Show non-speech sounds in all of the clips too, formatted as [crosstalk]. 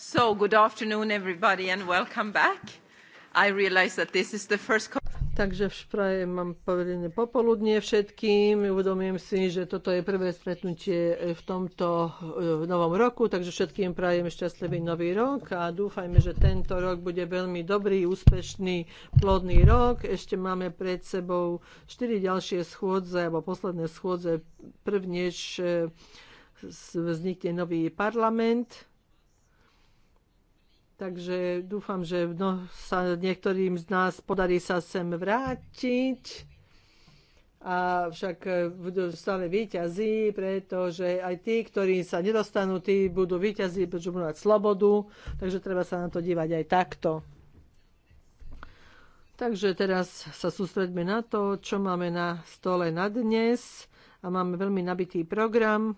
So, good afternoon everybody and welcome back. I realize that this is the first Takže prajem mám povedené popoludne všetkým. Uvedomujem si, že toto je prvé stretnutie v tomto v novom roku, takže všetkým prajem šťastlivý nový rok a dúfajme, že tento rok bude veľmi dobrý, úspešný, plodný rok. Ešte máme pred sebou štyri ďalšie schôdze, alebo posledné schôdze, prvnež e, vznikne nový parlament Takže dúfam, že no, sa niektorým z nás podarí sa sem vrátiť. A však e, budú stále výťazí, pretože aj tí, ktorí sa nedostanú, tí budú výťazí, pretože budú mať slobodu. Takže treba sa na to dívať aj takto. Takže teraz sa sústredme na to, čo máme na stole na dnes. A máme veľmi nabitý program.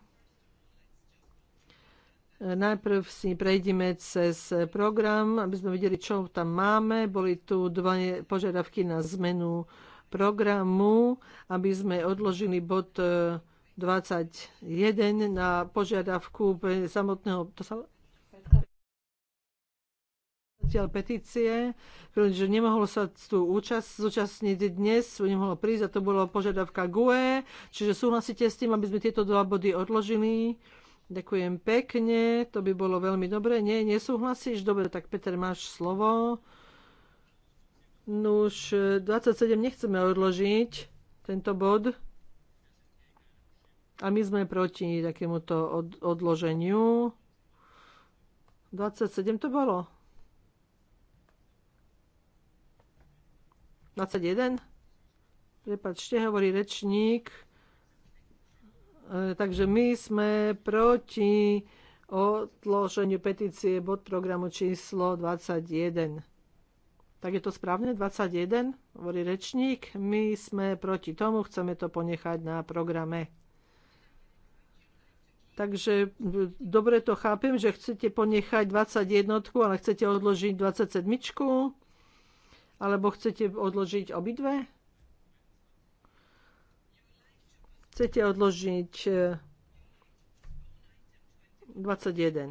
Najprv si prejdeme cez program, aby sme videli, čo tam máme. Boli tu dva požiadavky na zmenu programu, aby sme odložili bod 21 e, na požiadavku samotného to sa, petície, že nemohol sa tu účast, zúčastniť dnes, nemohol prísť a to bolo požiadavka GUE, čiže súhlasíte s tým, aby sme tieto dva body odložili? Ďakujem pekne, to by bolo veľmi dobre. Nie, nesúhlasíš? Dobre, tak Peter, máš slovo. Nuž, no 27 e, nechceme odložiť, tento bod. A my sme proti takémuto od, odloženiu. 27 to bolo? 21? Prepačte, hovorí rečník. E, takže my sme proti odloženiu petície bod programu číslo 21. Tak je to správne? 21? Hovorí rečník. My sme proti tomu, chceme to ponechať na programe. Takže e, dobre to chápem, že chcete ponechať 21, ale chcete odložiť 27, alebo chcete odložiť obidve? chcete odložiť 21. E,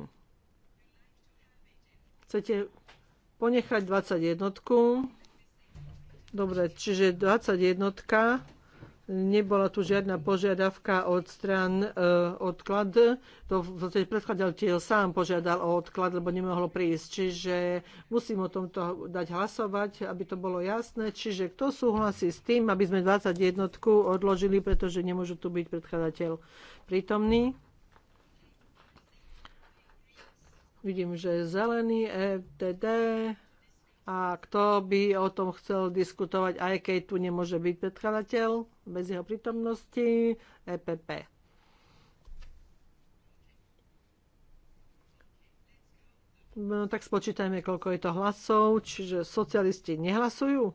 chcete ponechať 21. Dobre, čiže 21 nebola tu žiadna požiadavka od stran e, odklad. To vlastne predkladateľ sám požiadal o odklad, lebo nemohlo prísť. Čiže musím o tomto dať hlasovať, aby to bolo jasné. Čiže kto súhlasí s tým, aby sme 21 odložili, pretože nemôže tu byť predkladateľ prítomný? Vidím, že zelený, FTD, e a kto by o tom chcel diskutovať, aj keď tu nemôže byť predkladateľ bez jeho prítomnosti? EPP. No, tak spočítajme, koľko je to hlasov. Čiže socialisti nehlasujú?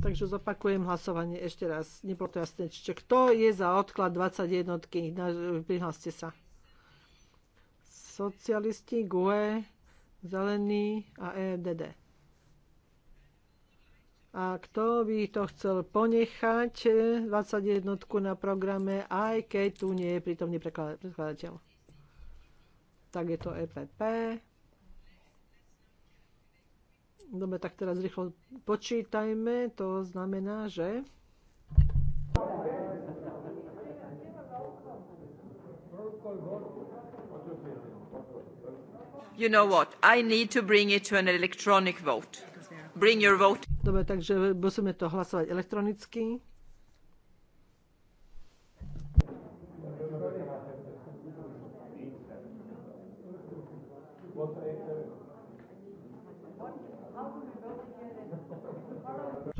Takže zopakujem hlasovanie ešte raz. Nepotrasne, Čiže kto je za odklad 21? Prihláste sa. Socialisti, GUE, Zelený a EDD. A kto by to chcel ponechať 21 eh, na programe, aj keď tu nie je prítomný prekladateľ. Tak je to EPP. Dobre, tak teraz rýchlo počítajme. To znamená, že... you know what, I need to bring it to an electronic vote. Bring your vote. Dobre, takže musíme to hlasovať elektronicky.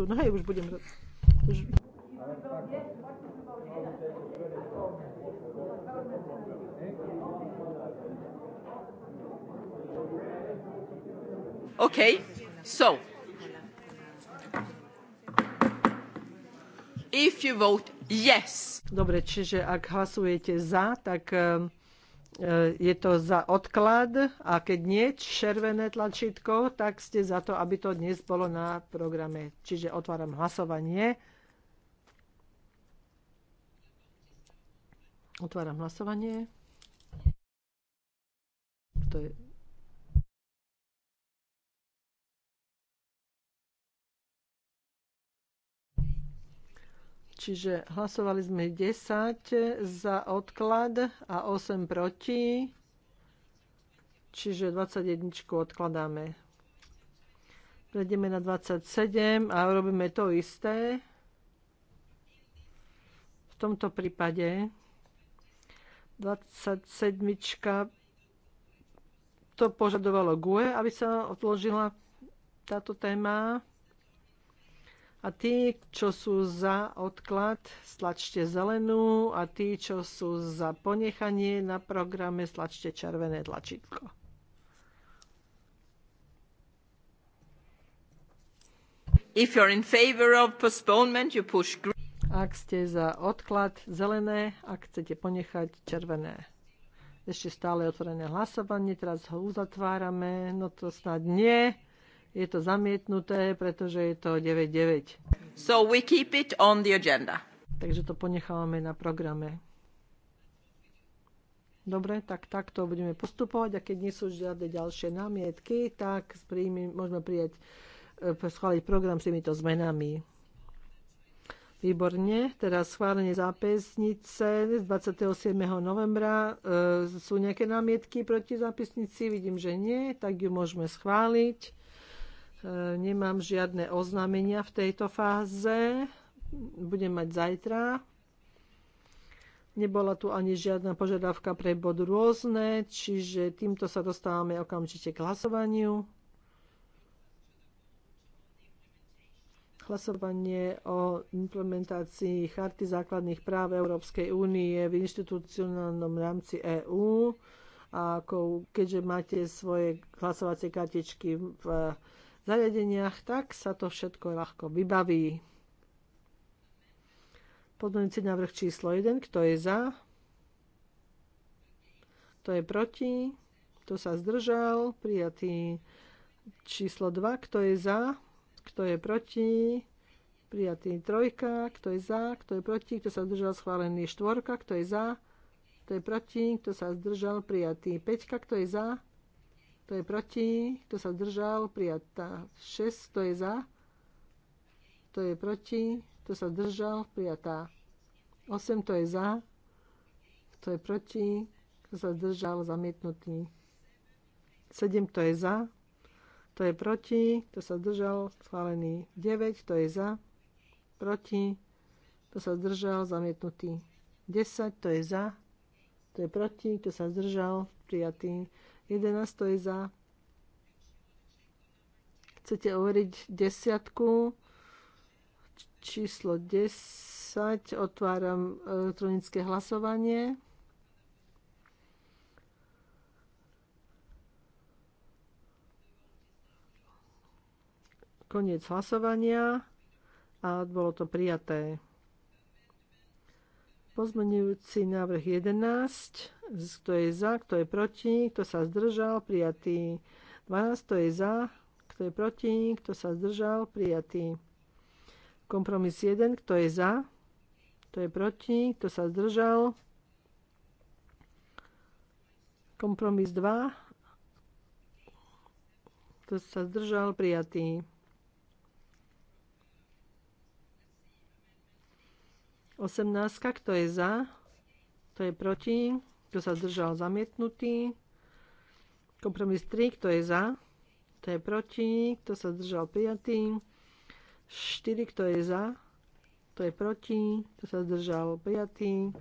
No hej, už budem... Už... Okay, so if you vote yes. Dobre, čiže ak hlasujete za, tak eh, eh, je to za odklad a keď nie červené tlačítko, tak ste za to, aby to dnes bolo na programe. Čiže otváram hlasovanie. Otváram hlasovanie. To je Čiže hlasovali sme 10 za odklad a 8 proti. Čiže 21 odkladáme. Prejdeme na 27 a robíme to isté. V tomto prípade 27 to požadovalo GUE, aby sa odložila táto téma. A tí, čo sú za odklad, stlačte zelenú a tí, čo sú za ponechanie na programe, stlačte červené tlačítko. If you're in favor of postponement, you push green. Ak ste za odklad zelené, ak chcete ponechať červené. Ešte stále otvorené hlasovanie, teraz ho uzatvárame, no to snad nie je to zamietnuté, pretože je to 9-9. So we keep it on the agenda. Takže to ponechávame na programe. Dobre, tak takto budeme postupovať a keď nie sú žiadne ďalšie námietky, tak príjmy, môžeme prijať, e, schváliť program s týmito zmenami. Výborne, teraz schválenie zápisnice z 27. novembra. E, sú nejaké námietky proti zápisnici? Vidím, že nie, tak ju môžeme schváliť. E, nemám žiadne oznámenia v tejto fáze. Budem mať zajtra. Nebola tu ani žiadna požiadavka pre bod rôzne, čiže týmto sa dostávame okamžite k hlasovaniu. hlasovanie o implementácii Charty základných práv Európskej únie v inštitucionálnom rámci EÚ. A ako, keďže máte svoje hlasovacie kartičky v zariadeniach, tak sa to všetko ľahko vybaví. Podmienci návrh číslo 1, kto je za, kto je proti, kto sa zdržal, prijatý číslo 2, kto je za, kto je proti, prijatý trojka, kto je za, kto je proti, kto sa zdržal, schválený štvorka, kto je za, kto je proti, kto sa zdržal, prijatý 5, kto je za, kto je proti? Kto sa zdržal? Prijatá. 6. Kto je za? Kto je proti? Kto sa zdržal? Prijatá. 8. Kto je za? Kto je proti? Kto sa zdržal? Zamietnutý. 7. Kto je za? Kto je proti? Kto sa zdržal? Schválený. 9. Kto je za? Proti? Kto sa zdržal? Zamietnutý. 10. Kto je za? Kto je proti? Kto sa zdržal? Prijatý. 11 to je za. Chcete overiť desiatku? Číslo 10. Otváram elektronické hlasovanie. Koniec hlasovania a bolo to prijaté. Pozmenujúci návrh 11, kto je za, kto je proti, kto sa zdržal, prijatý. 12, kto je za, kto je proti, kto sa zdržal, prijatý. Kompromis 1, kto je za, kto je proti, kto sa zdržal. Kompromis 2, kto sa zdržal, prijatý. 18. Kto je za? Kto je proti? Kto sa zdržal? Zamietnutý. Kompromis 3. Kto je za? Kto je proti? Kto sa zdržal? Prijatý. 4. Kto je za? Kto je proti? Kto sa zdržal? Prijatý.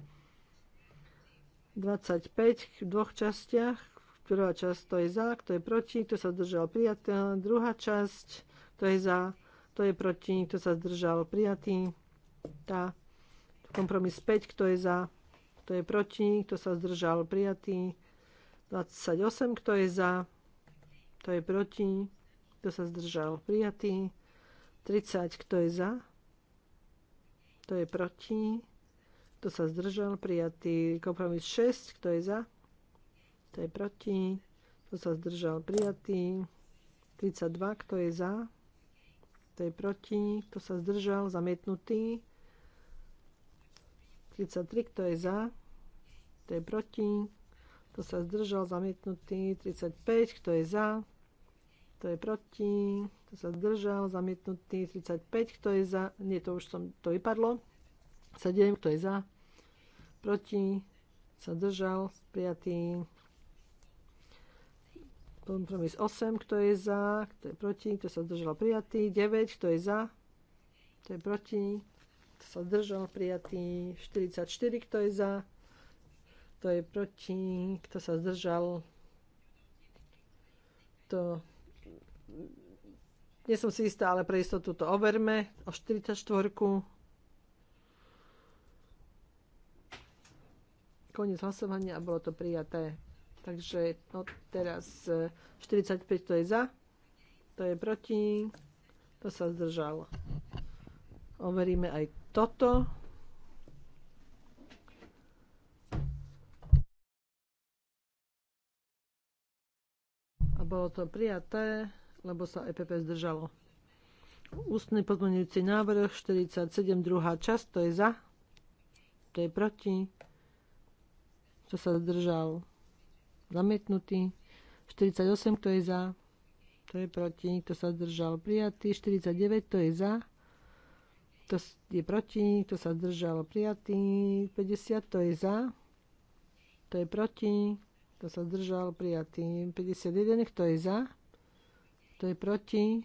25 v dvoch častiach. Prvá časť, to je za, kto je proti, kto sa zdržal prijatý. Druhá časť, to je za, kto je proti, kto sa zdržal prijatý. Tá Kompromis 5, kto je za, kto je proti, kto sa zdržal, prijatý. 28, kto je za, kto je proti, kto sa zdržal, prijatý. 30, kto je za, kto je proti, kto sa zdržal, prijatý. Kompromis 6, kto je za, kto je proti, kto sa zdržal, prijatý. 32, kto je za, kto je proti, kto sa zdržal, zamietnutý. 33, kto je za, kto je proti, kto sa zdržal, zamietnutý. 35, kto je za, kto je proti, kto sa zdržal, zamietnutý. 35, kto je za, nie, to už som, to vypadlo. 7, kto je za, proti, sa zdržal, prijatý. Kompromis 8, kto je za, kto je proti, kto sa zdržal, prijatý. 9, kto je za, kto je proti, kto sa zdržal, prijatý 44, kto je za, kto je proti, kto sa zdržal, to nie som si istá, ale pre istotu to overme o 44. Koniec hlasovania a bolo to prijaté. Takže no, teraz 45 e, to je za, to je proti, to sa zdržalo. Overíme aj toto a bolo to prijaté, lebo sa EPP zdržalo. Ústny pozmeňujúci návrh 47, druhá časť, to je za, to je proti, to sa zdržal, zamietnutý. 48, to je za, to je proti, to sa zdržal, prijatý. 49, to je za, kto je proti, to sa zdržalo prijatý, 50 to je za, to je proti, to sa zdržalo prijatý, 51 kto je za, to je proti,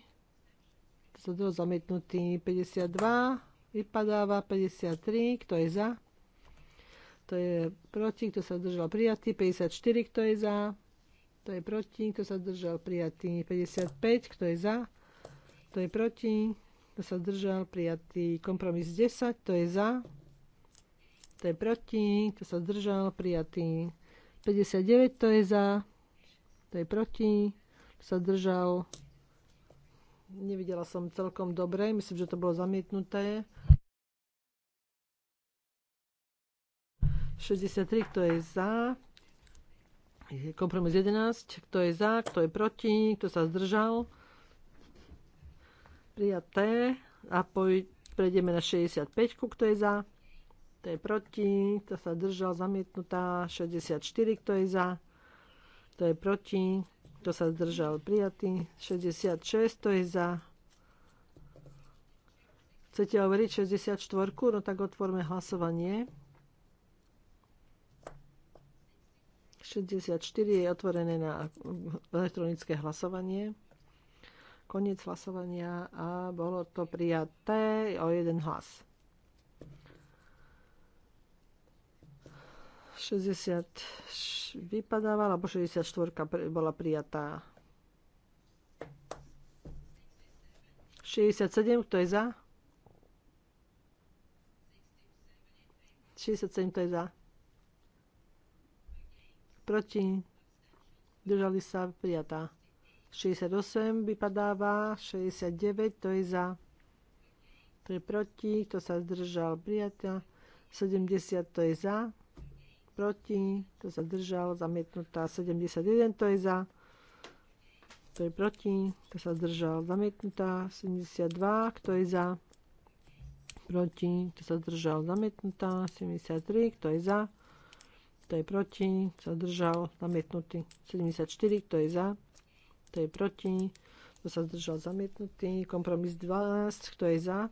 to sa zdržalo zamietnutý, 52 vypadáva, 53 kto je za, To je proti, kto sa zdržal prijatý, 54 kto je za, to je proti, kto sa zdržal prijatý, 55 kto je za, to je proti, kto sa zdržal, prijatý kompromis 10, to je za, to je proti, kto sa zdržal, prijatý 59, to je za, to je proti, kto sa zdržal, nevidela som celkom dobre, myslím, že to bolo zamietnuté. 63, kto je za, kompromis 11, kto je za, kto je proti, kto sa zdržal, prijaté a poj- prejdeme na 65, kto je za, to je proti, to sa držal, zamietnutá, 64, kto je za, kto je proti, to sa zdržal, prijatý, 66, to je za, Chcete overiť 64? No tak otvorme hlasovanie. 64 je otvorené na elektronické hlasovanie. Koniec hlasovania a bolo to prijaté o jeden hlas. 60 vypadávala alebo 64 bola prijatá. 67, kto je za? 67, kto je za? Proti? Držali sa prijatá. 68 vypadáva, 69 to je za, to je proti, kto sa zdržal prijatá, 70 to je za, proti, to sa zdržal, zamietnutá, 71 to je za, to je proti, to sa zdržal, zamietnutá, 72, kto je za, proti, to sa zdržal, zamietnutá, 73, kto je za, To je proti, kto sa zdržal, zamietnutý, 74, kto je za, kto je proti, kto sa zdržal zamietnutý, kompromis 12, kto je za,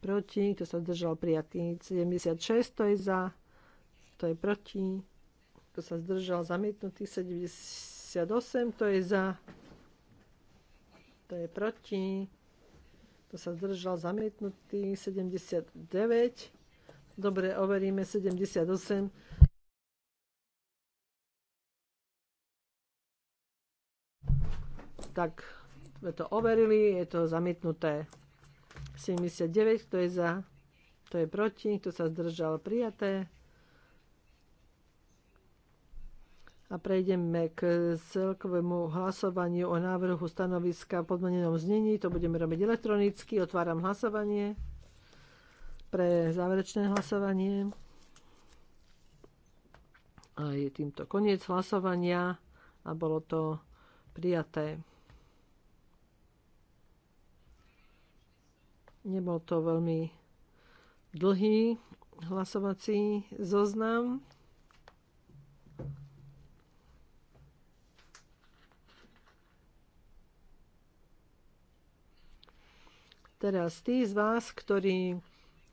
proti, kto sa zdržal prijatý, 76, kto je za, kto je proti, kto sa zdržal zamietnutý, 78, kto je za, kto je proti, kto sa zdržal zamietnutý, 79, dobre, overíme 78, tak sme to overili, je to zamietnuté. 79, kto je za, kto je proti, kto sa zdržal, prijaté. A prejdeme k celkovému hlasovaniu o návrhu stanoviska v podmenenom znení. To budeme robiť elektronicky. Otváram hlasovanie pre záverečné hlasovanie. A je týmto koniec hlasovania a bolo to prijaté. Nebol to veľmi dlhý hlasovací zoznam. Teraz tí z vás, ktorí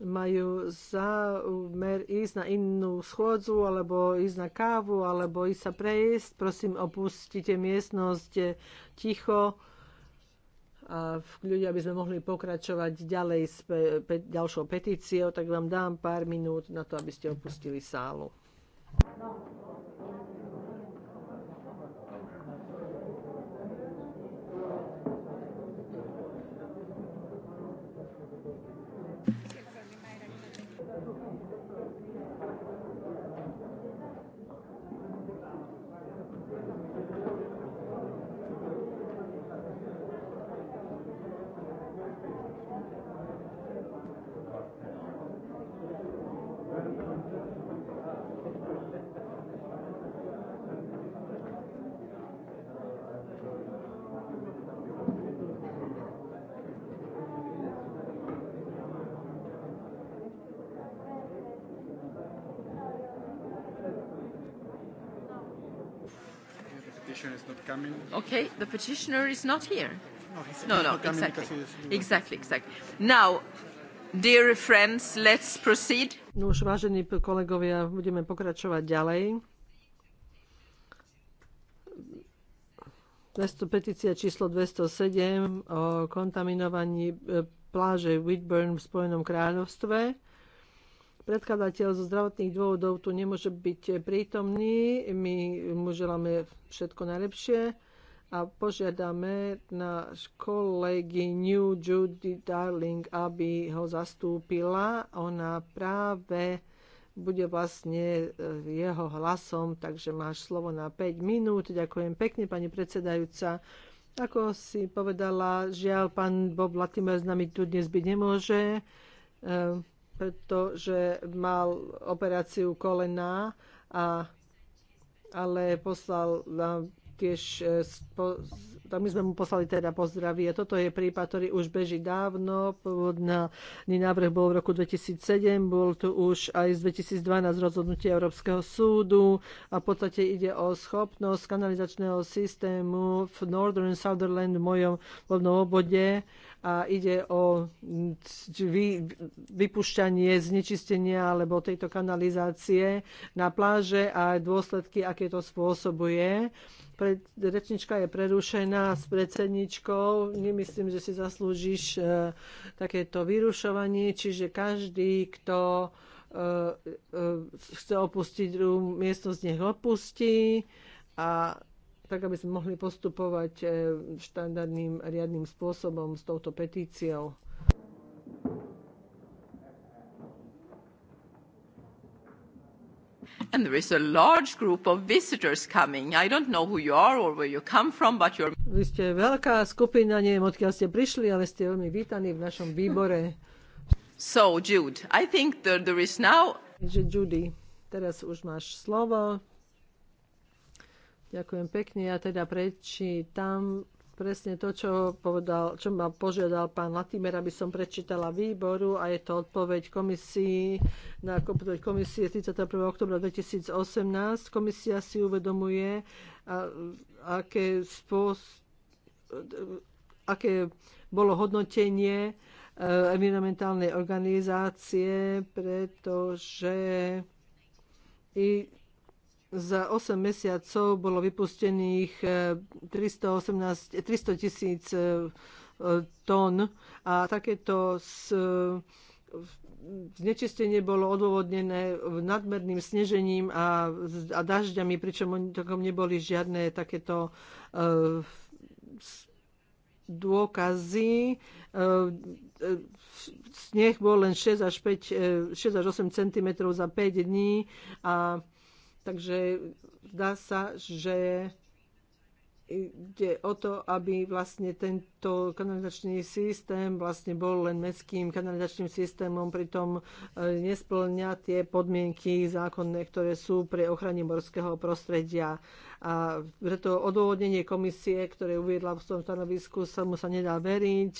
majú zámer ísť na inú schôdzu, alebo ísť na kávu, alebo ísť sa prejsť. Prosím, opustite miestnosť ticho a v ľudia aby sme mohli pokračovať ďalej s pe, pe, ďalšou petíciou, tak vám dám pár minút na to, aby ste opustili sálu. No. coming. Okay, the petitioner is not here. No, he's, no, he's no, exactly. Exactly, exactly. Now, dear friends, let's proceed. No už, vážení kolegovia, budeme pokračovať ďalej. Petícia číslo 207 o kontaminovaní e, pláže Whitburn v Spojenom kráľovstve. Predkladateľ zo zdravotných dôvodov tu nemôže byť prítomný. My mu želáme všetko najlepšie a požiadame náš New Judy Darling, aby ho zastúpila. Ona práve bude vlastne eh, jeho hlasom, takže máš slovo na 5 minút. Ďakujem pekne, pani predsedajúca. Ako si povedala, žiaľ, pán Bob Latimer s nami tu dnes byť nemôže. Eh, pretože mal operáciu kolena, a, ale poslal nám tiež, e, tak my sme mu poslali teda pozdravie. Toto je prípad, ktorý už beží dávno. Pôvodný návrh bol v roku 2007, bol tu už aj z 2012 rozhodnutie Európskeho súdu a v podstate ide o schopnosť kanalizačného systému v Northern Sutherland, v mojom vodnom obode, a ide o vy, vypušťanie, znečistenia alebo tejto kanalizácie na pláže a dôsledky, aké to spôsobuje. Pred, rečnička je prerušená s predsedničkou. Nemyslím, že si zaslúžiš e, takéto vyrušovanie, čiže každý, kto e, e, chce opustiť miestnosť, nech opustí a tak aby sme mohli postupovať eh, štandardným riadným spôsobom s touto petíciou. and there is a large group of visitors coming. I don't know who you are or where you come from, but you're... Vy ste veľká skupina, neviem odkiaľ ste prišli, ale ste veľmi vítaní v našom výbore. So, Jude, I think that there is now... Že Judy, teraz už máš slovo. Ďakujem pekne. Ja teda prečítam presne to, čo, povedal, čo ma požiadal pán Latimer, aby som prečítala výboru a je to odpoveď komisii na komisie 31. oktobra 2018. Komisia si uvedomuje, a, aké, spôs, aké bolo hodnotenie e, environmentálnej organizácie, pretože i za 8 mesiacov bolo vypustených 318, eh, 300 eh, tisíc eh, tón a takéto znečistenie bolo odôvodnené nadmerným snežením a, a dažďami, pričom neboli žiadne takéto dôkazy. Sneh bol len 6 až, 5, 6 až 8 cm za 5 dní a Takže zdá sa, že ide o to, aby vlastne ten, to kanalizačný systém vlastne bol len mestským kanalizačným systémom, pritom e, nesplňa tie podmienky zákonné, ktoré sú pre ochrane morského prostredia. A preto odôvodnenie komisie, ktoré uviedla v tom stanovisku, sa mu sa nedá veriť.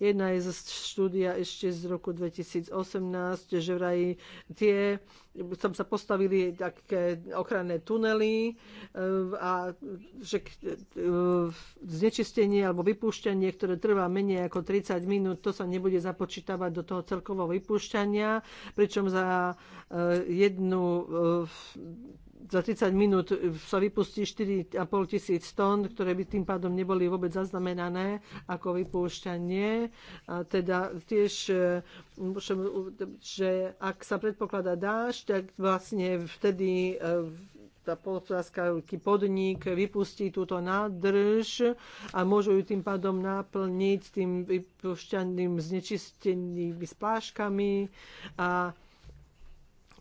Jedna je z štúdia ešte z roku 2018, že vraj tie tam sa postavili také ochranné tunely e, a že e, znečistenie alebo vypúšťanie vypúšťanie, ktoré trvá menej ako 30 minút, to sa nebude započítavať do toho celkového vypúšťania, pričom za eh, jednu eh, za 30 minút eh, sa vypustí 4,5 tisíc tón, ktoré by tým pádom neboli vôbec zaznamenané ako vypúšťanie. A teda tiež, že ak sa predpokladá dáž, tak vlastne vtedy polnospodársky podnik vypustí túto nádrž a môžu ju tým pádom naplniť tým vypušťaným znečistenými spláškami a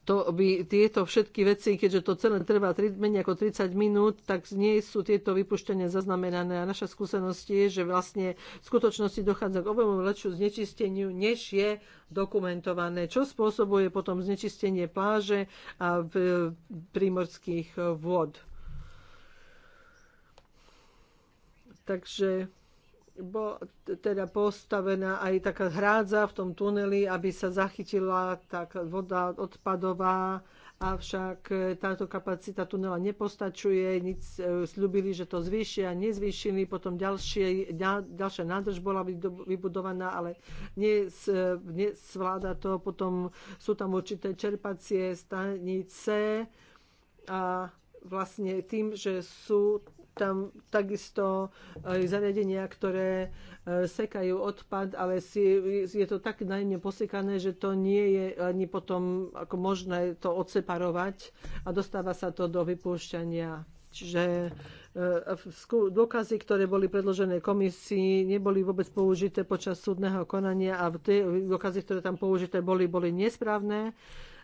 to by tieto všetky veci, keďže to celé trvá 3, menej ako 30 minút, tak nie sú tieto vypuštenia zaznamenané. A naša skúsenosť je, že vlastne v skutočnosti dochádza k oveľa lepšiu znečisteniu, než je dokumentované, čo spôsobuje potom znečistenie pláže a prímorských vôd. Takže Bo teda postavená aj taká hrádza v tom tuneli, aby sa zachytila tak voda odpadová, avšak e, táto kapacita tunela nepostačuje, nic e, slúbili, že to zvýšia, nezvýšili, potom ďalšie, ďalšia nádrž bola vybudovaná, ale nesvláda e, to, potom sú tam určité čerpacie stanice a vlastne tým, že sú tam takisto e, zariadenia, ktoré e, sekajú odpad, ale si, je to tak najmä posekané, že to nie je ani potom ako možné to odseparovať a dostáva sa to do vypúšťania. Čiže e, dôkazy, ktoré boli predložené komisii, neboli vôbec použité počas súdneho konania a tie dôkazy, ktoré tam použité boli, boli nesprávne.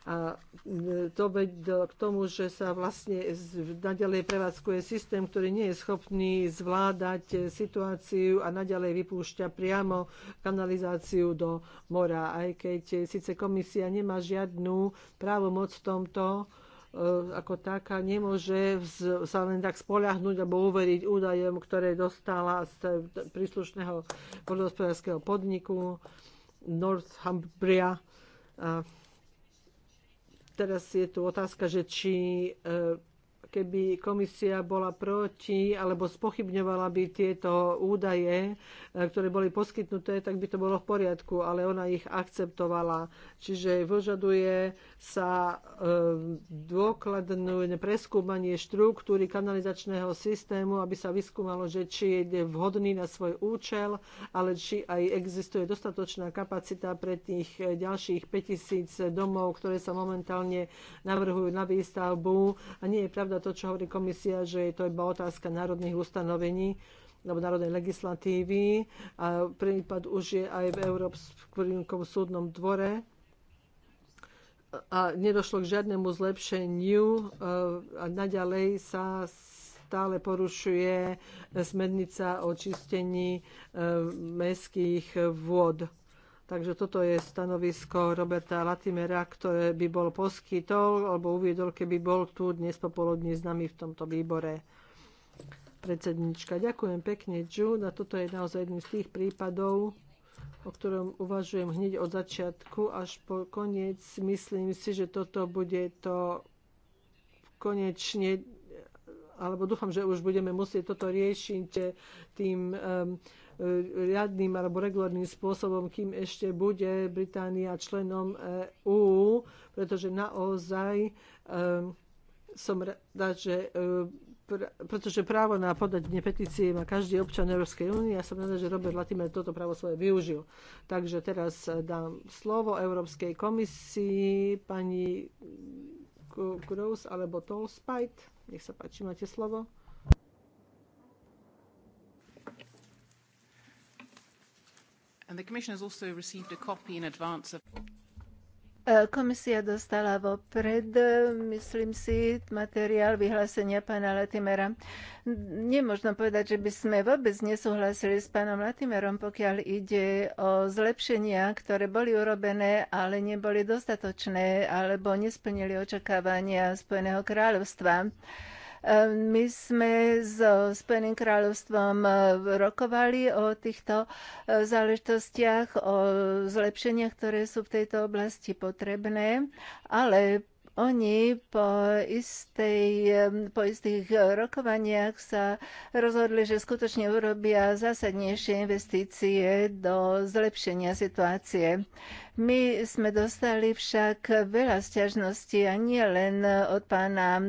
A e, to vedlo k tomu, že sa vlastne naďalej prevádzkuje systém, ktorý nie je schopný zvládať e, situáciu a naďalej vypúšťa priamo kanalizáciu do mora. Aj keď e, síce komisia nemá žiadnu právomoc v tomto, ako taká nemôže sa len tak spoľahnúť alebo uveriť údajom, ktoré dostala z príslušného vodohospodárskeho podniku Northumbria teraz je tu otázka, že či e, keby komisia bola proti alebo spochybňovala by tieto údaje, e, ktoré boli poskytnuté, tak by to bolo v poriadku, ale ona ich akceptovala. Čiže vyžaduje sa e, dôkladné preskúmanie štruktúry kanalizačného systému, aby sa vyskúmalo, že či je vhodný na svoj účel, ale či aj existuje dostatočná kapacita pre tých e, ďalších 5000 domov, ktoré sa momentálne navrhujú na výstavbu. A nie je pravda to, čo hovorí komisia, že je to iba otázka národných ustanovení alebo národnej legislatívy a prípad už je aj v Európskom súdnom dvore a nedošlo k žiadnemu zlepšeniu eh, a naďalej sa stále porušuje smernica o čistení eh, mestských vôd Takže toto je stanovisko Roberta Latimera, ktoré by bol poskytol alebo uviedol, keby bol tu dnes popoludní s nami v tomto výbore. Predsednička, ďakujem pekne, Ju. Na toto je naozaj jedným z tých prípadov, o ktorom uvažujem hneď od začiatku až po koniec. Myslím si, že toto bude to konečne, alebo dúfam, že už budeme musieť toto riešiť eh, tým um, E, riadným alebo regulárnym spôsobom, kým ešte bude Británia členom EÚ, pretože naozaj um, som rada, že e, pretože právo na podanie petície má každý občan Európskej únie. Ja som rada, že Robert Latimer toto právo svoje využil. Takže teraz dám slovo Európskej komisii pani Gross alebo Tolspite. Nech sa páči, máte slovo. E, komisia dostala vopred, myslím si, materiál vyhlásenia pána Latimera. Nemôžno povedať, že by sme vôbec nesúhlasili s pánom Latimerom, pokiaľ ide o zlepšenia, ktoré boli urobené, ale neboli dostatočné alebo nesplnili očakávania Spojeného kráľovstva. My sme so Spojeným kráľovstvom e, rokovali o týchto e, záležitostiach, o zlepšeniach, ktoré sú v tejto oblasti potrebné, ale oni po, istej, e, po istých rokovaniach sa rozhodli, že skutočne urobia zásadnejšie investície do zlepšenia situácie. My sme dostali však veľa stiažností a nie len od pána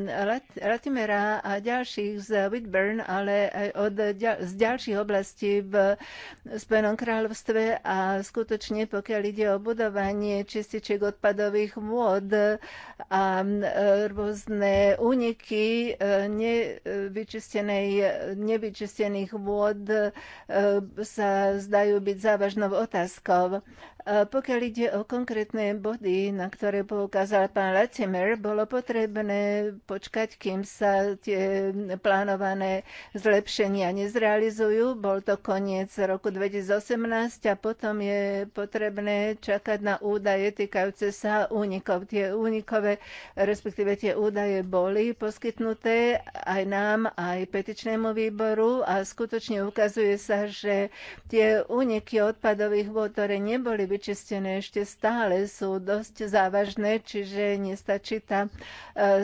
Latimera a ďalších z Whitburn, ale aj od, z ďalších oblastí v Spojenom kráľovstve a skutočne pokiaľ ide o budovanie čističiek odpadových vôd a e, rôzne úniky e, nevyčistených vôd e, sa zdajú byť závažnou otázkou. Pokiaľ ide o konkrétne body, na ktoré poukázal pán Latimer, bolo potrebné počkať, kým sa tie plánované zlepšenia nezrealizujú. Bol to koniec roku 2018 a potom je potrebné čakať na údaje týkajúce sa únikov. Tie únikové, respektíve tie údaje boli poskytnuté aj nám, aj petičnému výboru a skutočne ukazuje sa, že tie úniky odpadových vôd, ktoré neboli vyčistené, ešte stále sú dosť závažné, čiže nestačí tá e,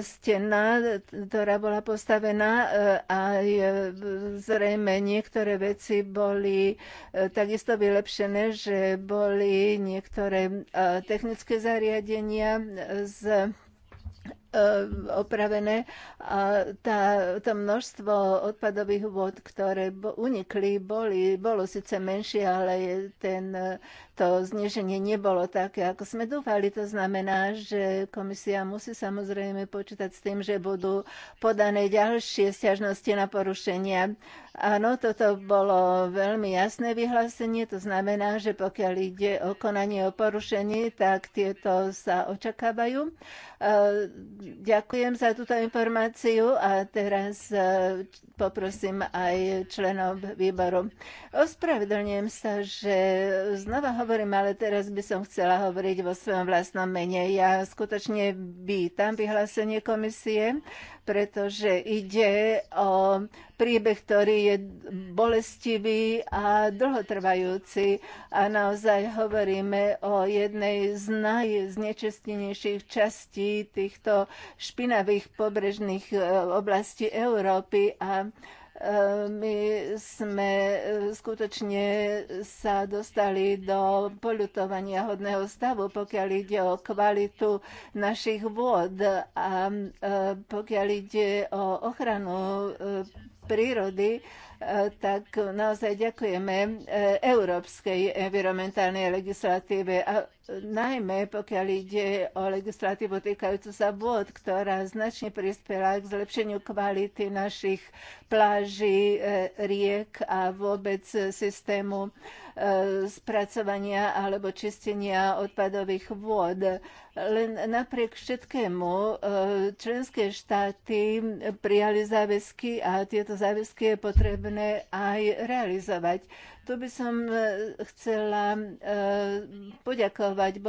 stena, ktorá bola postavená e, a e, zrejme niektoré veci boli takisto vylepšené, že boli niektoré technické zariadenia z Eh, opravené a tá, to množstvo odpadových vôd, ktoré unikli, boli, bolo síce menšie, ale ten, eh, to zniženie nebolo také, ako sme dúfali. To znamená, že komisia musí samozrejme počítať s tým, že budú podané ďalšie stiažnosti na porušenia. Áno, toto bolo veľmi jasné vyhlásenie, to znamená, že pokiaľ ide o konanie o porušení, tak tieto sa očakávajú. E, Ďakujem za túto informáciu a teraz e, poprosím aj členov výboru. Ospravedlňujem sa, že znova hovorím, ale teraz by som chcela hovoriť vo svojom vlastnom mene. Ja skutočne vítam vyhlásenie komisie pretože ide o príbeh, ktorý je bolestivý a dlhotrvajúci a naozaj hovoríme o jednej z najznečestnejších častí týchto špinavých pobrežných e, oblastí Európy a my sme e, skutočne sa dostali do polutovania hodného stavu, pokiaľ ide o kvalitu našich vôd a e, pokiaľ ide o ochranu e, prírody, tak naozaj ďakujeme Európskej environmentálnej legislatíve a najmä pokiaľ ide o legislatívu týkajúcu sa vôd, ktorá značne prispela k zlepšeniu kvality našich pláží, e, riek a vôbec systému e, spracovania alebo čistenia odpadových vôd. Len napriek všetkému e, členské štáty prijali záväzky a tieto záväzky je potrebné aj realizovať. Tu by som e, chcela e, poďakovať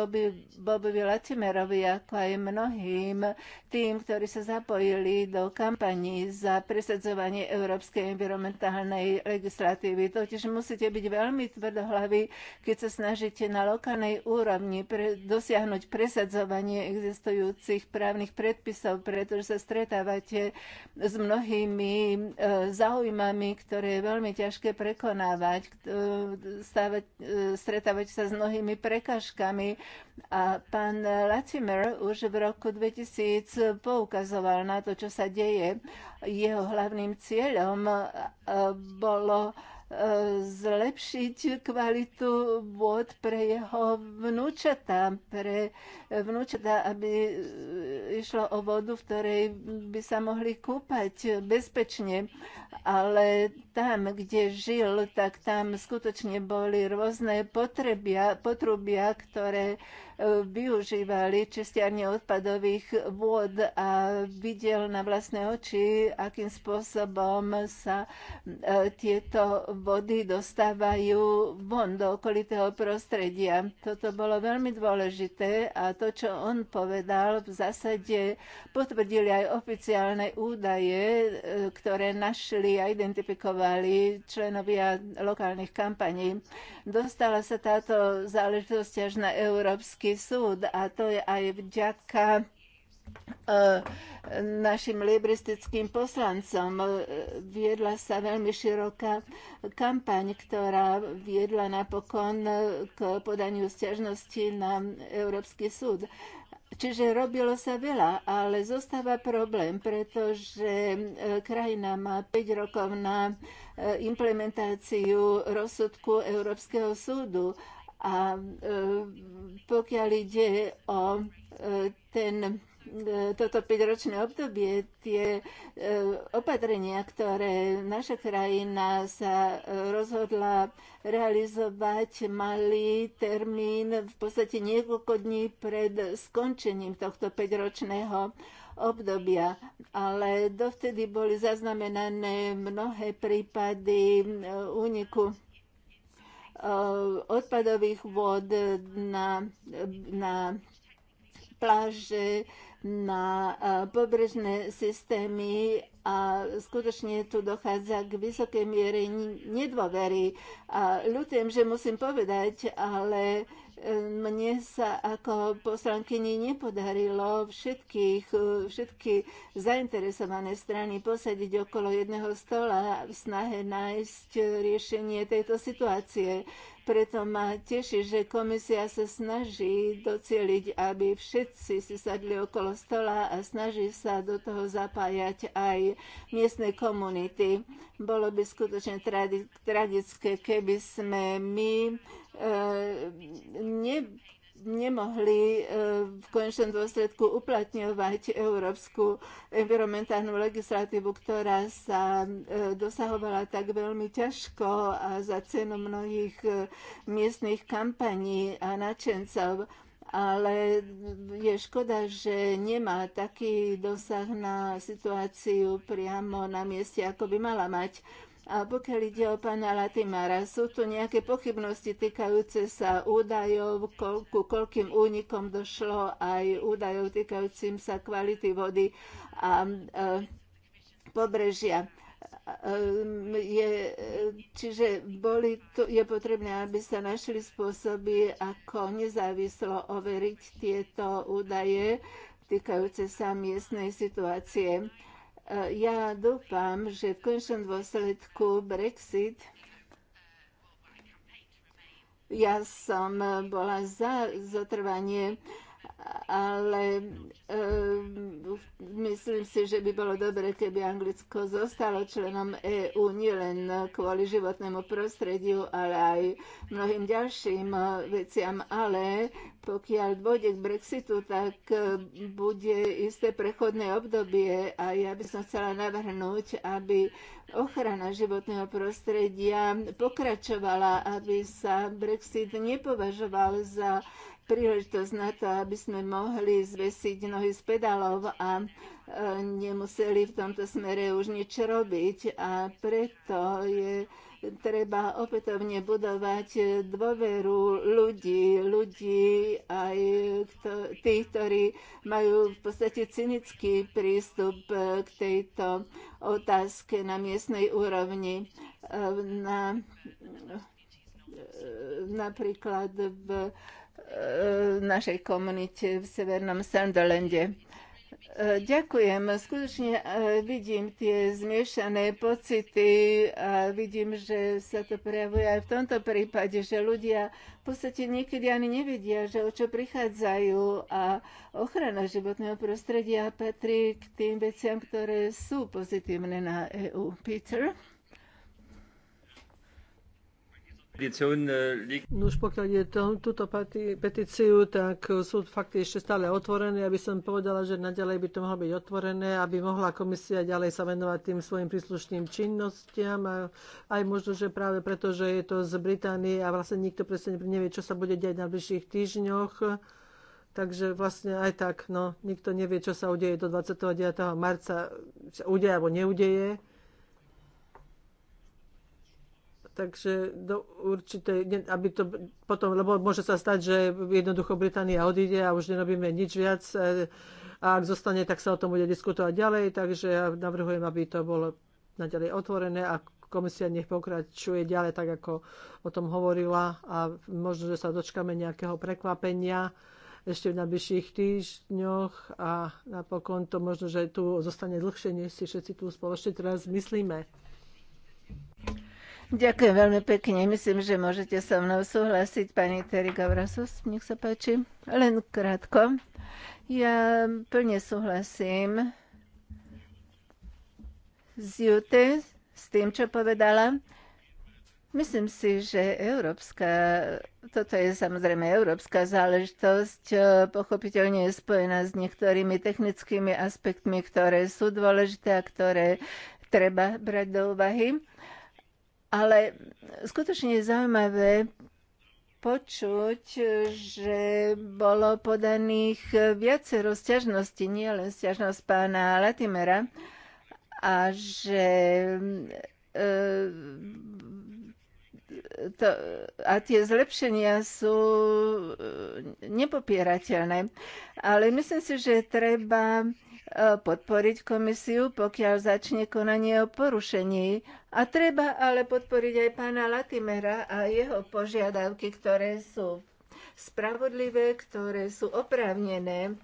Bobovi Latimerovi, ako aj mnohým tým, ktorí sa zapojili do kampaní za presadzovanie európskej environmentálnej legislatívy. Totiž musíte byť veľmi tvrdohlaví, keď sa snažíte na lokálnej úrovni pre, dosiahnuť presadzovanie existujúcich právnych predpisov, pretože sa stretávate s mnohými e, zaujímami, ktoré je veľmi ťažké prekonávať. E, stávať, e, stretávate sa s mnohými prekažkami a pán Latimer už v roku 2000 poukazoval na to, čo sa deje. Jeho hlavným cieľom e, bolo e, zlepšiť kvalitu vôd pre jeho vnúčata, pre vnúčata, aby išlo o vodu, v ktorej by sa mohli kúpať bezpečne. Ale tam, kde žil, tak tam skutočne boli rôzne potrebia, potrubia, ktoré využívali čistiarne odpadových vôd a videl na vlastné oči, akým spôsobom sa e, tieto vody dostávajú von do okolitého prostredia. Toto bolo veľmi dôležité a to, čo on povedal, v zásade potvrdili aj oficiálne údaje, e, ktoré našli a identifikovali členovia lokálnych kampaní. Dostala sa táto záležitosť až na európsky Európsky súd a to je aj vďaka e, našim libristickým poslancom. E, viedla sa veľmi široká kampaň, ktorá viedla napokon e, k podaniu stiažnosti na Európsky súd. Čiže robilo sa veľa, ale zostáva problém, pretože krajina má 5 rokov na implementáciu rozsudku Európskeho súdu a e, pokiaľ ide o e, ten e, toto 5-ročné obdobie, tie opatrenia, ktoré naša krajina sa rozhodla realizovať, mali termín v podstate niekoľko dní pred skončením tohto 5-ročného obdobia, ale dovtedy boli zaznamenané mnohé prípady úniku Eh, odpadových vod na, na pláže, na eh, pobrežné systémy a skutočne tu dochádza k vysokej miere nedôvery. A ľutujem, že musím povedať, ale mne sa ako poslankyni nepodarilo všetkých, všetky zainteresované strany posadiť okolo jedného stola v snahe nájsť riešenie tejto situácie. Preto ma teší, že komisia sa snaží docieliť, aby všetci si sadli okolo stola a snaží sa do toho zapájať aj miestne komunity. Bolo by skutočne tradi- tragické, keby sme my e, ne nemohli e, v konečnom dôsledku uplatňovať európsku environmentálnu legislatívu, ktorá sa e, dosahovala tak veľmi ťažko a za cenu mnohých e, miestnych kampaní a nadšencov ale je škoda, že nemá taký dosah na situáciu priamo na mieste, ako by mala mať. A pokiaľ ide o pána Latimara, sú tu nejaké pochybnosti týkajúce sa údajov, kol, ku koľkým únikom došlo aj údajov týkajúcim sa kvality vody a, e, pobrežia e, je, čiže boli tu, je potrebné, aby sa našli spôsoby, ako nezávislo overiť tieto údaje týkajúce sa miestnej situácie. Ja dúfam, že v končnom dôsledku Brexit ja som bola za zotrvanie ale um, myslím si, že by bolo dobre, keby Anglicko zostalo členom EÚ nielen kvôli životnému prostrediu, ale aj mnohým ďalším eh, veciam. Ale pokiaľ dôjde k Brexitu, tak eh, bude isté prechodné obdobie a ja by som chcela navrhnúť, aby ochrana životného prostredia pokračovala, aby sa Brexit nepovažoval za príležitosť na to, aby sme mohli zvesiť nohy z pedálov a e, nemuseli v tomto smere už nič robiť. A preto je treba opätovne budovať dôveru ľudí, ľudí aj tých, ktorí majú v podstate cynický prístup e, k tejto otázke na miestnej úrovni. E, na, napríklad v našej komunite v Severnom Sandolende. Ďakujem. Skutočne e, vidím tie zmiešané pocity a vidím, že sa to prejavuje aj v tomto prípade, že ľudia v podstate niekedy ani nevedia, že o čo prichádzajú a ochrana životného prostredia patrí k tým veciam, ktoré sú pozitívne na EU. Peter? No euh, už pokiaľ je to, túto petíciu, tak uh, sú fakty ešte stále otvorené. Aby som povedala, že naďalej by to mohlo byť otvorené, aby mohla komisia ďalej sa venovať tým svojim príslušným činnostiam. A aj možno, že práve preto, že je to z Británie a vlastne nikto presne nevie, čo sa bude diať na bližších týždňoch. Takže vlastne aj tak, no, nikto nevie, čo sa udeje do 29. marca, sa udeje alebo neudeje. Takže do určité, aby to potom, lebo môže sa stať, že jednoducho Británia odíde a už nerobíme nič viac e, a ak zostane, tak sa o tom bude diskutovať ďalej, takže ja navrhujem, aby to bolo naďalej otvorené a komisia nech pokračuje ďalej, tak ako o tom hovorila a možno, že sa dočkame nejakého prekvapenia ešte v najbližších týždňoch a napokon to možno, že tu zostane dlhšie, než si všetci tu spoločne teraz myslíme. Ďakujem veľmi pekne. Myslím, že môžete so mnou súhlasiť, pani Terry Gavrasos. Nech sa páči. Len krátko. Ja plne súhlasím z Jute, s tým, čo povedala. Myslím si, že európska, toto je samozrejme európska záležitosť, e, pochopiteľne je spojená s niektorými technickými aspektmi, ktoré sú dôležité a ktoré treba brať do úvahy. Ale skutočne je zaujímavé počuť, že bolo podaných viacero stiažností, nie len stiažnosť pána Latimera, a že e, to, a tie zlepšenia sú e, nepopierateľné. Ale myslím si, že treba E, podporiť komisiu, pokiaľ začne konanie o porušení. A treba ale podporiť aj pána Latimera a jeho požiadavky, ktoré sú spravodlivé, ktoré sú oprávnené.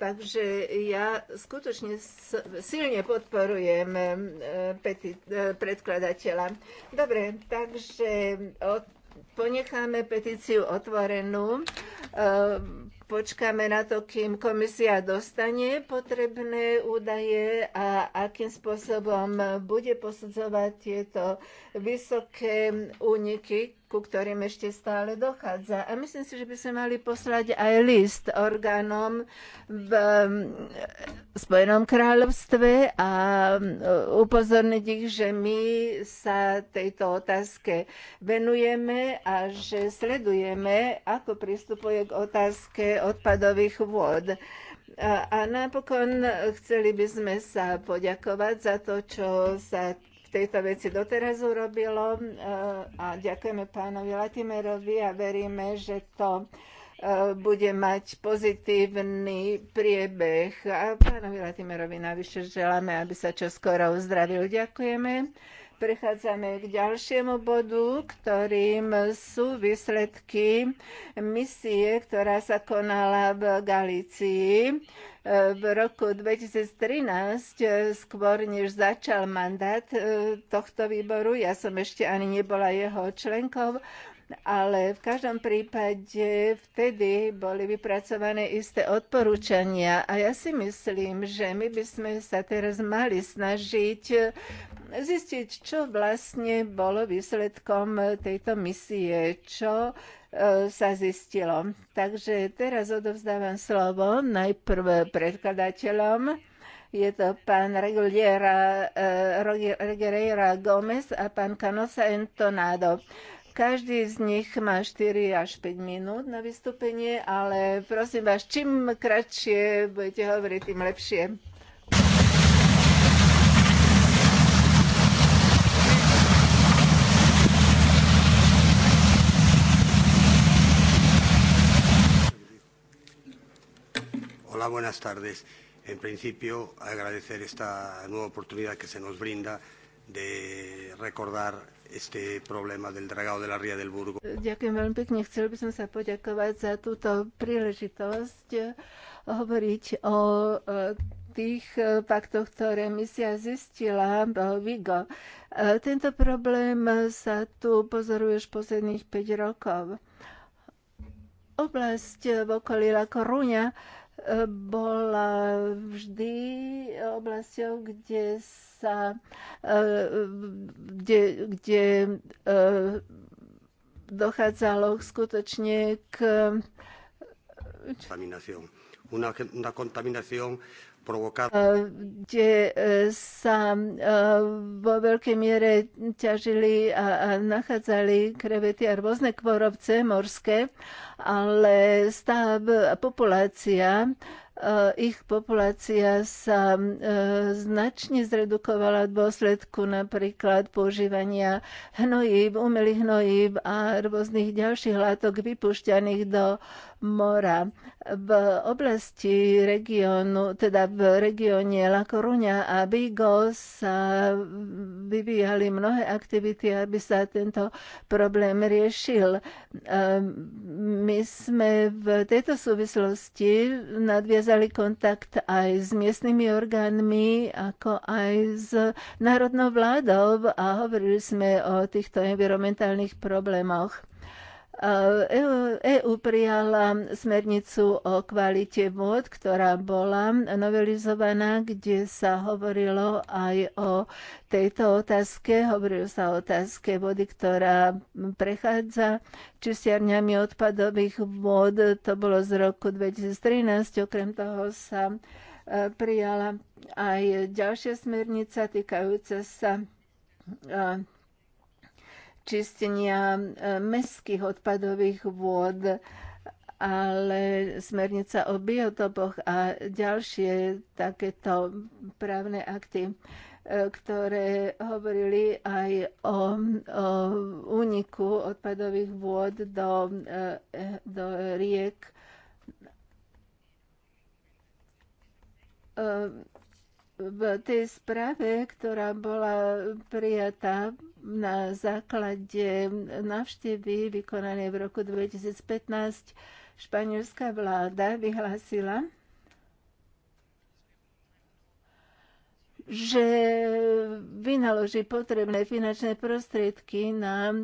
Takže ja skutočne silne podporujem e, peti- e, predkladateľa. Dobre, takže od ponecháme petíciu otvorenú počkáme na to, kým komisia dostane potrebné údaje a akým spôsobom bude posudzovať tieto vysoké úniky, ku ktorým ešte stále dochádza. A myslím si, že by sme mali poslať aj list orgánom v um, Spojenom kráľovstve a um, upozorniť ich, že my sa tejto otázke venujeme a že sledujeme, ako pristupuje k otázke odpadových vôd. A, napokon chceli by sme sa poďakovať za to, čo sa v tejto veci doteraz urobilo. Eh, a ďakujeme pánovi Latimerovi a veríme, že to eh, bude mať pozitívny priebeh. A pánovi Latimerovi navyše želáme, aby sa čoskoro uzdravil. Ďakujeme. Prechádzame k ďalšiemu bodu, ktorým sú výsledky misie, ktorá sa konala v Galícii v roku 2013, skôr než začal mandát eh, tohto výboru. Ja som ešte ani nebola jeho členkou ale v každom prípade vtedy boli vypracované isté odporúčania a ja si myslím, že my by sme sa teraz mali snažiť zistiť, čo vlastne bolo výsledkom tejto misie, čo e, sa zistilo. Takže teraz odovzdávam slovo najprv predkladateľom. Je to pán Regulera, e, Reguliera Gomez a pán Canosa Entonado. Každý z nich má 4 až 5 minút na vystúpenie, ale prosím vás, čím kratšie budete hovoriť, tým lepšie. Hola, buenas tardes. En principio, agradecer esta nueva oportunidad que se nos brinda de recordar este problema del dragado de la ría del Burgo. Ďakujem veľmi pekne. Chcel by som sa poďakovať za túto príležitosť eh, hovoriť o eh, tých paktoch, eh, ktoré misia zistila Vigo. Tento problém sa tu pozoruje už posledných 5 rokov. Oblasť v okolí La Coruña bola vždy oblasťou, kde sa, e, kde, kde e, dochádzalo skutočne k Una, una contaminación e, kde sa vo veľkej miere ťažili a nachádzali krevety a rôzne kvorovce morské, ale stav populácia Eh, ich populácia sa eh, značne zredukovala v dôsledku napríklad používania hnojív, umelých hnojív a rôznych ďalších látok vypušťaných do mora. V oblasti regiónu, teda v regióne La Coruña a Vigo sa vyvíjali mnohé aktivity, aby sa tento problém riešil. My sme v tejto súvislosti nadviazali kontakt aj s miestnymi orgánmi, ako aj s národnou vládou a hovorili sme o týchto environmentálnych problémoch. EU e prijala smernicu o kvalite vôd, ktorá bola novelizovaná, kde sa hovorilo aj o tejto otázke. Hovorilo sa o otázke vody, ktorá prechádza čistiarňami odpadových vôd. To bolo z roku 2013. Okrem toho sa e, prijala aj ďalšia smernica týkajúca sa e, čistenia e, mestských odpadových vôd, ale smernica o biotopoch a ďalšie takéto právne akty, e, ktoré hovorili aj o, o úniku odpadových vôd do, e, do riek. V tej správe, ktorá bola prijatá na základe návštevy vykonanej v roku 2015 španielská vláda vyhlásila, že vynaloží potrebné finančné prostriedky na e,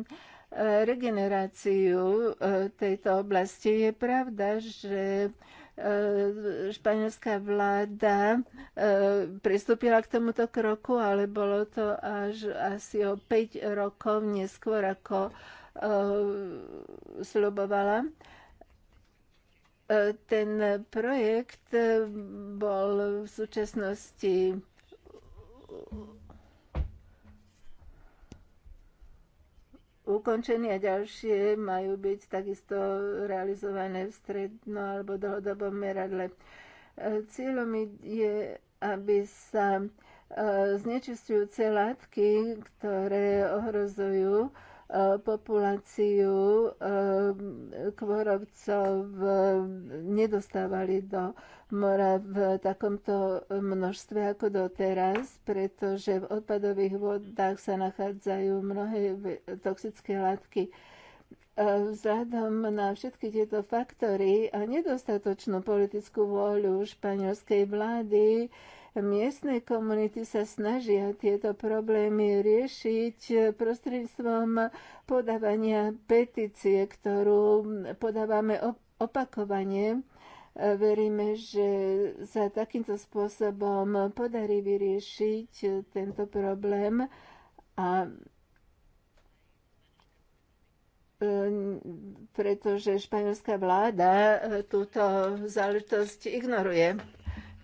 regeneráciu e, tejto oblasti. Je pravda, že E, španielská vláda e, pristúpila k tomuto kroku, ale bolo to až asi o 5 rokov neskôr, ako e, slubovala. Ten projekt bol v súčasnosti ukončené a ďalšie majú byť takisto realizované v stredno alebo dlhodobom meradle. Cieľom je, aby sa e, znečistujúce látky, ktoré ohrozujú E, populáciu e, kvorovcov e, nedostávali do mora v takomto množstve ako doteraz, pretože v odpadových vodách sa nachádzajú mnohé toxické látky. Vzhľadom na všetky tieto faktory a nedostatočnú politickú vôľu španielskej vlády Miestne komunity sa snažia tieto problémy riešiť prostredstvom podávania petície, ktorú podávame opakovane veríme, že sa takýmto spôsobom podarí vyriešiť tento problém a e, pretože španielská vláda túto záležitosť ignoruje.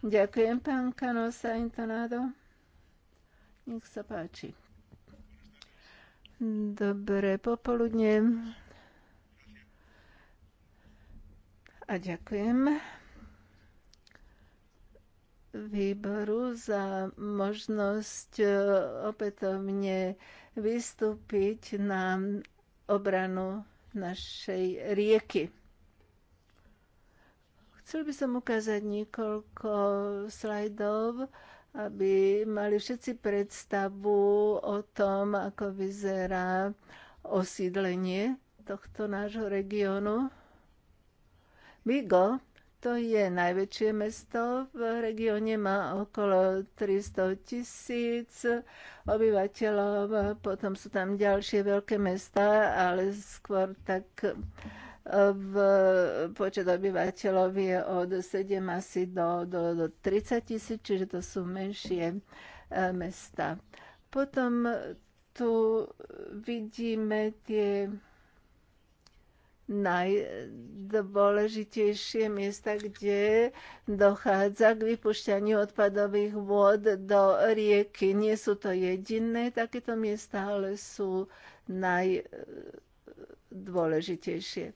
Ďakujem, pán Kanosa Intonado. Nech sa páči. Dobré popoludne. A ďakujem výboru za možnosť e, opätovne vystúpiť na obranu našej rieky. Chcel by som ukázať niekoľko slajdov, aby mali všetci predstavu o tom, ako vyzerá osídlenie tohto nášho regiónu. Vigo, to je najväčšie mesto v regióne, má okolo 300 tisíc obyvateľov, potom sú tam ďalšie veľké mesta, ale skôr tak v počet obyvateľov je od 7 asi do, do, do 30 tisíc, čiže to sú menšie e, mesta. Potom tu vidíme tie najdôležitejšie miesta, kde dochádza k vypušťaniu odpadových vôd do rieky. Nie sú to jediné takéto miesta, ale sú najdôležitejšie.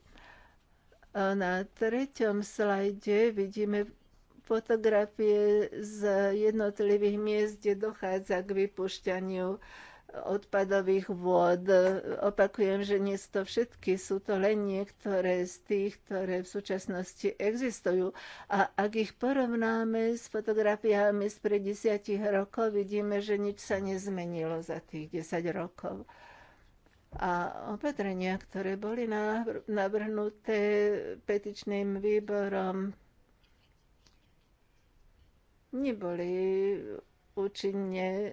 Na treťom slajde vidíme fotografie z jednotlivých miest, kde dochádza k vypušťaniu odpadových vôd. Opakujem, že nie sú to všetky, sú to len niektoré z tých, ktoré v súčasnosti existujú. A ak ich porovnáme s fotografiami z pred desiatich rokov, vidíme, že nič sa nezmenilo za tých 10 rokov. A opatrenia, ktoré boli navrhnuté petičným výborom, neboli účinne e,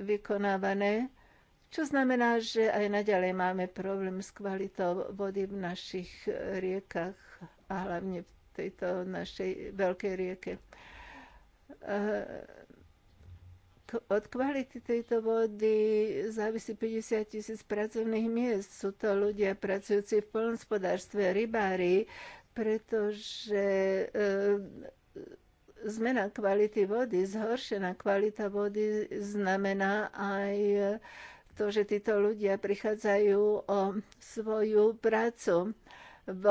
vykonávané, čo znamená, že aj naďalej máme problém s kvalitou vody v našich e, riekach a hlavne v tejto našej veľkej rieke. E, od kvality tejto vody závisí 50 tisíc pracovných miest. Sú to ľudia pracujúci v polnospodárstve, rybári, pretože e, zmena kvality vody, zhoršená kvalita vody znamená aj to, že títo ľudia prichádzajú o svoju prácu. V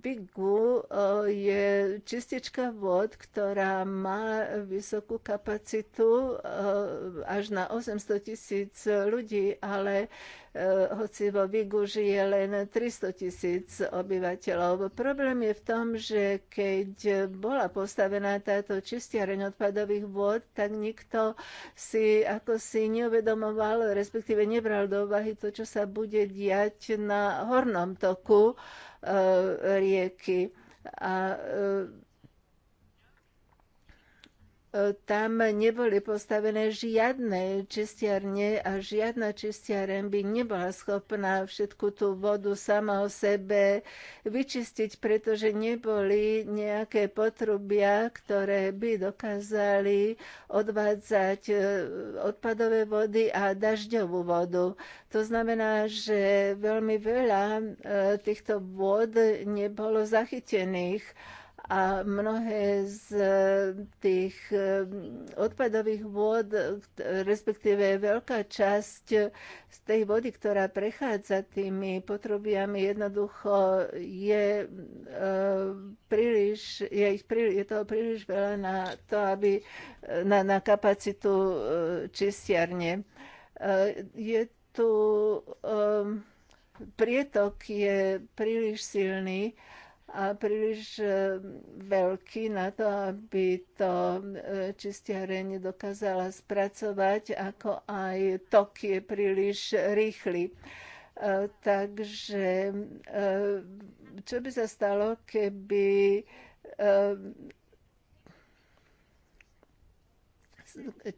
Bigu e, je čistička vod, ktorá má vysokú kapacitu e, až na 800 tisíc ľudí, ale Eh, hoci vo Vigu žije len 300 tisíc obyvateľov. Problém je v tom, že keď bola postavená táto čistiareň odpadových vôd, tak nikto si ako si neuvedomoval, respektíve nebral do úvahy to, čo sa bude diať na hornom toku eh, rieky. A eh, tam neboli postavené žiadne čistiarne a žiadna čistiareň by nebola schopná všetku tú vodu sama o sebe vyčistiť, pretože neboli nejaké potrubia, ktoré by dokázali odvádzať e, odpadové vody a dažďovú vodu. To znamená, že veľmi veľa e, týchto vôd nebolo zachytených a mnohé z e, tých e, odpadových vôd, e, respektíve veľká časť z tej vody, ktorá prechádza tými potrubiami, jednoducho je, príliš, je, ich príliš, je toho príliš veľa na to, aby na, na kapacitu čistiarne. Je tu prietok je príliš silný, a príliš e, veľký na to, aby to e, čistiareň dokázala spracovať, ako aj tok je príliš rýchly. E, takže čo by sa stalo, keby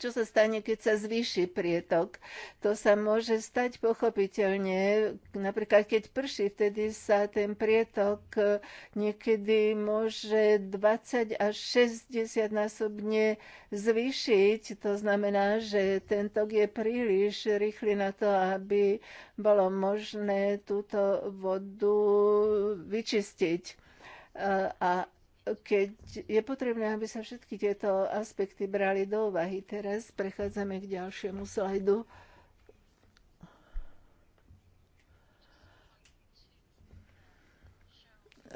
čo sa stane, keď sa zvýši prietok. To sa môže stať pochopiteľne. Napríklad, keď prší, vtedy sa ten prietok e, niekedy môže 20 až 60 násobne zvýšiť. To znamená, že ten tok je príliš rýchly na to, aby bolo možné túto vodu vyčistiť e, a keď je potrebné, aby sa všetky tieto aspekty brali do úvahy. Teraz prechádzame k ďalšiemu slajdu.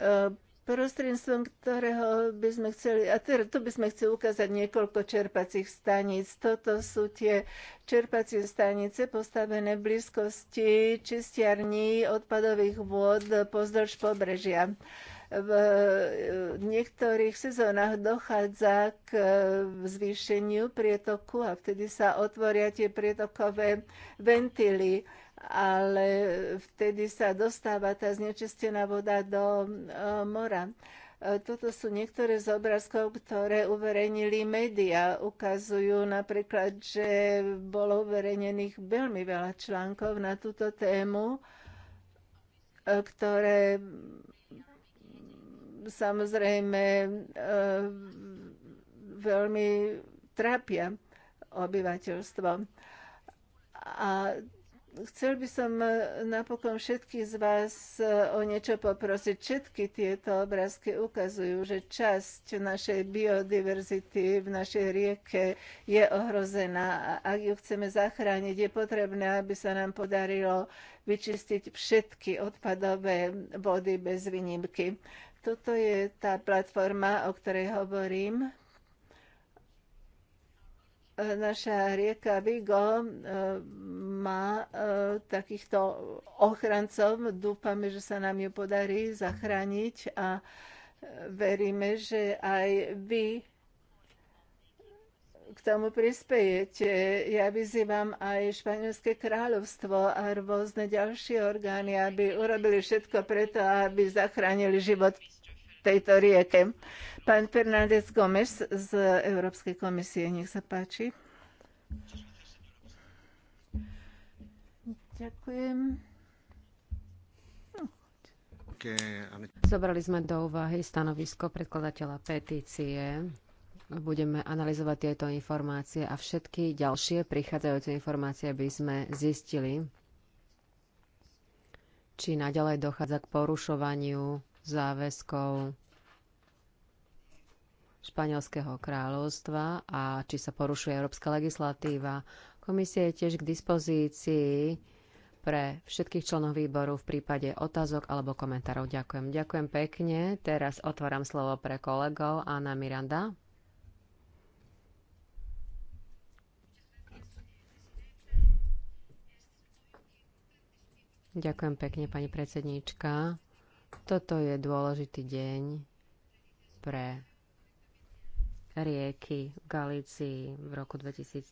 E, Prostredstvom ktorého by sme chceli, a teda tu by sme chceli ukázať niekoľko čerpacích staníc. Toto sú tie čerpacie stanice postavené v blízkosti čistiarní odpadových vôd pozdĺž pobrežia. Po v eh, niektorých sezónach dochádza k eh, zvýšeniu prietoku a vtedy sa otvoria tie prietokové ventily ale vtedy sa dostáva tá znečistená voda do eh, mora. Toto sú niektoré z obrázkov, ktoré uverejnili médiá. Ukazujú napríklad, že bolo uverejnených veľmi veľa článkov na túto tému, ktoré samozrejme e, veľmi trápia obyvateľstvo. A chcel by som napokon všetkých z vás e, o niečo poprosiť. Všetky tieto obrázky ukazujú, že časť našej biodiverzity v našej rieke je ohrozená a ak ju chceme zachrániť, je potrebné, aby sa nám podarilo vyčistiť všetky odpadové vody bez výnimky. Toto je tá platforma, o ktorej hovorím. Naša rieka Vigo e, má e, takýchto ochrancov. Dúfame, že sa nám ju podarí zachrániť a e, veríme, že aj vy k tomu prispejete. Ja vyzývam aj Španielské kráľovstvo a rôzne ďalšie orgány, aby urobili všetko preto, aby zachránili život tejto rieke. Pán Fernández Gomez z Európskej komisie, nech sa páči. Ďakujem. Zobrali sme do úvahy stanovisko predkladateľa petície budeme analyzovať tieto informácie a všetky ďalšie prichádzajúce informácie, aby sme zistili, či naďalej dochádza k porušovaniu záväzkov Španielského kráľovstva a či sa porušuje európska legislatíva. Komisia je tiež k dispozícii pre všetkých členov výboru v prípade otázok alebo komentárov. Ďakujem. Ďakujem pekne. Teraz otváram slovo pre kolegov. Anna Miranda. Ďakujem pekne, pani predsedníčka. Toto je dôležitý deň pre rieky v Galícii v roku 2013.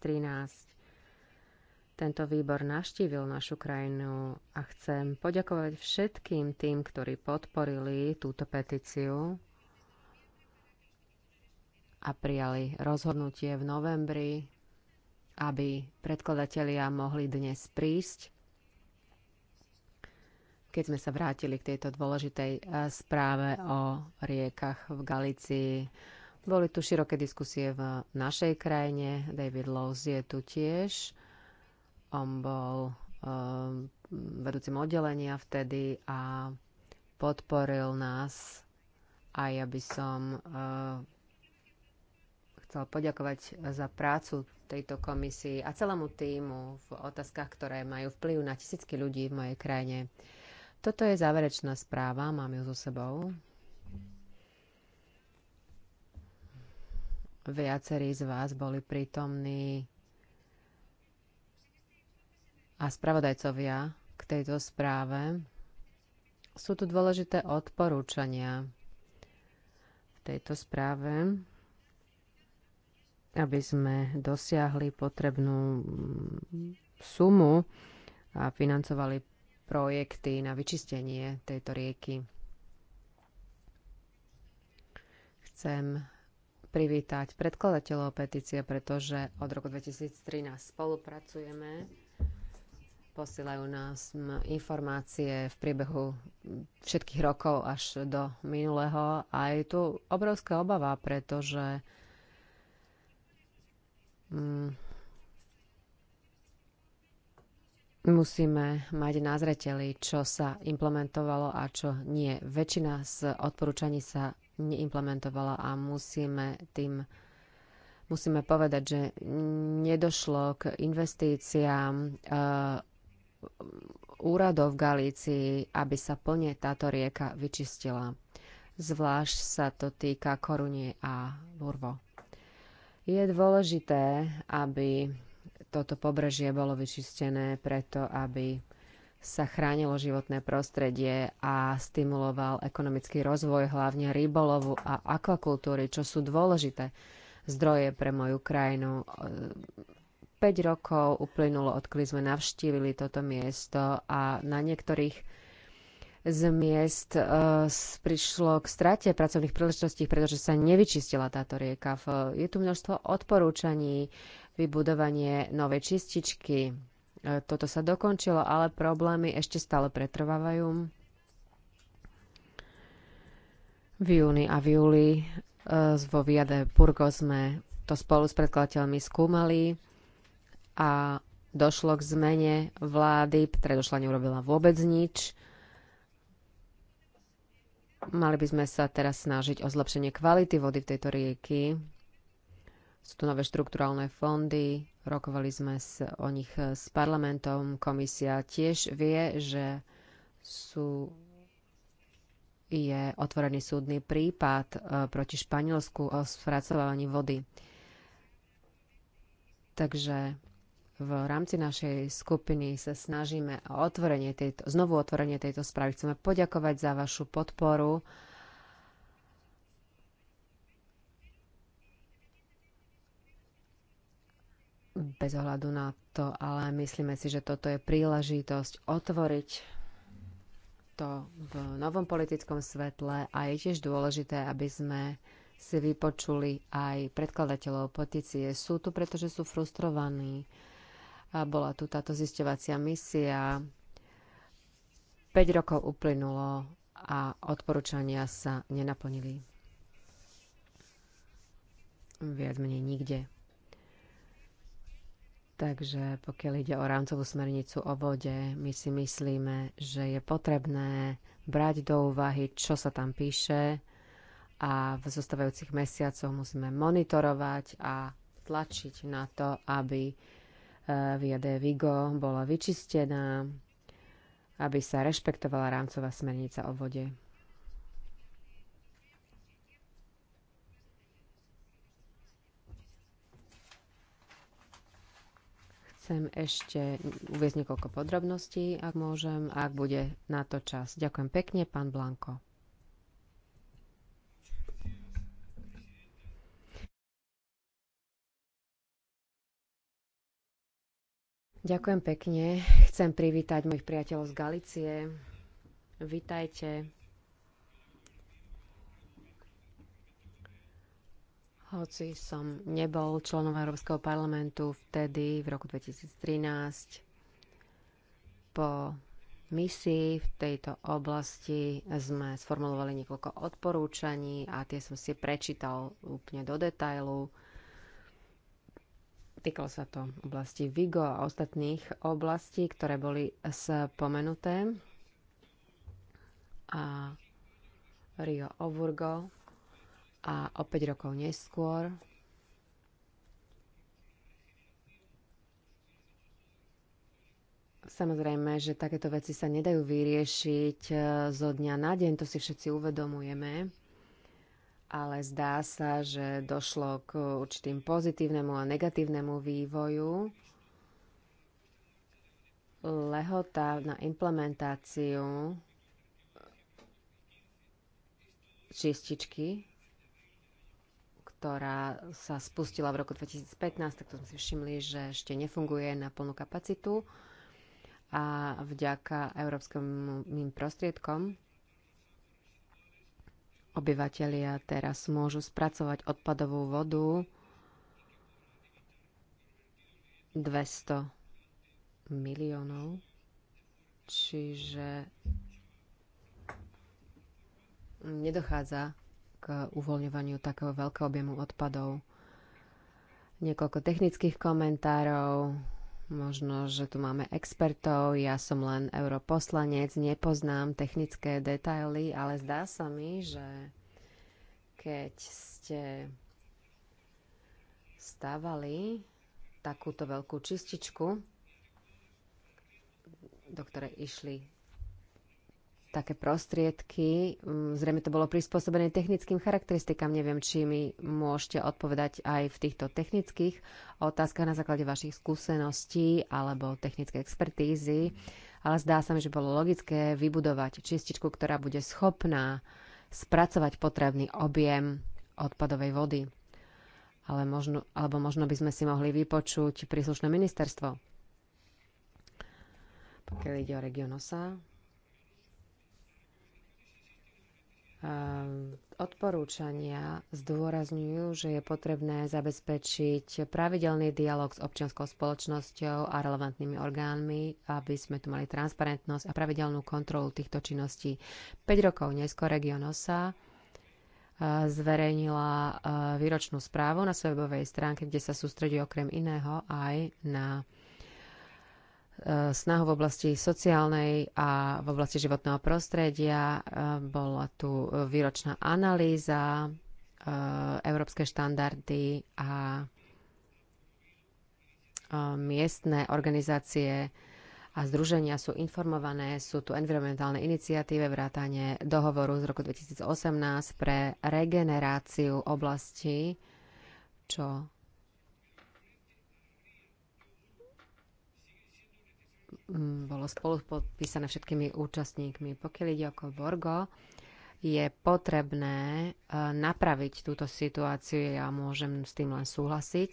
Tento výbor navštívil našu krajinu a chcem poďakovať všetkým tým, ktorí podporili túto petíciu a prijali rozhodnutie v novembri, aby predkladatelia mohli dnes prísť keď sme sa vrátili k tejto dôležitej eh, správe o riekach v Galicii, Boli tu široké diskusie v našej krajine. David Lowe's je tu tiež. On bol eh, vedúcim oddelenia vtedy a podporil nás a ja by som uh, chcel poďakovať za prácu tejto komisii a celému týmu v otázkach, ktoré majú vplyv na tisícky ľudí v mojej krajine. Toto je záverečná správa, mám ju so sebou. Viacerí z vás boli prítomní a spravodajcovia k tejto správe. Sú tu dôležité odporúčania v tejto správe, aby sme dosiahli potrebnú sumu a financovali projekty na vyčistenie tejto rieky. Chcem privítať predkladateľov petície, pretože od roku 2013 spolupracujeme. Posielajú nás informácie v priebehu všetkých rokov až do minulého a je tu obrovská obava, pretože mm, musíme mať na zreteli, čo sa implementovalo a čo nie. Väčšina z odporúčaní sa neimplementovala a musíme tým musíme povedať, že nedošlo k investíciám e, úradov v Galícii, aby sa plne táto rieka vyčistila. Zvlášť sa to týka Korunie a Burvo. Je dôležité, aby toto pobrežie bolo vyčistené preto, aby sa chránilo životné prostredie a stimuloval ekonomický rozvoj, hlavne rybolovu a akvakultúry, čo sú dôležité zdroje pre moju krajinu. 5 ehm, rokov uplynulo, odkedy sme navštívili toto miesto a na niektorých z miest uh, prišlo k strate pracovných príležitostí, pretože sa nevyčistila táto rieka. Je tu množstvo odporúčaní vybudovanie novej čističky. E, toto sa dokončilo, ale problémy ešte stále pretrvávajú. V júni a v júli e, vo Viade Purgo sme to spolu s predkladateľmi skúmali a došlo k zmene vlády, predošla neurobila vôbec nič. Mali by sme sa teraz snažiť o zlepšenie kvality vody v tejto rieky, sú tu nové štrukturálne fondy, rokovali sme s, o nich s parlamentom. Komisia tiež vie, že sú, je otvorený súdny prípad e, proti Španielsku o spracovávaní vody. Takže v rámci našej skupiny sa snažíme o otvorenie tejto, znovu otvorenie tejto správy. Chceme poďakovať za vašu podporu bez ohľadu na to, ale myslíme si, že toto je príležitosť otvoriť to v novom politickom svetle a je tiež dôležité, aby sme si vypočuli aj predkladateľov petície. Sú tu, pretože sú frustrovaní. A bola tu táto zisťovacia misia. 5 rokov uplynulo a odporúčania sa nenaplnili. Viac menej nikde. Takže pokiaľ ide o rámcovú smernicu o vode, my si myslíme, že je potrebné brať do úvahy, čo sa tam píše a v zostávajúcich mesiacoch musíme monitorovať a tlačiť na to, aby e, Via de Vigo bola vyčistená, aby sa rešpektovala rámcová smernica o vode. Chcem ešte uviezť niekoľko podrobností, ak môžem, ak bude na to čas. Ďakujem pekne, pán Blanko. Ďakujem pekne. Chcem privítať mojich priateľov z Galície. Vítajte. Hoci som nebol členom Európskeho parlamentu vtedy, v roku 2013, po misii v tejto oblasti sme sformulovali niekoľko odporúčaní a tie som si prečítal úplne do detailu. Týkalo sa to oblasti Vigo a ostatných oblastí, ktoré boli spomenuté. A Rio Ovurgo a o 5 rokov neskôr Samozrejme, že takéto veci sa nedajú vyriešiť e, zo dňa na deň, to si všetci uvedomujeme, ale zdá sa, že došlo k určitým pozitívnemu a negatívnemu vývoju. Lehota na implementáciu čističky ktorá sa spustila v roku 2015, tak to sme si všimli, že ešte nefunguje na plnú kapacitu a vďaka európskym prostriedkom obyvatelia teraz môžu spracovať odpadovú vodu 200 miliónov, čiže nedochádza k uvoľňovaniu takého veľkého objemu odpadov. Niekoľko technických komentárov, možno, že tu máme expertov, ja som len europoslanec, nepoznám technické detaily, ale zdá sa mi, že keď ste stávali takúto veľkú čističku, do ktorej išli také prostriedky. Mm, zrejme to bolo prispôsobené technickým charakteristikám. Neviem, či mi môžete odpovedať aj v týchto technických otázkach na základe vašich skúseností alebo technické expertízy. Ale zdá sa mi, že bolo logické vybudovať čističku, ktorá bude schopná spracovať potrebný objem odpadovej vody. Ale možno, alebo možno by sme si mohli vypočuť príslušné ministerstvo. Pokiaľ ide o region OSA, Ehm, odporúčania zdôrazňujú, že je potrebné zabezpečiť pravidelný dialog s občianskou spoločnosťou a relevantnými orgánmi, aby sme tu mali transparentnosť a pravidelnú kontrolu týchto činností. 5 rokov neskôr Region OSA ehm, zverejnila ehm, výročnú správu na svojej webovej stránke, kde sa sústredí okrem iného aj na E, snahu v oblasti sociálnej a v oblasti životného prostredia. E, bola tu výročná analýza, e, európske štandardy a miestne organizácie a združenia sú informované, sú tu environmentálne iniciatíve, vrátane dohovoru z roku 2018 pre regeneráciu oblasti, čo Mm, bolo spolu podpísané všetkými účastníkmi. Pokiaľ ide o Borgo, je potrebné e, napraviť túto situáciu. Ja môžem s tým len súhlasiť.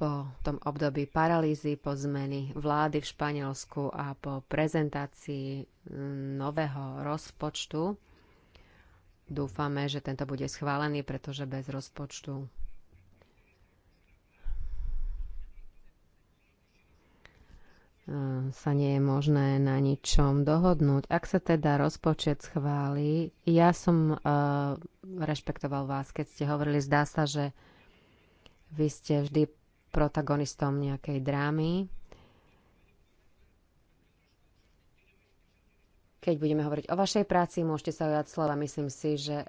Po tom období paralýzy, po zmeny vlády v Španielsku a po prezentácii mm, nového rozpočtu dúfame, že tento bude schválený, pretože bez rozpočtu sa nie je možné na ničom dohodnúť. Ak sa teda rozpočet schváli, ja som uh, rešpektoval vás, keď ste hovorili, zdá sa, že vy ste vždy protagonistom nejakej drámy. Keď budeme hovoriť o vašej práci, môžete sa ujať slova. Myslím si, že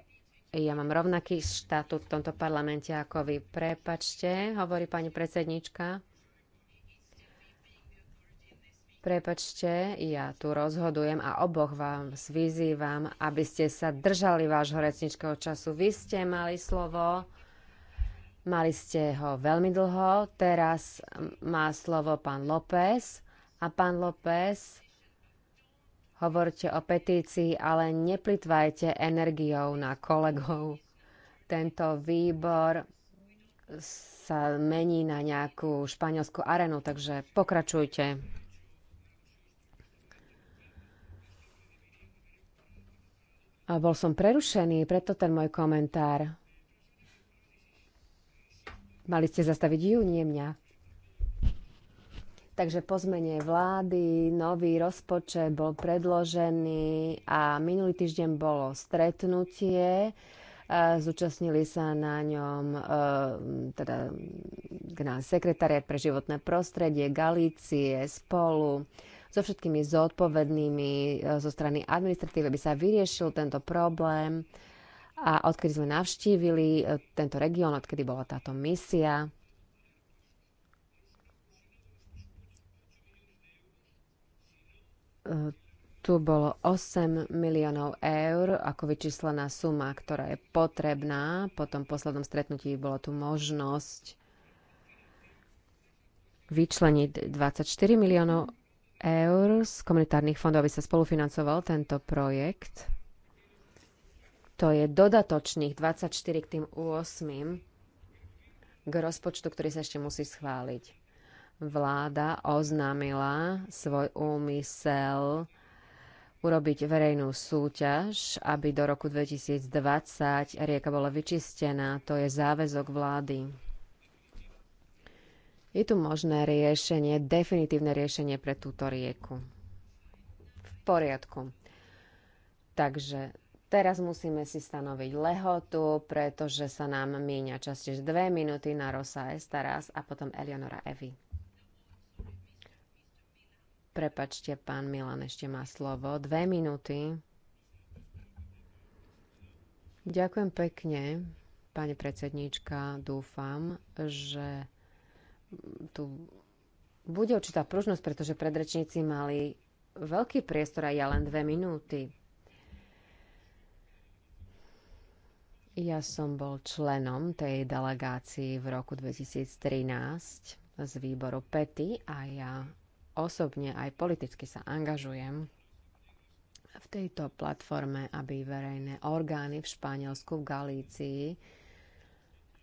ja mám rovnaký štatút v tomto parlamente ako vy. Prepačte, hovorí pani predsednička. Prepačte, ja tu rozhodujem a oboch vám vyzývam, aby ste sa držali vášho rečničkého času. Vy ste mali slovo, mali ste ho veľmi dlho, teraz má slovo pán López a pán López, hovorte o petícii, ale neplitvajte energiou na kolegov. Tento výbor sa mení na nejakú španielskú arenu, takže pokračujte. A bol som prerušený, preto ten môj komentár. Mali ste zastaviť ju, nie mňa. Takže po zmene vlády nový rozpočet bol predložený a minulý týždeň bolo stretnutie. E, zúčastnili sa na ňom e, teda sekretariat pre životné prostredie, Galície, spolu so všetkými zodpovednými e, zo strany administratívy, aby sa vyriešil tento problém. A odkedy sme navštívili e, tento región, odkedy bola táto misia, e, tu bolo 8 miliónov eur ako vyčíslená suma, ktorá je potrebná. Po tom poslednom stretnutí bolo tu možnosť vyčleniť 24 miliónov eur z komunitárnych fondov, aby sa spolufinancoval tento projekt. To je dodatočných 24 k tým 8 k rozpočtu, ktorý sa ešte musí schváliť. Vláda oznámila svoj úmysel urobiť verejnú súťaž, aby do roku 2020 rieka bola vyčistená. To je záväzok vlády. Je tu možné riešenie, definitívne riešenie pre túto rieku. V poriadku. Takže teraz musíme si stanoviť lehotu, pretože sa nám míňa častež dve minúty na Rosa Estaras a potom Eleonora Evi. Prepačte, pán Milan ešte má slovo. Dve minúty. Ďakujem pekne, pani predsedníčka. Dúfam, že tu bude určitá pružnosť, pretože predrečníci mali veľký priestor a ja len dve minúty. Ja som bol členom tej delegácii v roku 2013 z výboru PETI a ja osobne aj politicky sa angažujem v tejto platforme, aby verejné orgány v Španielsku, v Galícii,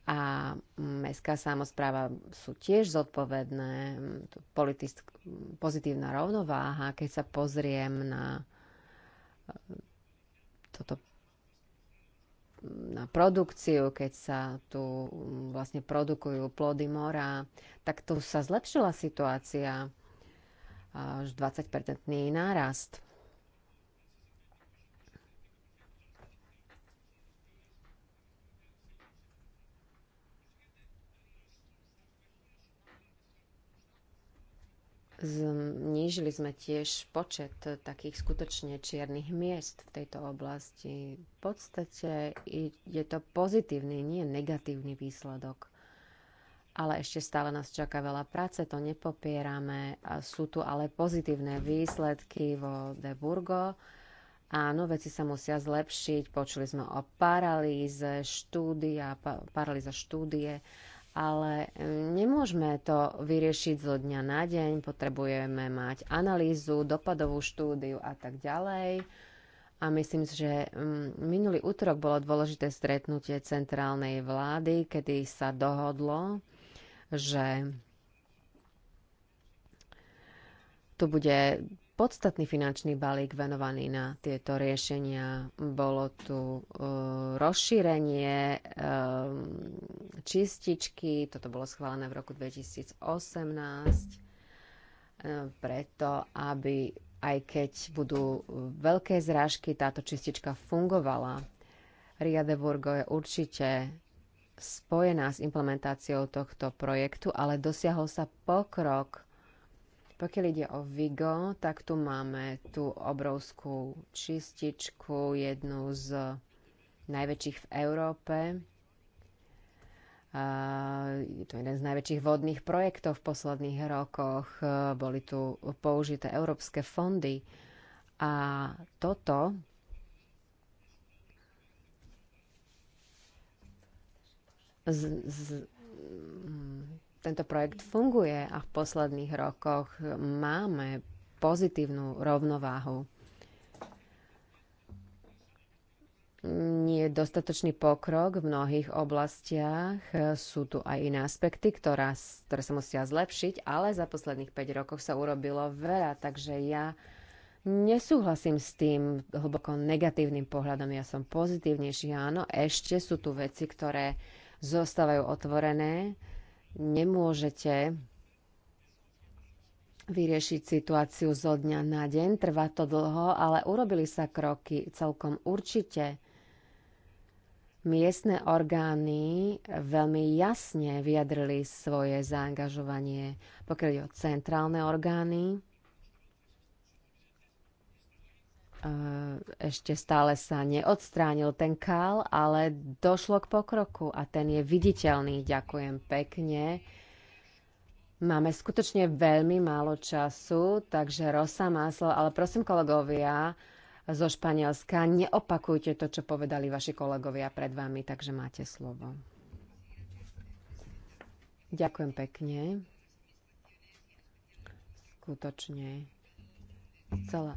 a mestská samozpráva sú tiež zodpovedné. pozitívna rovnováha, keď sa pozriem na e, toto na produkciu, keď sa tu vlastne produkujú plody mora, tak tu sa zlepšila situácia až 20-percentný nárast. Znížili sme tiež počet takých skutočne čiernych miest v tejto oblasti. V podstate je to pozitívny, nie negatívny výsledok. Ale ešte stále nás čaká veľa práce, to nepopierame. Sú tu ale pozitívne výsledky vo De Burgo. Áno, veci sa musia zlepšiť. Počuli sme o paralýze, štúdia, pa, paralýza štúdie ale nemôžeme to vyriešiť zo dňa na deň, potrebujeme mať analýzu, dopadovú štúdiu a tak ďalej. A myslím, že minulý útorok bolo dôležité stretnutie centrálnej vlády, kedy sa dohodlo, že tu bude podstatný finančný balík venovaný na tieto riešenia. Bolo tu e, rozšírenie e, čističky, toto bolo schválené v roku 2018, e, preto aby aj keď budú veľké zrážky, táto čistička fungovala. Ria de Burgo je určite spojená s implementáciou tohto projektu, ale dosiahol sa pokrok pokiaľ ide o Vigo, tak tu máme tú obrovskú čističku, jednu z najväčších v Európe. Je to jeden z najväčších vodných projektov v posledných rokoch. Boli tu použité európske fondy. A toto z, z, tento projekt funguje a v posledných rokoch máme pozitívnu rovnováhu. Nie je dostatočný pokrok v mnohých oblastiach. Sú tu aj iné aspekty, ktorá, ktoré sa musia zlepšiť, ale za posledných 5 rokov sa urobilo veľa, takže ja nesúhlasím s tým hlboko negatívnym pohľadom. Ja som pozitívnejší, áno, ešte sú tu veci, ktoré zostávajú otvorené nemôžete vyriešiť situáciu zo dňa na deň. Trvá to dlho, ale urobili sa kroky celkom určite. Miestne orgány veľmi jasne vyjadrili svoje zaangažovanie, pokiaľ o centrálne orgány. Eh, ešte stále sa neodstránil ten kál, ale došlo k pokroku a ten je viditeľný. Ďakujem pekne. Máme skutočne veľmi málo času, takže rosa máslo, ale prosím kolegovia zo Španielska, neopakujte to, čo povedali vaši kolegovia pred vami, takže máte slovo. Ďakujem pekne. Skutočne. Celá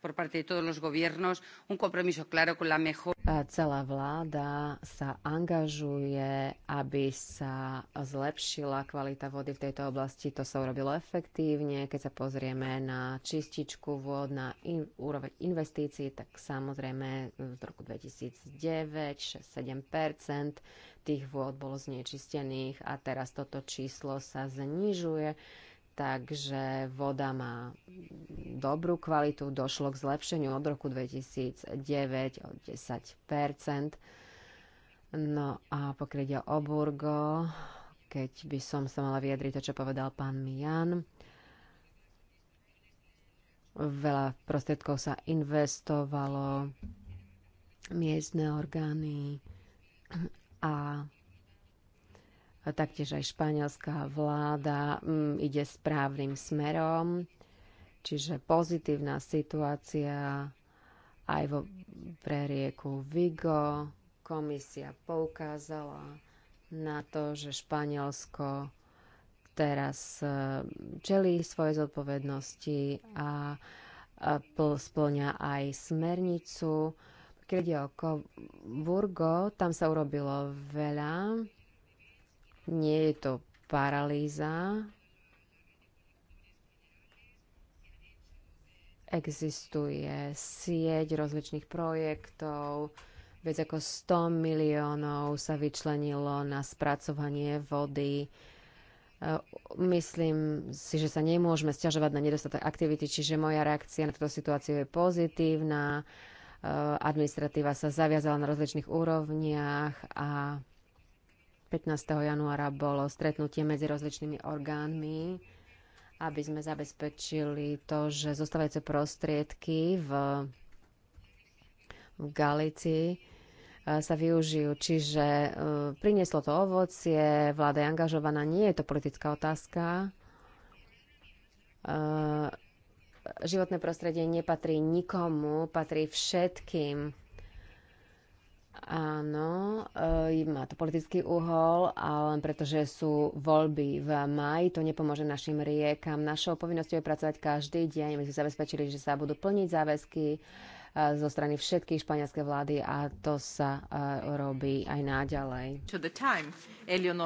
Por parte de todos los gobiernos, un compromiso claro con la mejor... Celá vláda sa angažuje, aby sa zlepšila kvalita vody v tejto oblasti. To sa urobilo efektívne. Keď sa pozrieme na čističku vôd, na in, úroveň investícií, tak samozrejme v roku 2009 6-7 tých vôd bolo znečistených a teraz toto číslo sa znižuje takže voda má dobrú kvalitu, došlo k zlepšeniu od roku 2009 o 10 No a pokiaľ ide o Burgo, keď by som sa mala vyjadriť to, čo povedal pán Mian, veľa prostriedkov sa investovalo, miestne orgány a taktiež aj španielská vláda mm, ide správnym smerom, čiže pozitívna situácia aj vo, pre rieku Vigo. Komisia poukázala na to, že Španielsko teraz e, čelí svoje zodpovednosti a splňa aj smernicu. Keď ide o Burgo, tam sa urobilo veľa nie je to paralýza. Existuje sieť rozličných projektov, viac ako 100 miliónov sa vyčlenilo na spracovanie vody. E, myslím si, že sa nemôžeme stiažovať na nedostatok aktivity, čiže moja reakcia na túto situáciu je pozitívna. E, administratíva sa zaviazala na rozličných úrovniach a 15. januára bolo stretnutie medzi rozličnými orgánmi, aby sme zabezpečili to, že zostávajúce prostriedky v, v Galícii e, sa využijú. Čiže uh, prinieslo to ovocie, vláda je angažovaná, nie je to politická otázka. Uh, životné prostredie nepatrí nikomu, patrí všetkým Áno, e, má to politický uhol, ale len preto, že sú voľby v maji, to nepomôže našim riekam. Našou povinnosťou je pracovať každý deň, aby sme zabezpečili, že sa budú plniť záväzky e, zo strany všetkých španielskej vlády a to sa e, robí aj naďalej.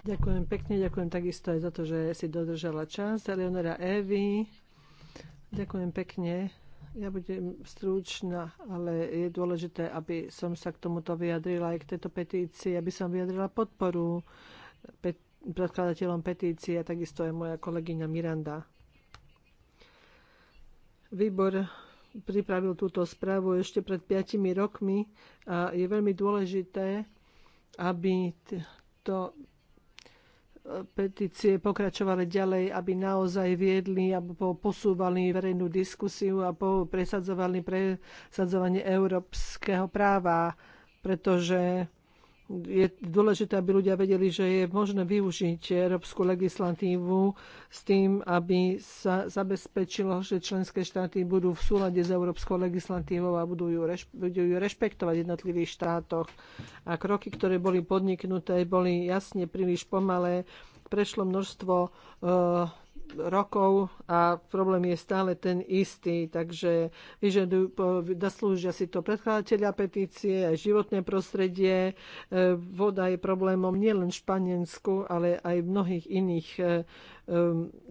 Ďakujem pekne, ďakujem takisto aj za to, že si dodržala čas. Eleonora Evi, ďakujem pekne. Ja budem stručná, ale je dôležité, aby som sa k tomuto vyjadrila aj k tejto petícii, aby som vyjadrila podporu pet- predkladateľom petície a takisto aj moja kolegyňa Miranda. Výbor pripravil túto správu ešte pred 5 rokmi a je veľmi dôležité, aby to petície pokračovali ďalej, aby naozaj viedli a posúvali verejnú diskusiu a presadzovali presadzovanie európskeho práva, pretože je dôležité, aby ľudia vedeli, že je možné využiť európsku legislatívu s tým, aby sa zabezpečilo, že členské štáty budú v súlade s európskou legislatívou a budú ju, reš- budú ju rešpektovať v jednotlivých štátoch. A kroky, ktoré boli podniknuté, boli jasne príliš pomalé. Prešlo množstvo uh, rokov a problém je stále ten istý, takže vyžadujú, zaslúžia si to predkladateľia petície, aj životné prostredie. E, voda je problémom nielen v Španielsku, ale aj v mnohých iných e, e,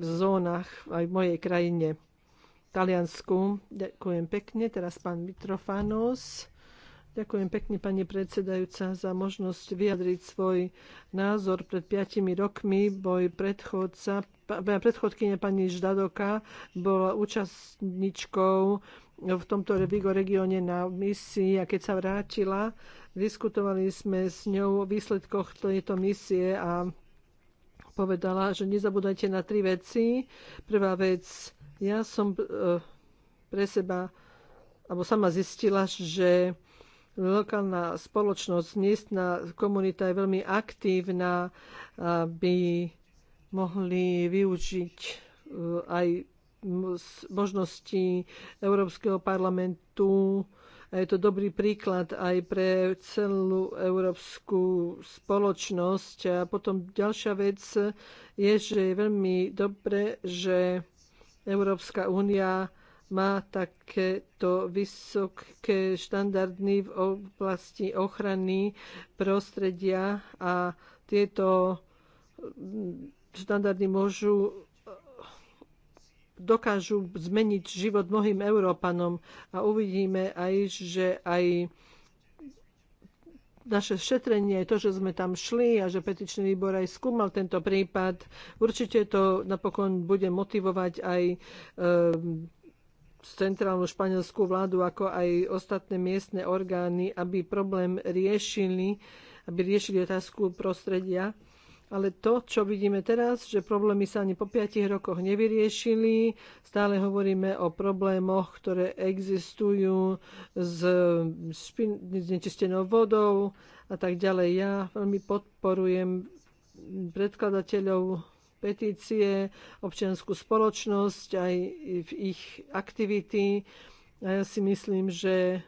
zónach, aj v mojej krajine. Taliansku. Ďakujem pekne. Teraz pán Mitrofanos. Ďakujem pekne, pani predsedajúca, za možnosť vyjadriť svoj názor. Pred piatimi rokmi boj predchodca, predchodkynia pani Ždadoka bola účastničkou v tomto Vigo regióne na misii a keď sa vrátila, diskutovali sme s ňou o výsledkoch tejto misie a povedala, že nezabúdajte na tri veci. Prvá vec, ja som e, pre seba, alebo sama zistila, že lokálna spoločnosť, miestna komunita je veľmi aktívna, aby mohli využiť eh, aj možnosti Európskeho parlamentu. A je to dobrý príklad aj pre celú európsku spoločnosť. A potom ďalšia vec je, že je veľmi dobre, že Európska únia má takéto vysoké štandardy v oblasti ochrany prostredia a tieto štandardy môžu dokážu zmeniť život mnohým Európanom a uvidíme aj, že aj naše šetrenie, to, že sme tam šli a že petičný výbor aj skúmal tento prípad, určite to napokon bude motivovať aj e, centrálnu španielskú vládu, ako aj ostatné miestne orgány, aby problém riešili, aby riešili otázku prostredia ale to, čo vidíme teraz, že problémy sa ani po 5 rokoch nevyriešili, stále hovoríme o problémoch, ktoré existujú s znečistenou vodou a tak ďalej. Ja veľmi podporujem predkladateľov petície, občianskú spoločnosť, aj v ich aktivity. A ja si myslím, že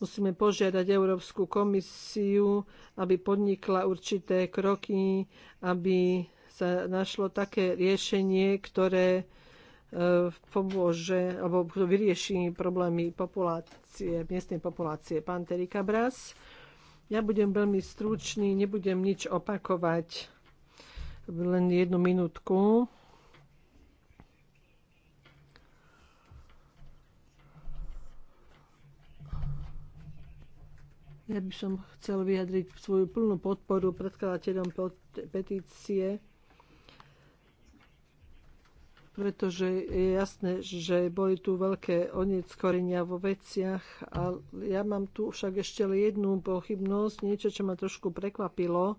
musíme požiadať Európsku komisiu, aby podnikla určité kroky, aby sa našlo také riešenie, ktoré e, pomôže alebo vyrieši problémy populácie, miestnej populácie. Pán Terika Bras, ja budem veľmi stručný, nebudem nič opakovať, len jednu minútku. Ja by som chcel vyjadriť svoju plnú podporu predkladateľom petície, pretože je jasné, že boli tu veľké oneskorenia vo veciach. A ja mám tu však ešte jednu pochybnosť, niečo, čo ma trošku prekvapilo,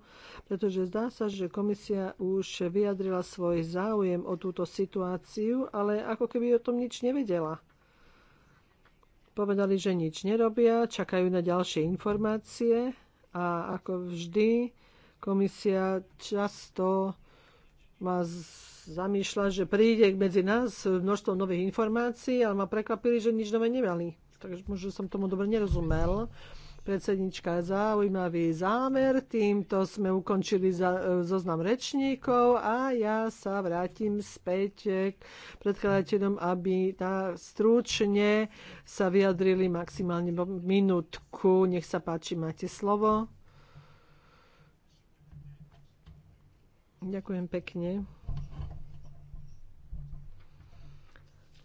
pretože zdá sa, že komisia už vyjadrila svoj záujem o túto situáciu, ale ako keby o tom nič nevedela. Povedali, že nič nerobia, čakajú na ďalšie informácie a ako vždy komisia často ma zamýšľa, že príde medzi nás množstvo nových informácií, ale ma prekvapili, že nič nové nemali. Takže možno som tomu dobre nerozumel predsednička, zaujímavý zámer. Týmto sme ukončili za, e, zoznam rečníkov a ja sa vrátim späť k predkladateľom, aby tá stručne sa vyjadrili maximálne minútku. Nech sa páči, máte slovo. Ďakujem pekne.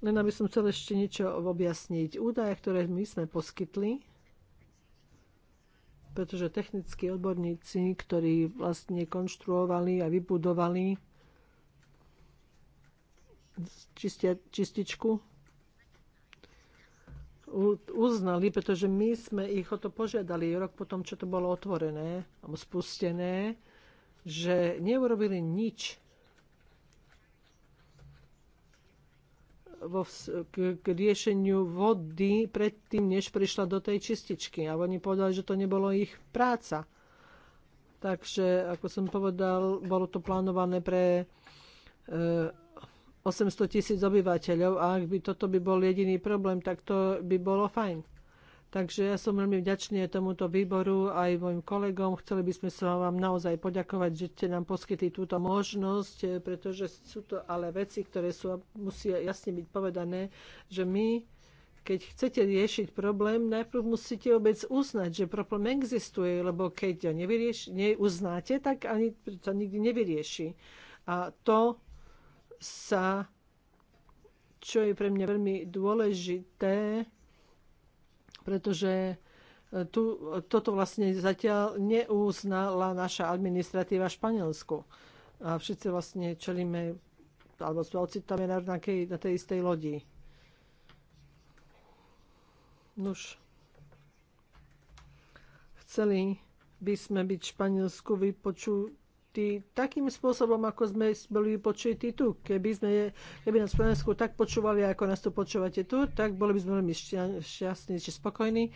Len aby som chcel ešte niečo objasniť. Údaje, ktoré my sme poskytli, pretože technickí odborníci, ktorí vlastne konštruovali a vybudovali čistia, čističku, uznali, pretože my sme ich o to požiadali rok potom, čo to bolo otvorené alebo spustené, že neurobili nič vo, k, k riešeniu vody predtým, než prišla do tej čističky. A oni povedali, že to nebolo ich práca. Takže, ako som povedal, bolo to plánované pre 800 e, tisíc obyvateľov a ak by toto by bol jediný problém, tak to by bolo fajn. Takže ja som veľmi vďačný tomuto výboru aj mojim kolegom. Chceli by sme sa vám naozaj poďakovať, že ste nám poskytli túto možnosť, eh, pretože sú to ale veci, ktoré sú, musia jasne byť povedané, že my keď chcete riešiť problém, najprv musíte vôbec uznať, že problém existuje, lebo keď ho neuznáte, tak ani sa nikdy nevyrieši. A to sa, čo je pre mňa veľmi dôležité, pretože e, tu, toto vlastne zatiaľ neuznala naša administratíva v Španielsku. A všetci vlastne čelíme, alebo sme ocitáme na, rovnakej, na tej istej lodi. Nuž. Chceli by sme byť v Španielsku vypoču, počutí takým spôsobom, ako sme boli počutí tu. Keby, sme, keby na Slovensku tak počúvali, ako nás tu počúvate tu, tak boli by sme veľmi šťastní či spokojní. E,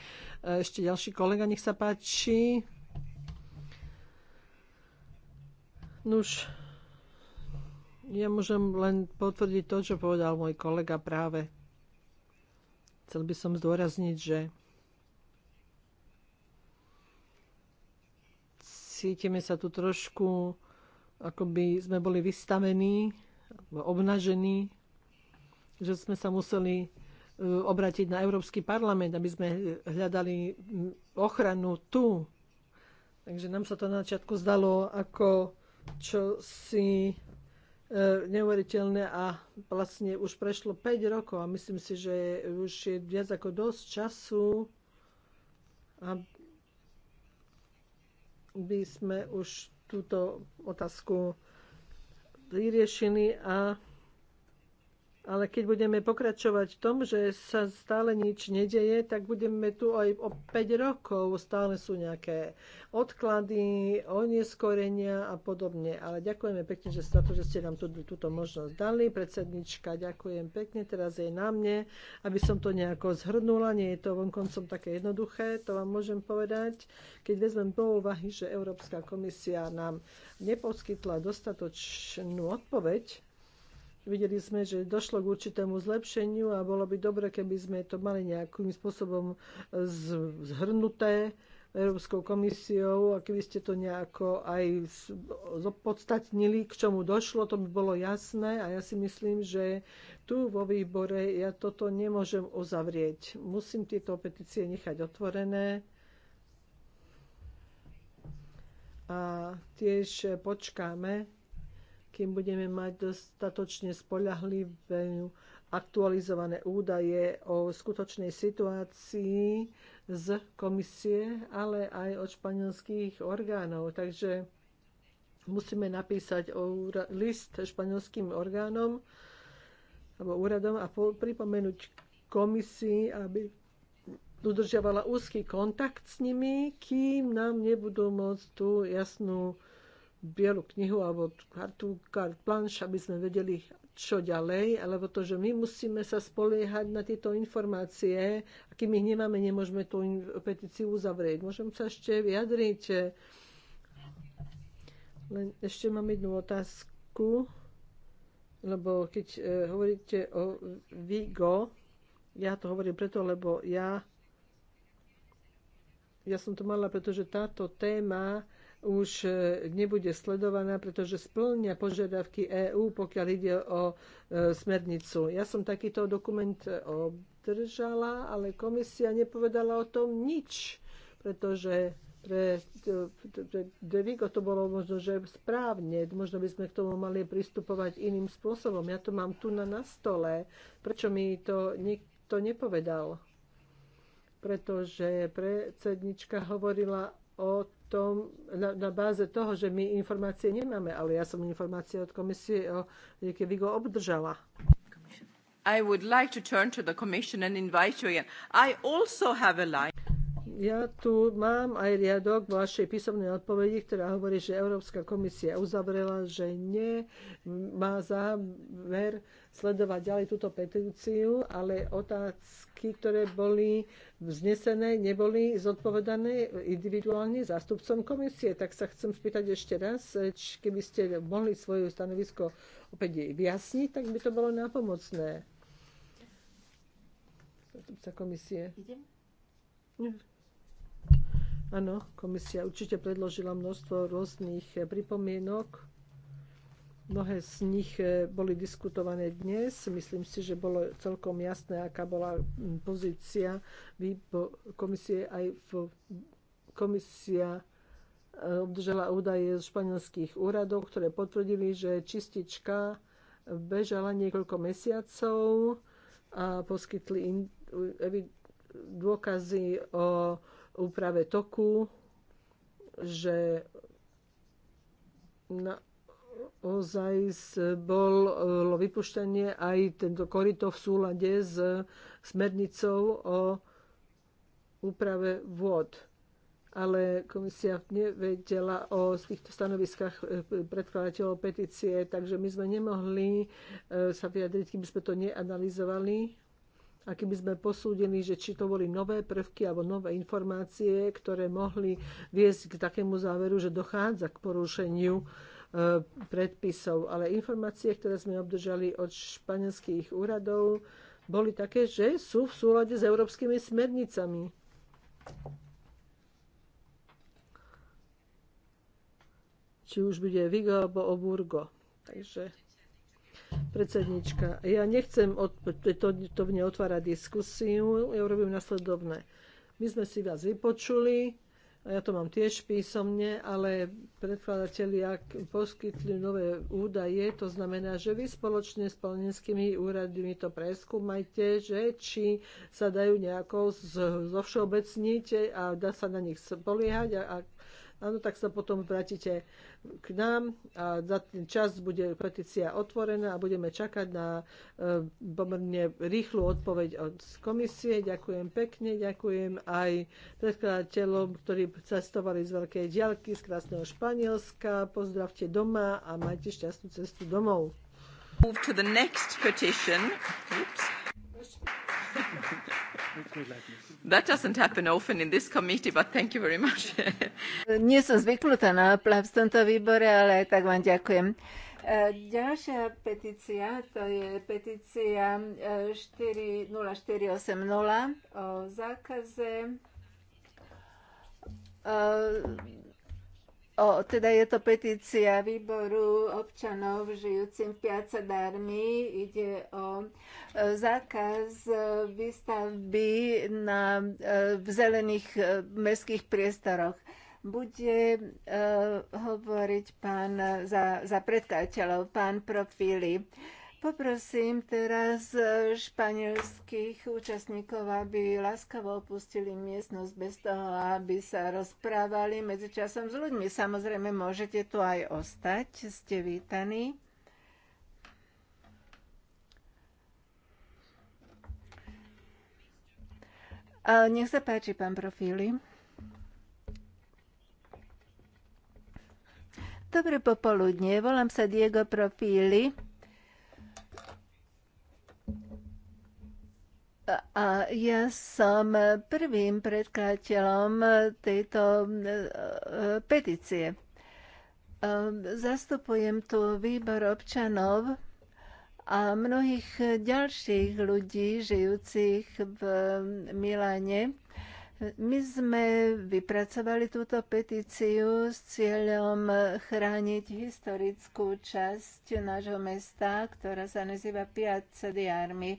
ešte ďalší kolega, nech sa páči. Nuž, ja môžem len potvrdiť to, čo povedal môj kolega práve. Chcel by som zdôrazniť, že cítime sa tu trošku, ako by sme boli vystavení, obnažení, že sme sa museli e, obratiť na Európsky parlament, aby sme hľadali mm, ochranu tu. Takže nám sa to na začiatku zdalo ako čo si e, neuveriteľné a vlastne už prešlo 5 rokov a myslím si, že už je viac ako dosť času, by sme už túto otázku vyriešili a ale keď budeme pokračovať v tom, že sa stále nič nedeje, tak budeme tu aj o 5 rokov. Stále sú nejaké odklady, oneskorenia a podobne. Ale ďakujeme pekne že za to, že ste nám tú, túto možnosť dali. Predsednička, ďakujem pekne. Teraz je na mne, aby som to nejako zhrnula. Nie je to vonkoncom také jednoduché, to vám môžem povedať. Keď vezmem do úvahy, že Európska komisia nám neposkytla dostatočnú odpoveď Videli sme, že došlo k určitému zlepšeniu a bolo by dobre, keby sme to mali nejakým spôsobom e, zhrnuté Európskou komisiou a keby ste to nejako aj podstatnili, k čomu došlo, to by bolo jasné a ja si myslím, že tu vo výbore ja toto nemôžem uzavrieť. Musím tieto petície nechať otvorené a tiež počkáme kým budeme mať dostatočne spolahlivé aktualizované údaje o skutočnej situácii z komisie, ale aj od španielských orgánov. Takže musíme napísať list španielským orgánom alebo úradom a pripomenúť komisii, aby udržiavala úzky kontakt s nimi, kým nám nebudú môcť tú jasnú bielu knihu alebo kartu, kart planš, aby sme vedeli, čo ďalej, alebo to, že my musíme sa spoliehať na tieto informácie a kým ich nemáme, nemôžeme tú petíciu uzavrieť. Môžem sa ešte vyjadriť. Len ešte mám jednu otázku, lebo keď e, hovoríte o Vigo, ja to hovorím preto, lebo ja, ja som to mala, pretože táto téma už e, nebude sledovaná, pretože splňa požiadavky EÚ, pokiaľ ide o e, smernicu. Ja som takýto dokument obdržala, ale komisia nepovedala o tom nič, pretože pre, e, pre Devigo to bolo možno, že správne. Možno by sme k tomu mali pristupovať iným spôsobom. Ja to mám tu na, na stole. Prečo mi to nikto nepovedal? Pretože predsednička hovorila o tom, na, na báze toho, že my informácie nemáme, ale ja som informácie od komisie o rieke Vigo obdržala. I would like to turn to the commission and invite you again. I also have a line ja tu mám aj riadok vašej písomnej odpovedi, ktorá hovorí, že Európska komisia uzavrela, že nie má záver sledovať ďalej túto petíciu, ale otázky, ktoré boli vznesené, neboli zodpovedané individuálne zástupcom komisie. Tak sa chcem spýtať ešte raz, keby ste mohli svoje stanovisko opäť vyjasniť, tak by to bolo nápomocné. Zástupca komisie. Idem? Áno, komisia určite predložila množstvo rôznych eh, pripomienok. Mnohé z nich eh, boli diskutované dnes. Myslím si, že bolo celkom jasné, aká bola mm, pozícia komisie aj v komisia eh, obdržala údaje z španielských úradov, ktoré potvrdili, že čistička bežala niekoľko mesiacov a poskytli dôkazy o úprave toku, že na, ozaj bolo vypuštenie aj tento korito v súlade s smernicou o úprave vôd. Ale komisia nevedela o týchto stanoviskách e, predkladateľov petície, takže my sme nemohli e, sa vyjadriť, kým sme to neanalizovali a keby sme posúdili, že či to boli nové prvky alebo nové informácie, ktoré mohli viesť k takému záveru, že dochádza k porušeniu e, predpisov. Ale informácie, ktoré sme obdržali od španielských úradov, boli také, že sú v súlade s európskymi smernicami. Či už bude Vigo alebo Oburgo. Takže Predsednička, ja nechcem opätovne otvárať diskusiu, ja urobím nasledovné. My sme si vás vypočuli, ja to mám tiež písomne, ale ak poskytli nové údaje, to znamená, že vy spoločne s plnenskými úradmi to preskúmajte, že či sa dajú nejako zovšeobecniť a dá sa na nich spoliehať a ak áno, tak sa potom vrátite k nám a za ten čas bude petícia otvorená a budeme čakať na e, pomerne rýchlu odpoveď od komisie. Ďakujem pekne, ďakujem aj predkladateľom, ktorí cestovali z veľkej diaľky, z krásneho Španielska. Pozdravte doma a majte šťastnú cestu domov. Move to the next petition. Oops. [laughs] That doesn't happen often in this committee, but thank you very much. [laughs] Nie som zvyknutá na plav v tomto výbore, ale aj tak vám ďakujem. E, ďalšia petícia, to je petícia 40480 e, o zákaze e, O, teda je to petícia výboru občanov žijúcim v Piazza d'Armi. Ide o e, zákaz e, výstavby na, e, v zelených mestských priestoroch. Bude hovoriť pán za, za predkladateľov, pán Profili. Poprosím teraz e, španielských účastníkov, aby láskavo opustili miestnosť bez toho, aby sa rozprávali medzi časom s ľuďmi. Samozrejme, môžete tu aj ostať, ste vítaní. A e, nech sa páči, pán Profíli. Dobre popoludne, volám sa Diego Profíli A ja som prvým predkladateľom tejto eh, petície. Ehm, zastupujem tu výbor občanov a mnohých ďalších ľudí žijúcich v Miláne. My sme vypracovali túto petíciu s cieľom chrániť historickú časť nášho mesta, ktorá sa nazýva Piazza di Armi.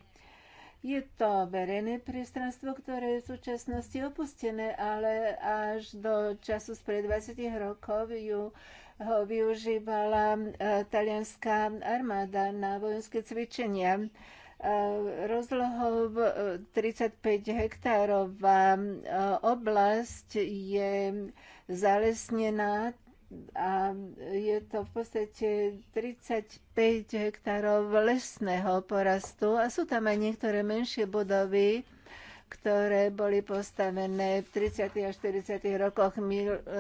Je to verejné priestranstvo, ktoré je v súčasnosti opustené, ale až do času spred 20 rokov ju ho využívala e, talianská armáda na vojenské cvičenia. E, rozlohou 35 e, hektárová oblasť je zalesnená a je to v podstate 35 hektárov lesného porastu a sú tam aj niektoré menšie budovy, ktoré boli postavené v 30. a 40. rokoch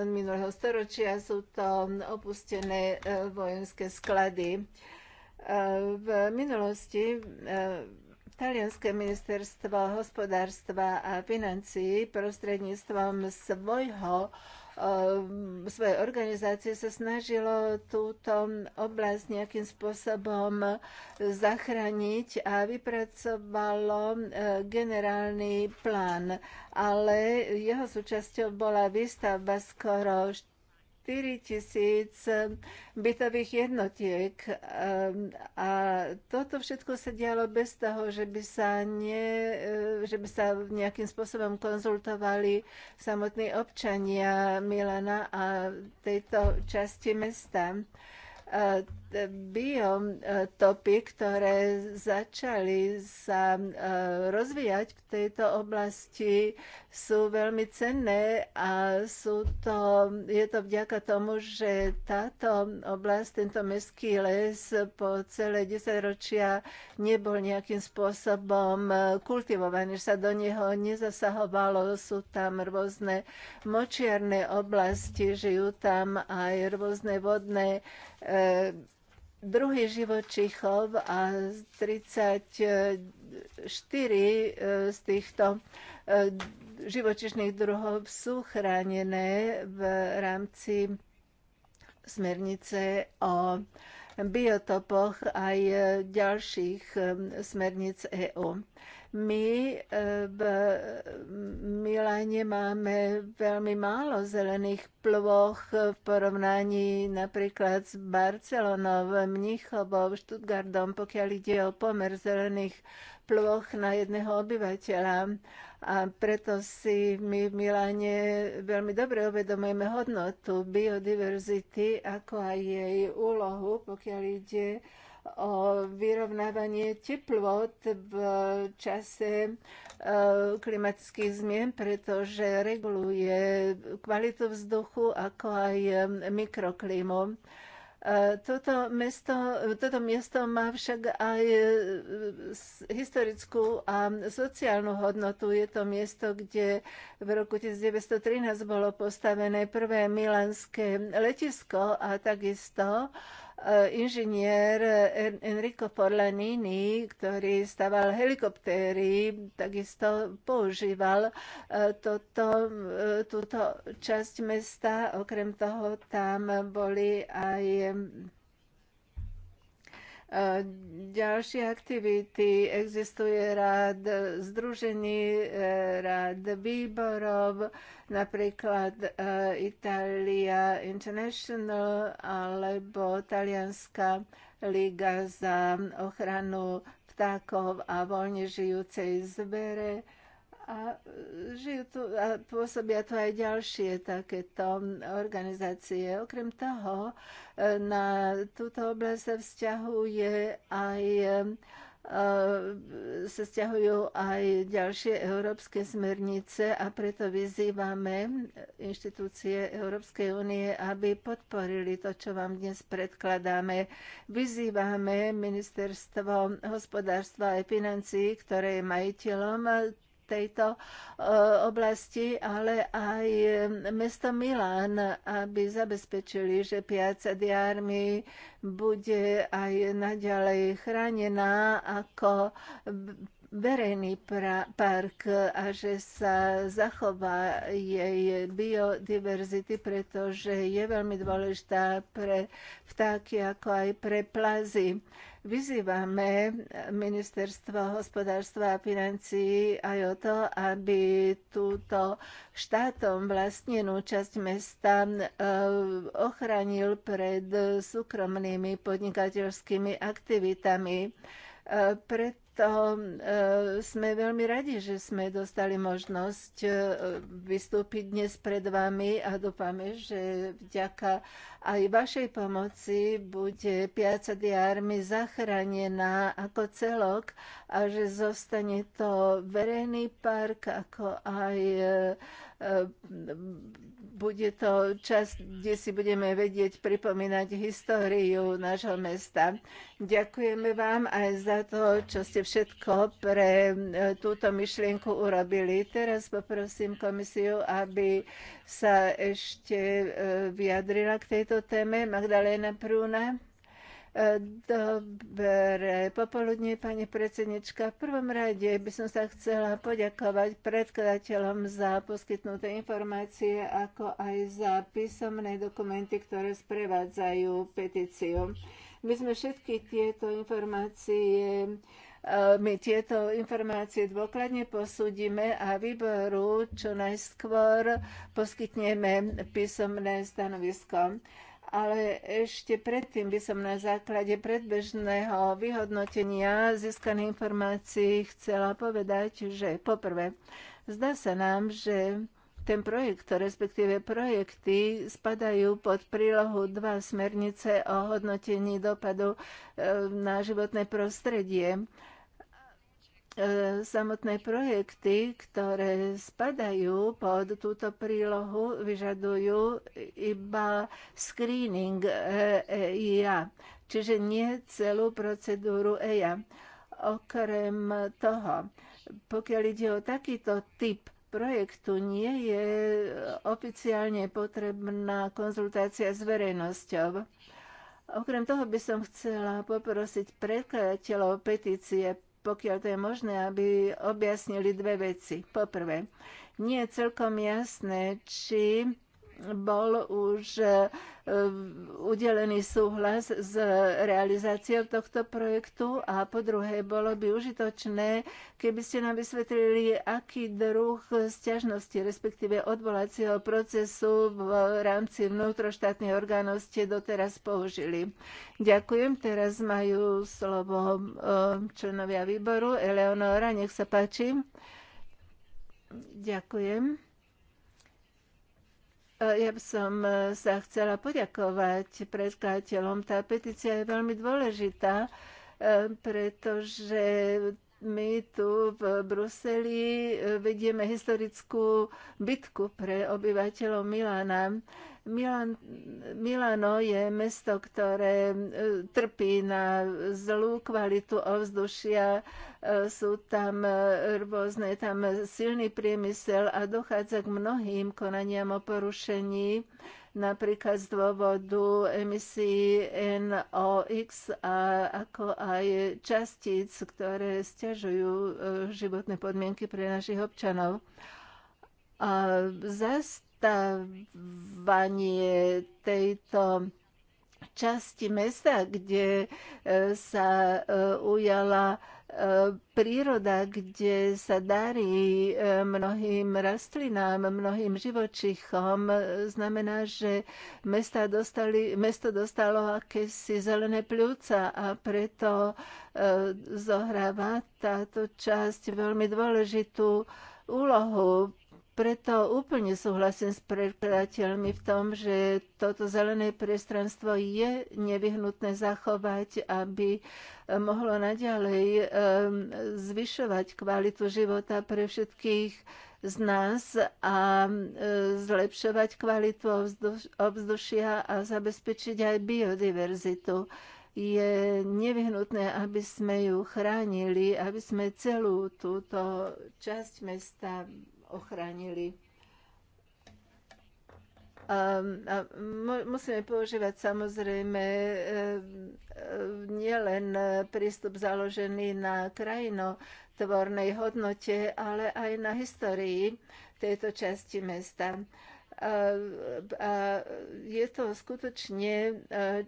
minulého storočia. Sú to opustené e, vojenské sklady. E, v minulosti e, Talianské ministerstvo hospodárstva a financií prostredníctvom svojho Ehm, svoje organizácie sa snažilo túto oblasť nejakým spôsobom zachrániť a vypracovalo e, generálny plán, ale jeho súčasťou bola výstavba skoro tisíc bytových jednotiek. Ehm, a toto všetko sa dialo bez toho, že by sa, nie, ehm, že by sa nejakým spôsobom konzultovali samotní občania Milana a tejto časti mesta ehm, biotopy, ktoré začali sa rozvíjať v tejto oblasti, sú veľmi cenné a sú to, je to vďaka tomu, že táto oblasť, tento mestský les po celé 10 ročia nebol nejakým spôsobom e, kultivovaný, že sa do neho nezasahovalo. Sú tam rôzne močiarné oblasti, žijú tam aj rôzne vodné e, druhý živočichov a 34 e, e, z týchto živočišných druhov sú chránené v rámci smernice o biotopoch aj ďalších um, smerníc EÚ. My uh, v um, Miláne máme veľmi málo zelených plôch v porovnaní napríklad s Barcelonou, Mnichovou, Stuttgartom, pokiaľ ide o pomer zelených ploch na jedného obyvateľa. A preto si my v Miláne veľmi dobre uvedomujeme hodnotu biodiverzity, ako aj jej úlohu, pokiaľ ide o vyrovnávanie teplot v čase e, klimatických zmien, pretože reguluje kvalitu vzduchu, ako aj e, mikroklimu. E, toto, mesto, toto miesto má však aj e, historickú a sociálnu hodnotu. Je to miesto, kde v roku 1913 bolo postavené prvé milánske letisko a takisto E, inžinier Enrico Forlanini, ktorý staval helikoptéry, takisto používal e, toto, e, túto časť mesta. Okrem toho tam boli aj Ďalšie aktivity existuje rád združení, eh, rád výborov, napríklad eh, Italia International alebo Talianská liga za ochranu vtákov a voľne žijúcej zvere a, e, žijú tu, a pôsobia tu aj ďalšie takéto organizácie. Okrem toho, e, na túto oblasť sa vzťahuje aj e, sa stiahujú aj ďalšie európske smernice a preto vyzývame inštitúcie Európskej únie, aby podporili to, čo vám dnes predkladáme. Vyzývame ministerstvo hospodárstva a financií, ktoré je majiteľom tejto e, oblasti, ale aj mesto Milán, aby zabezpečili, že Piazza di Armi bude aj naďalej chránená ako verejný park a že sa zachová jej biodiverzity, pretože je veľmi dôležitá pre vtáky ako aj pre plazy. Vyzývame ministerstvo hospodárstva a financií aj o to, aby túto štátom vlastnenú časť mesta e, ochránil pred súkromnými podnikateľskými aktivitami. E, preto e, sme veľmi radi, že sme dostali možnosť e, vystúpiť dnes pred vami a dúfame, že vďaka aj vašej pomoci bude Piazza di Armi zachránená ako celok a že zostane to verejný park ako aj e, Ehm, bude to čas, kde si budeme vedieť pripomínať históriu nášho mesta. Ďakujeme vám aj za to, čo ste všetko pre e, túto myšlienku urobili. Teraz poprosím komisiu, aby sa ešte e, vyjadrila k tejto téme. Magdaléna Prúna. Dobre, popoludne, pani predsednička. V prvom rade by som sa chcela poďakovať predkladateľom za poskytnuté informácie, ako aj za písomné dokumenty, ktoré sprevádzajú petíciu. My sme všetky tieto informácie eh, my tieto informácie dôkladne posúdime a výboru čo najskôr poskytneme písomné stanovisko ale ešte predtým by som na základe predbežného vyhodnotenia získaných informácií chcela povedať, že poprvé, zdá sa nám, že ten projekt, respektíve projekty, spadajú pod prílohu dva smernice o hodnotení dopadu e, na životné prostredie. E, samotné projekty, ktoré spadajú pod túto prílohu, vyžadujú iba screening EIA, e čiže nie celú procedúru EIA. Okrem toho, pokiaľ ide o takýto typ projektu nie je oficiálne potrebná konzultácia s verejnosťou. Okrem toho by som chcela poprosiť predkladateľov petície pokiaľ to je možné, aby objasnili dve veci. Poprvé, nie je celkom jasné, či bol už e, udelený súhlas s realizáciou tohto projektu a po druhé bolo by užitočné, keby ste nám vysvetlili, aký druh stiažnosti, respektíve odvolacieho procesu v rámci vnútroštátnych orgánov ste doteraz použili. Ďakujem, teraz majú slovo e, členovia výboru. Eleonora, nech sa páči. Ďakujem. Ja by som e, sa chcela poďakovať predkladateľom. Tá petícia je veľmi dôležitá, e, pretože my tu v Bruseli e, vedieme historickú bitku pre obyvateľov Milána. Milan, Milano je mesto, ktoré e, trpí na zlú kvalitu ovzdušia. E, sú tam rôzne, tam silný priemysel a dochádza k mnohým konaniam o porušení napríklad z dôvodu emisí NOx a ako aj častíc, ktoré stiažujú e, životné podmienky pre našich občanov. A zastávanie tejto časti mesta, kde e, sa e, ujala príroda, kde sa darí e, mnohým rastlinám, mnohým živočichom, znamená, že mesta dostali, mesto dostalo akési zelené pľúca a preto e, zohráva táto časť veľmi dôležitú úlohu preto úplne súhlasím s predkladateľmi v tom, že toto zelené priestranstvo je nevyhnutné zachovať, aby eh, mohlo naďalej eh, zvyšovať kvalitu života pre všetkých z nás a eh, zlepšovať kvalitu obzdušia a zabezpečiť aj biodiverzitu je nevyhnutné, aby sme ju chránili, aby sme celú túto časť mesta ochránili. A, a musíme používať samozrejme e, e, nielen prístup založený na krajinotvornej hodnote, ale aj na histórii tejto časti mesta. A, a je to skutočne e,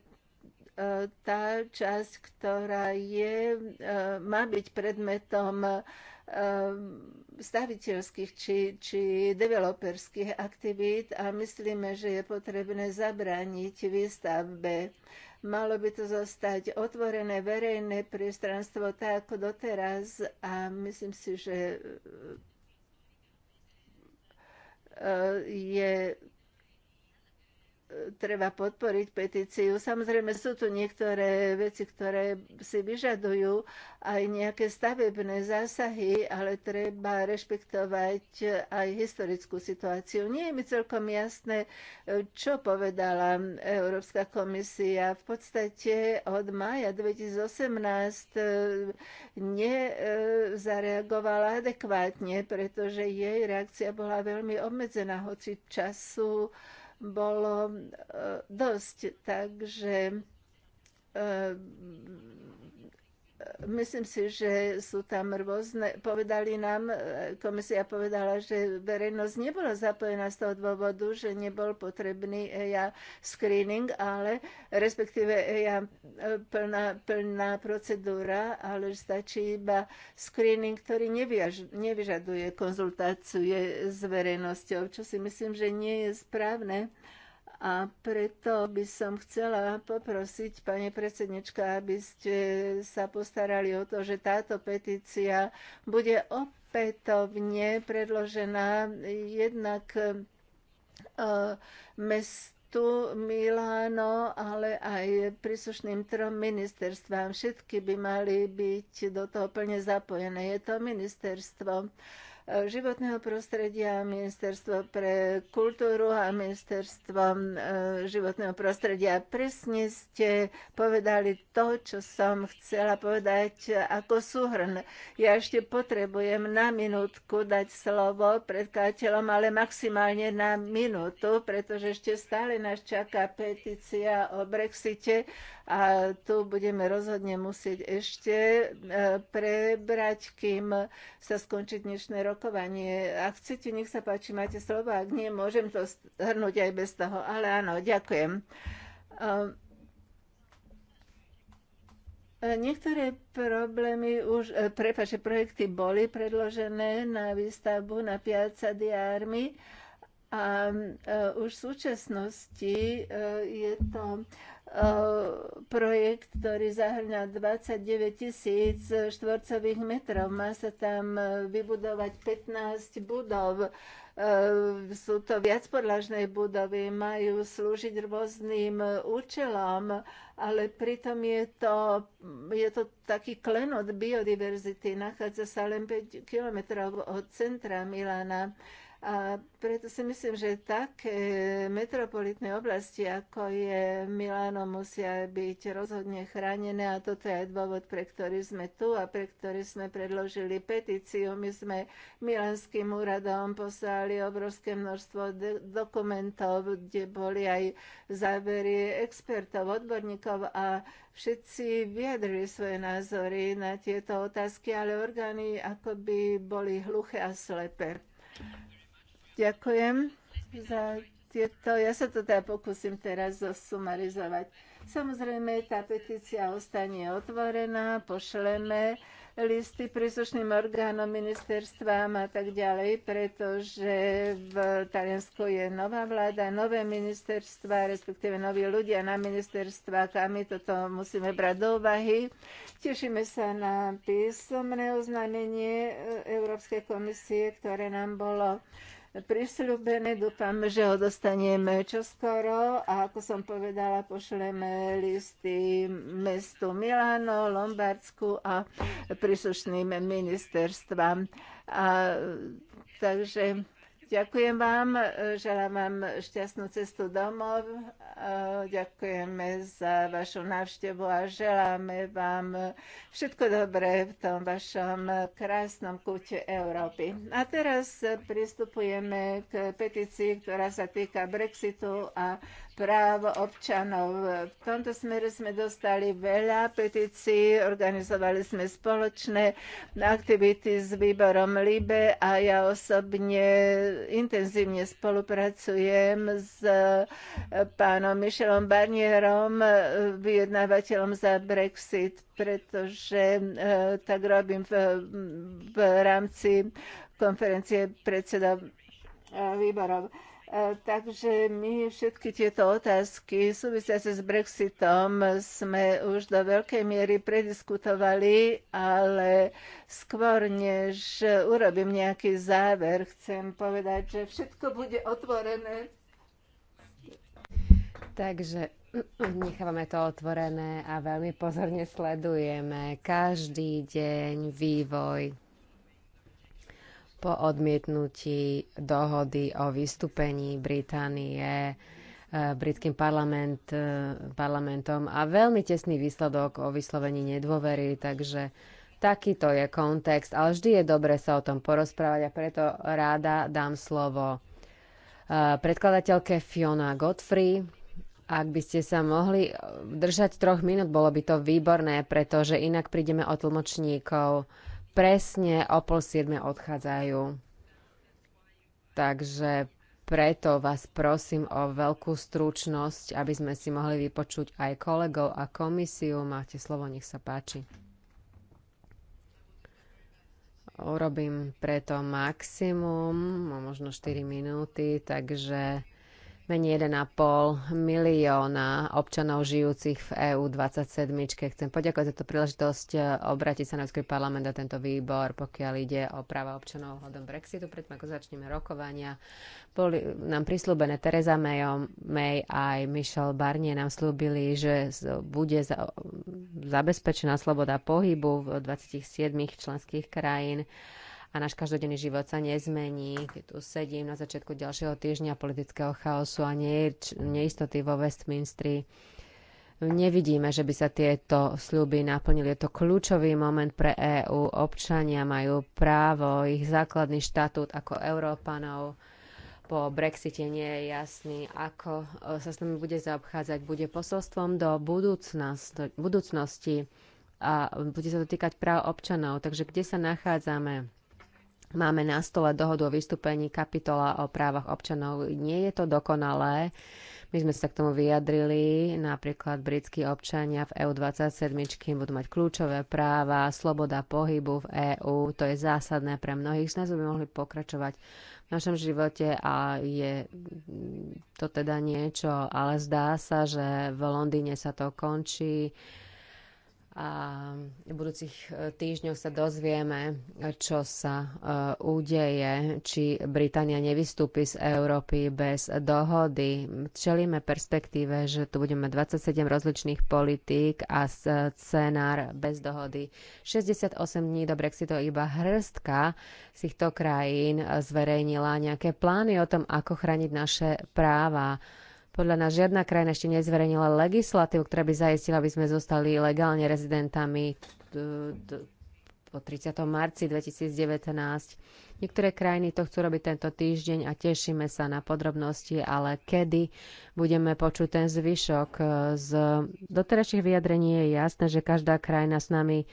tá časť, ktorá je, má byť predmetom Um, staviteľských či, či developerských aktivít a myslíme, že je potrebné zabrániť výstavbe. Malo by to zostať otvorené verejné priestranstvo tak ako doteraz a myslím si, že uh, je treba podporiť petíciu. Samozrejme sú tu niektoré veci, ktoré si vyžadujú aj nejaké stavebné zásahy, ale treba rešpektovať aj historickú situáciu. Nie je mi celkom jasné, čo povedala Európska komisia. V podstate od mája 2018 eh, nezareagovala adekvátne, pretože jej reakcia bola veľmi obmedzená, hoci času bolo e, dosť, takže e, Myslím si, že sú tam rôzne, povedali nám, e, komisia povedala, že verejnosť nebola zapojená z toho dôvodu, že nebol potrebný EIA screening, ale respektíve EIA e, plná, plná procedúra, ale stačí iba screening, ktorý neviaž, nevyžaduje konzultáciu s verejnosťou, čo si myslím, že nie je správne. A preto by som chcela poprosiť, pani predsednička, aby ste sa postarali o to, že táto petícia bude opätovne predložená jednak e, mestu tu Miláno, ale aj príslušným trom ministerstvám. Všetky by mali byť do toho plne zapojené. Je to ministerstvo životného prostredia, ministerstvo pre kultúru a ministerstvo e, životného prostredia. Presne ste povedali to, čo som chcela povedať ako súhrn. Ja ešte potrebujem na minútku dať slovo predkáteľom, ale maximálne na minútu, pretože ešte stále nás čaká petícia o Brexite a tu budeme rozhodne musieť ešte e, prebrať, kým sa skončí dnešné rokovanie. Ak chcete, nech sa páči, máte slovo. Ak nie, môžem to zhrnúť aj bez toho. Ale áno, ďakujem. E, niektoré problémy už, e, prepáče, projekty boli predložené na výstavbu na Piazza di Armi a už v súčasnosti je to E, projekt, ktorý zahrňa 29 tisíc štvorcových metrov. Má sa tam e, vybudovať 15 budov. E, sú to viacpodlažné budovy, majú slúžiť rôznym účelom, ale pritom je to, je to taký od biodiverzity. Nachádza sa len 5 kilometrov od centra Milána. A preto si myslím, že také metropolitné oblasti, ako je Miláno, musia byť rozhodne chránené a toto je aj dôvod, pre ktorý sme tu a pre ktorý sme predložili petíciu. My sme Milánským úradom poslali obrovské množstvo dokumentov, kde boli aj závery expertov, odborníkov a všetci vyjadrili svoje názory na tieto otázky, ale orgány akoby boli hluché a slepé. Ďakujem za tieto, ja sa to teda pokúsim teraz zosumarizovať. Samozrejme, tá petícia ostane otvorená, pošleme listy príslušným orgánom, ministerstvám a tak ďalej, pretože v Taliansku je nová vláda, nové ministerstva, respektíve noví ľudia na ministerstvách a my toto musíme brať do úvahy. Tešíme sa na písomné oznámenie Európskej komisie, ktoré nám bolo prisľúbené. Dúfam, že ho dostaneme čoskoro a ako som povedala, pošleme listy mestu Milano, Lombardsku a príslušným ministerstvám. A, takže Ďakujem vám, želám vám šťastnú cestu domov, ďakujeme za vašu návštevu a želáme vám všetko dobré v tom vašom krásnom kúte Európy. A teraz pristupujeme k petícii, ktorá sa týka Brexitu a práv občanov. V tomto smere sme dostali veľa petícií, organizovali sme spoločné aktivity s výborom LIBE a ja osobne intenzívne spolupracujem s pánom Michelom Barnierom, vyjednávateľom za Brexit, pretože e, tak robím v, v rámci konferencie predseda e, výborov. Takže my všetky tieto otázky súvisiace s Brexitom sme už do veľkej miery prediskutovali, ale skôr než urobím nejaký záver, chcem povedať, že všetko bude otvorené. Takže nechávame to otvorené a veľmi pozorne sledujeme každý deň vývoj po odmietnutí dohody o vystúpení Británie e, britským parlament, e, parlamentom a veľmi tesný výsledok o vyslovení nedôvery, takže takýto je kontext, ale vždy je dobre sa o tom porozprávať a preto ráda dám slovo e, predkladateľke Fiona Godfrey. Ak by ste sa mohli držať troch minút, bolo by to výborné, pretože inak prídeme o tlmočníkov presne o pol siedme odchádzajú. Takže preto vás prosím o veľkú stručnosť, aby sme si mohli vypočuť aj kolegov a komisiu. Máte slovo, nech sa páči. Urobím preto maximum, možno 4 minúty, takže menej 1,5 milióna občanov žijúcich v EÚ 27. Chcem poďakovať za tú príležitosť eh, obrátiť sa na Európsky parlament a tento výbor, pokiaľ ide o práva občanov hľadom Brexitu. Predtým, ako začneme rokovania, boli nám prislúbené Teresa Mayom, May aj Michel Barnier nám slúbili, že bude zabezpečená sloboda pohybu v 27 členských krajín a náš každodenný život sa nezmení. Keď tu sedím na začiatku ďalšieho týždňa politického chaosu a neistoty vo Westminstri, nevidíme, že by sa tieto sľuby naplnili. Je to kľúčový moment pre EÚ. Občania majú právo, ich základný štatút ako Európanov po Brexite nie je jasný, ako e, sa s nami bude zaobchádzať. Bude posolstvom do budúcnosti a bude sa to týkať práv občanov. Takže kde sa nachádzame? Máme na stole dohodu o vystúpení kapitola o právach občanov. Nie je to dokonalé. My sme sa k tomu vyjadrili, napríklad britskí občania v EU27 budú mať kľúčové práva, sloboda pohybu v EÚ, to je zásadné pre mnohých z nás, aby mohli pokračovať v našom živote a je to teda niečo, ale zdá sa, že v Londýne sa to končí a v budúcich e, týždňoch sa dozvieme, čo sa e, udeje, či Británia nevystúpi z Európy bez dohody. Čelíme perspektíve, že tu budeme 27 rozličných politík a e, scenár bez dohody. 68 dní do Brexitu iba hrstka z týchto krajín zverejnila nejaké plány o tom, ako chrániť naše práva podľa nás žiadna krajina ešte nezverejnila legislatívu, ktorá by zajistila, aby sme zostali legálne rezidentami e, po 30. marci 2019. Niektoré krajiny to chcú robiť tento týždeň a tešíme sa na podrobnosti, ale kedy budeme počuť ten zvyšok. E, z doterajších vyjadrení je jasné, že každá krajina s nami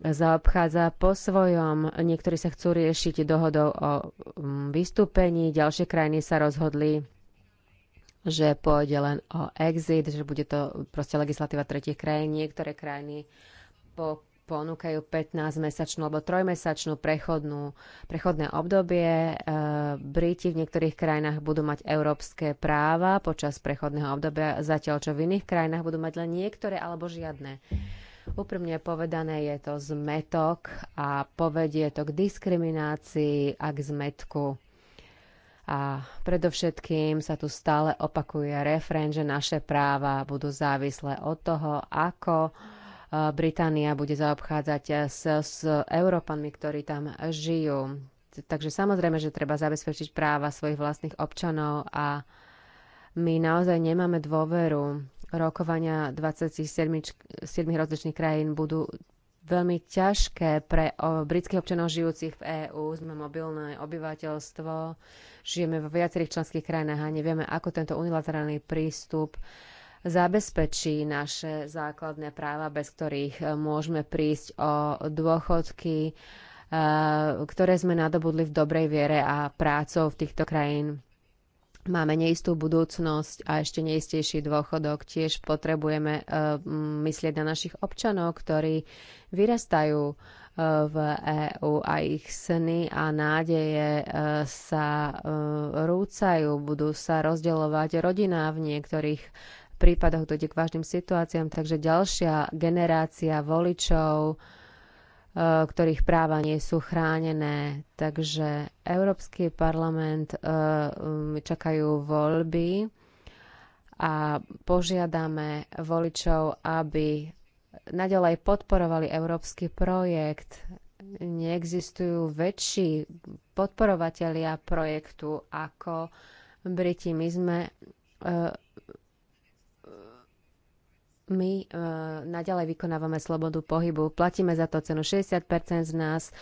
zaobchádza po svojom. Niektorí sa chcú riešiť dohodou o vystúpení, ďalšie krajiny sa rozhodli že pôjde len o exit, že bude to proste legislatíva tretich krajín. Niektoré krajiny po ponúkajú 15-mesačnú alebo trojmesačnú prechodnú, prechodné obdobie. E, Briti v niektorých krajinách budú mať európske práva počas prechodného obdobia, zatiaľ čo v iných krajinách budú mať len niektoré alebo žiadne. Úprimne povedané je to zmetok a povedie to k diskriminácii a k zmetku. A predovšetkým sa tu stále opakuje refrén, že naše práva budú závislé od toho, ako e, Británia bude zaobchádzať s, s Európanmi, ktorí tam žijú. Takže samozrejme, že treba zabezpečiť práva svojich vlastných občanov a my naozaj nemáme dôveru. Rokovania 27 rozličných krajín budú veľmi ťažké pre britských občanov žijúcich v EÚ. Sme mobilné obyvateľstvo, žijeme vo viacerých členských krajinách a nevieme, ako tento unilaterálny prístup zabezpečí naše základné práva, bez ktorých e, môžeme prísť o dôchodky, e, ktoré sme nadobudli v dobrej viere a prácou v týchto krajín máme neistú budúcnosť a ešte neistejší dôchodok. Tiež potrebujeme eh, myslieť na našich občanov, ktorí vyrastajú eh, v EÚ a ich sny a nádeje eh, sa rúcajú, budú sa rozdeľovať rodina v niektorých prípadoch dojde k vážnym situáciám, takže ďalšia generácia voličov ktorých práva nie sú chránené. Takže Európsky parlament e, um, čakajú voľby a požiadame voličov, aby nadalej podporovali európsky projekt. Neexistujú väčší podporovatelia projektu ako Briti. My sme e, my uh, naďalej vykonávame slobodu pohybu. Platíme za to cenu. 60% z nás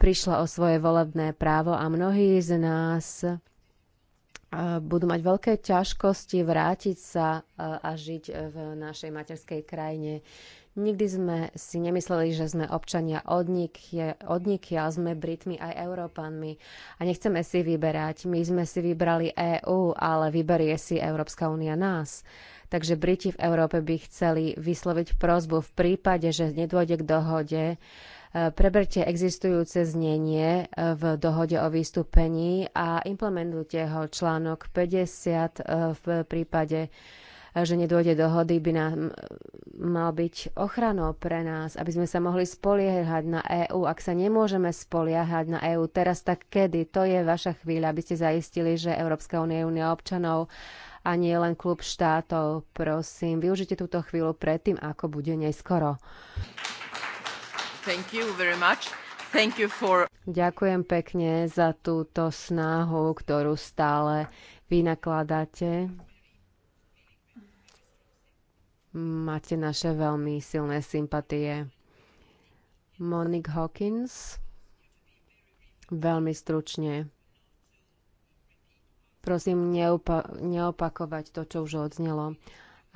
prišla o svoje volebné právo a mnohí z nás e, budú mať veľké ťažkosti vrátiť sa e, a žiť v našej materskej krajine. Nikdy sme si nemysleli, že sme občania odniky, ale sme Britmi aj Európanmi. A nechceme si vyberať. My sme si vybrali EÚ, ale vyberie si Európska únia nás. Takže Briti v Európe by chceli vysloviť prozbu v prípade, že nedôjde k dohode, e, preberte existujúce znenie e, v dohode o vystúpení a implementujte ho článok 50 e, v prípade že nedôjde dohody, by nám mal byť ochranou pre nás, aby sme sa mohli spoliehať na EÚ. Ak sa nemôžeme spoliehať na EÚ teraz, tak kedy? To je vaša chvíľa, aby ste zaistili, že Európska únia je únia občanov a nie len klub štátov. Prosím, využite túto chvíľu predtým, ako bude neskoro. Thank you very much. Thank you for... Ďakujem pekne za túto snahu, ktorú stále vynakladáte máte naše veľmi silné sympatie. Monique Hawkins, veľmi stručne. Prosím, neupa- neopakovať to, čo už odznelo,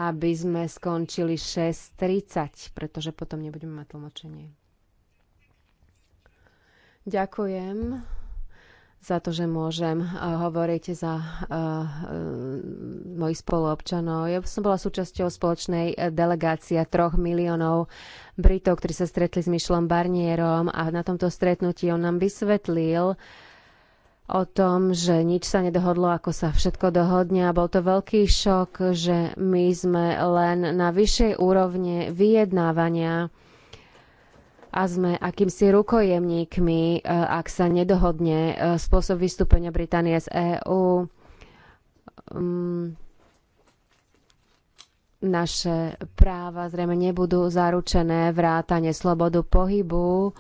aby sme skončili 6.30, pretože potom nebudeme mať tlmočenie. Ďakujem za to, že môžem eh, hovoriť za eh, eh, mojich spoluobčanov. Ja som bola súčasťou spoločnej delegácia troch miliónov Britov, ktorí sa stretli s Michelom Barnierom a na tomto stretnutí on nám vysvetlil, o tom, že nič sa nedohodlo, ako sa všetko dohodne a bol to veľký šok, že my sme len na vyššej úrovne vyjednávania a sme akýmsi rukojemníkmi, e, ak sa nedohodne e, spôsob vystúpenia Británie z EÚ. Mm, naše práva zrejme nebudú zaručené, vrátane slobodu pohybu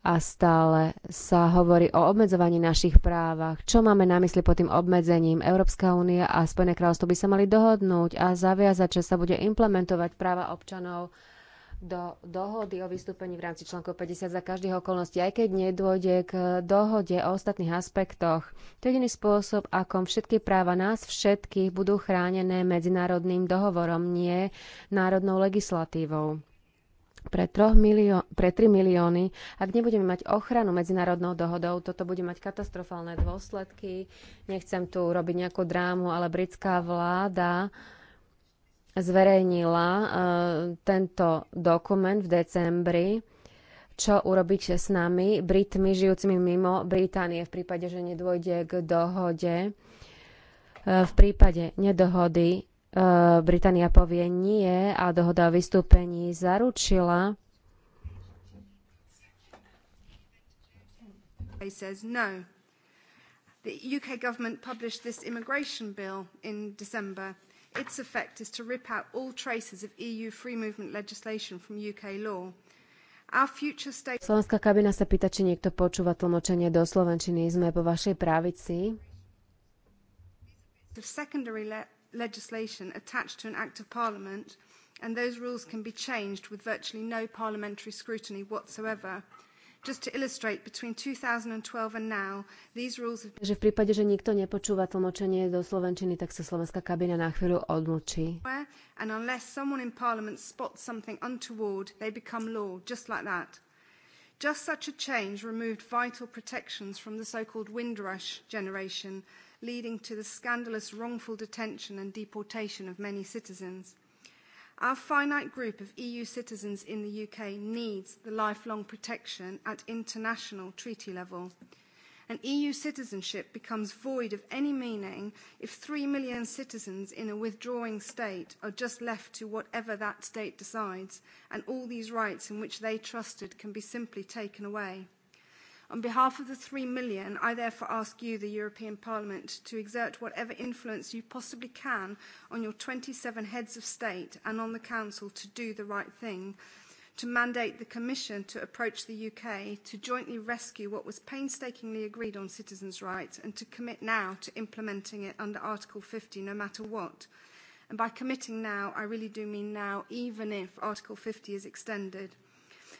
a stále sa hovorí o obmedzovaní našich právach. Čo máme na mysli pod tým obmedzením? Európska únia a Spojené kráľovstvo by sa mali dohodnúť a zaviazať, že sa bude implementovať práva občanov do dohody o vystúpení v rámci článku 50 za každých okolností, aj keď nedôjde k dohode o ostatných aspektoch. To je jediný spôsob, akom všetky práva nás všetkých budú chránené medzinárodným dohovorom, nie národnou legislatívou. Pre, troch milió- pre 3 milióny, ak nebudeme mať ochranu medzinárodnou dohodou, toto bude mať katastrofálne dôsledky. Nechcem tu robiť nejakú drámu, ale britská vláda uh, zverejnila e, tento dokument v decembri, čo urobiť s nami, Britmi, žijúcimi mimo Británie, v prípade, že nedôjde k dohode. E, v prípade nedohody e, Británia povie nie a dohoda o vystúpení zaručila, no. The UK government published this immigration bill in December. Its effect is to rip out all traces of EU free movement legislation from UK law. State... Slovenská kabina sa pýta, či niekto počúva tlmočenie do slovenčiny. Sme po vašej právici. The secondary le legislation attached to an act of parliament and those rules can be changed with virtually no parliamentary scrutiny whatsoever Takže v prípade, že nikto nepočúva tlmočenie do Slovenčiny, tak sa slovenská kabina na chvíľu odmlčí. And unless someone in parliament spots something untoward, they become law, just like that. Just such a change removed vital protections from the so-called Windrush generation, leading to the scandalous wrongful detention and deportation of many citizens. Our finite group of EU citizens in the UK needs the lifelong protection at international treaty level. and EU citizenship becomes void of any meaning if three million citizens in a withdrawing state are just left to whatever that state decides, and all these rights in which they trusted can be simply taken away. On behalf of the three million, I therefore ask you, the European Parliament, to exert whatever influence you possibly can on your 27 heads of state and on the Council to do the right thing, to mandate the Commission to approach the UK to jointly rescue what was painstakingly agreed on citizens' rights and to commit now to implementing it under Article 50 no matter what. And by committing now, I really do mean now, even if Article 50 is extended.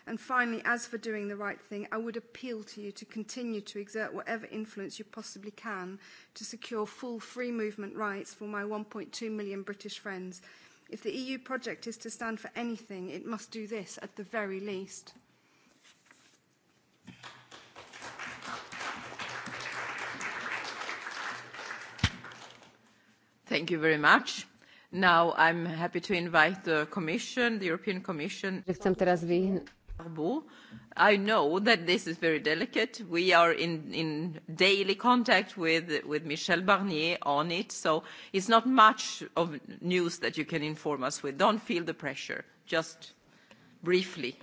And finally, as for doing the right thing, I would appeal to you to continue to exert whatever influence you possibly can to secure full free movement rights for my 1.2 million British friends. If the EU project is to stand for anything, it must do this at the very least. Thank you very much. Now I'm happy to invite the Commission, the European Commission. Chcem teraz vy i know that this is very delicate. We are in, in daily contact with, with Michel Barnier on it, so it's not much of news that you can inform us with. Don't feel the pressure, just briefly.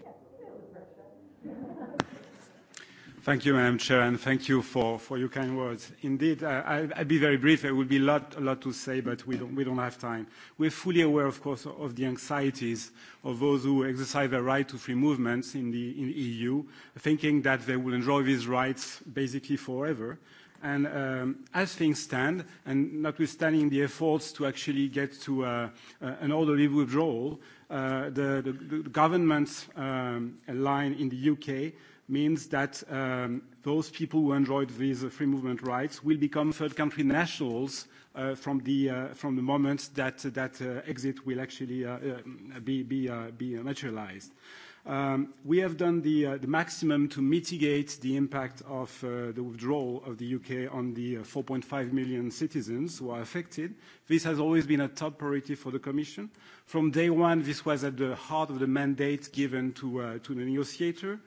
Thank you, Madam Chair, and thank you for, for your kind words. Indeed, uh, I, I'll be very brief. There will be a lot, a lot to say, but we don't, we don't have time. We're fully aware, of course, of the anxieties of those who exercise their right to free movements in the, in the EU, thinking that they will enjoy these rights basically forever. And um, as things stand, and notwithstanding the efforts to actually get to uh, uh, an orderly withdrawal, uh, the, the, the government's um, line in the U.K means that um, those people who enjoyed these uh, free movement rights will become third country nationals uh, from, the, uh, from the moment that that uh exit will actually uh, uh be, be, uh be materialized. Um, we have done the, uh the maximum to mitigate the impact of uh the withdrawal of the U.K. on the 4.5 uh, million citizens who are affected. This has always been a top priority for the Commission. From day one, this was at the heart of the mandate given to, uh to the negotiator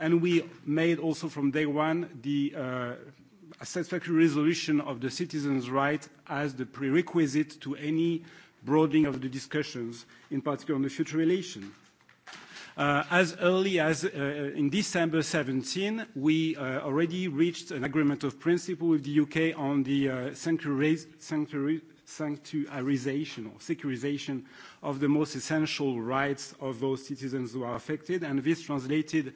and we made also from day one the uh, satisfactory resolution of the citizens' right as the prerequisite to any broadening of the discussions, in particular on the future relation. Uh, as early as uh, in December 2017, we uh, already reached an agreement of principle with the U.K. on the uh, sanctuary, sanctuarization or securization of the most essential rights of those citizens who are affected, and this translated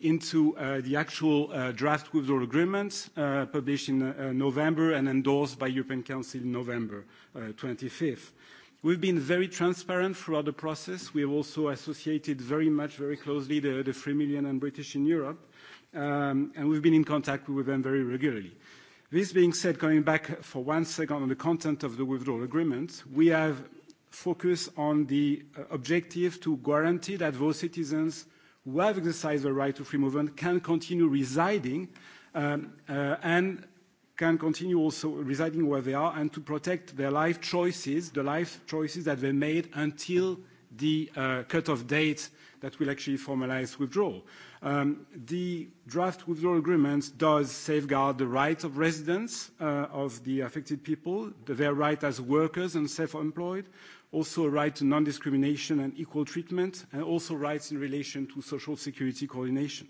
into uh, the actual uh, draft withdrawal agreement uh, published in uh, November and endorsed by European Council in November uh, 25th. We've been very transparent throughout the process. We have also associated very much, very closely the, the 3 million and British in Europe, um, and we've been in contact with them very regularly. This being said, coming back for one second on the content of the withdrawal agreement, we have focused on the uh, objective to guarantee that those citizens who have exercised the right to free movement can continue residing um, uh, and can continue also residing where they are and to protect their life choices, the life choices that they made until the uh, cut-off date that will actually formalize withdrawal. Um, the draft withdrawal agreement does safeguard the rights of residents uh, of the affected people, their right as workers and self-employed, also a right to non-discrimination and equal treatment, and also rights in relation to social security coordination.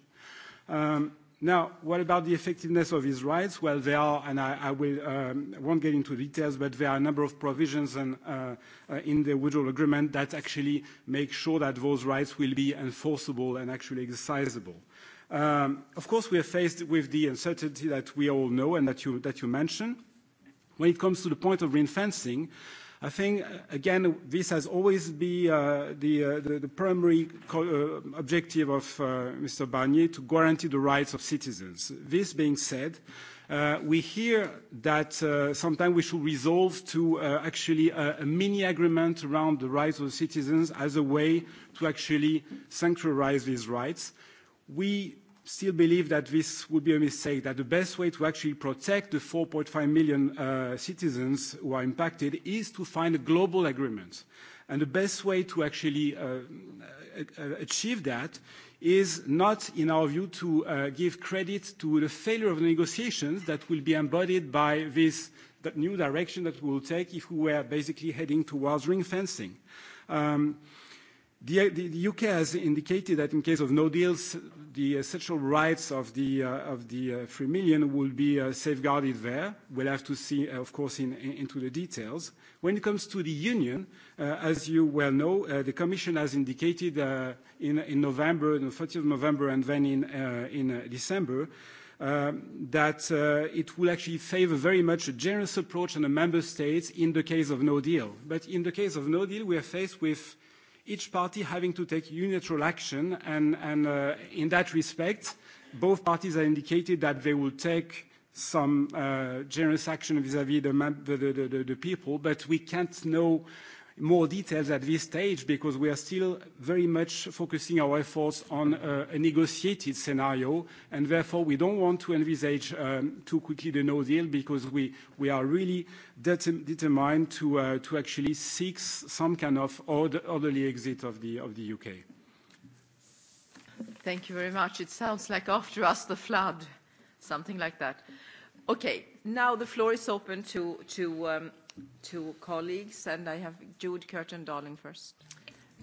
Um, now, what about the effectiveness of these rights? Well, there are, and I, I will, um, won't get into details, but there are a number of provisions and, uh, uh, in the withdrawal agreement that actually make sure that those rights will be enforceable and actually exercisable. Um, of course, we are faced with the uncertainty that we all know and that you, that you mentioned. When it comes to the point of ring-fencing, i think, uh, again, this has always been uh, the, uh, the, the primary co uh, objective of uh, Mr. Barnier to guarantee the rights of citizens. This being said, Uh, we hear that uh, sometimes we should resolve to uh, actually a, uh, a mini agreement around the rights of citizens as a way to actually sanctuarize these rights. We still believe that this would be a mistake, that the best way to actually protect the 4.5 million uh, citizens who are impacted is to find a global agreement. And the best way to actually uh, uh, achieve that is not, in our view, to uh, give credit to the failure of the negotiations that will be embodied by this that new direction that we will take if we were basically heading towards ring fencing. Um, The, the, UK has indicated that in case of no deals, the essential uh, rights of the, uh, of the uh, 3 million will be uh, safeguarded there. We'll have to see, uh, of course, in, into the details. When it comes to the union, uh, as you well know, the commission has indicated in, in November, the 30th of November, and then in December, that uh, it will actually favor very much a generous approach on the member states in the case of no deal. But in the case of no deal, we are faced with each party having to take unilateral action, and, and uh, in that respect, both parties have indicated that they will take some uh, generous action vis-à-vis -vis the, the, the, the people, but we can't know more details at this stage because we are still very much focusing our efforts on uh, a negotiated scenario, and therefore we don't want to envisage um, too quickly the no deal because we we are really determined to uh, to actually seek some kind of orderly exit of the of the U.K. Thank you very much. It sounds like after us, the flood, something like that. Okay, now the floor is open to, to um, to colleagues, and I have Jude Curtin-Darling first.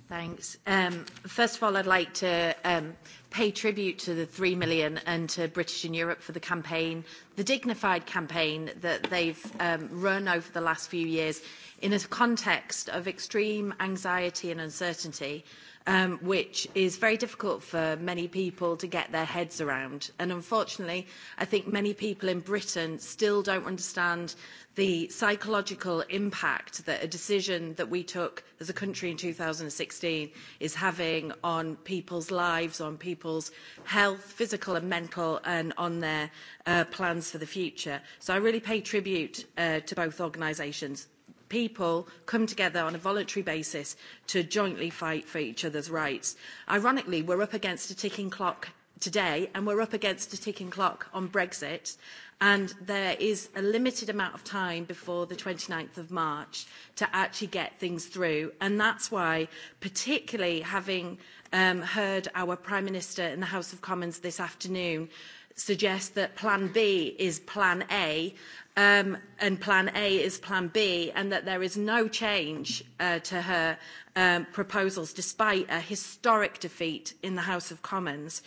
Thanks. Um, first of all, I'd like to um, pay tribute to the three million and to British in Europe for the campaign, the dignified campaign that they've um, run over the last few years in a context of extreme anxiety and uncertainty um, which is very difficult for many people to get their heads around. And unfortunately, I think many people in Britain still don't understand the psychological impact that a decision that we took as a country in 2016 is having on people's lives, on people's health, physical and mental, and on their uh, plans for the future. So I really pay tribute uh, to both organisations people come together on a voluntary basis to jointly fight for each other's rights. Ironically, we're up against a ticking clock today and we're up against a ticking clock on Brexit and there is a limited amount of time before the 29th of March to actually get things through. And that's why, particularly having um, heard our Prime Minister in the House of Commons this afternoon suggest that Plan B is Plan A um, and Plan A is Plan B and that there is no change uh, to her um, proposals despite a historic defeat in the House of Commons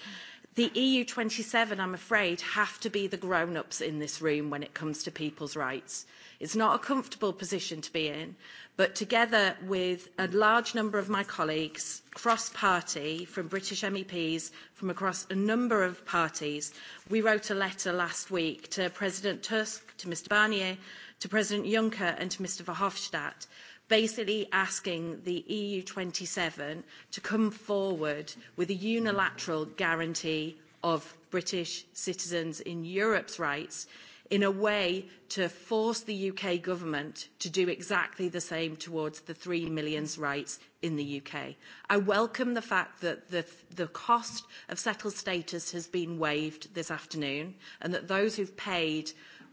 the eu twenty seven i'm afraid have to be the grown ups in this room when it comes to people's rights. it's not a comfortable position to be in but together with a large number of my colleagues cross party from british meps from across a number of parties we wrote a letter last week to president tusk to mr barnier to president juncker and to mr verhofstadt basically asking the EU twenty seven to come forward with a unilateral guarantee of British citizens in Europe's rights in a way to force the UK government to do exactly the same towards the three million's rights in the UK. I welcome the fact that the, the cost of settled status has been waived this afternoon and that those who've paid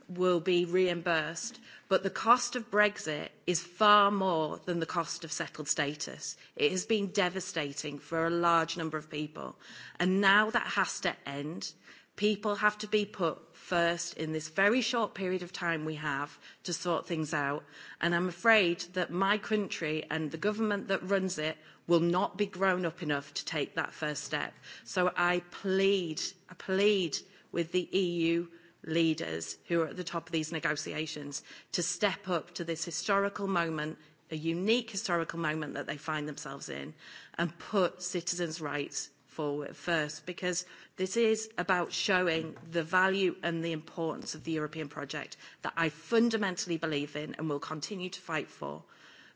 will be reimbursed, but the cost of Brexit is far more than the cost of settled status. It has been devastating for a large number of people, and now that has to end. People have to be put first in this very short period of time we have to sort things out. And I'm afraid that my country and the government that runs it will not be grown up enough to take that first step. So I plead, I plead with the EU leaders who are at the top of these negotiations to step up to this historical moment, a unique historical moment that they find themselves in, and put citizens' rights forward first, because this is about showing the value and the importance of the European project that I fundamentally believe in and will continue to fight for.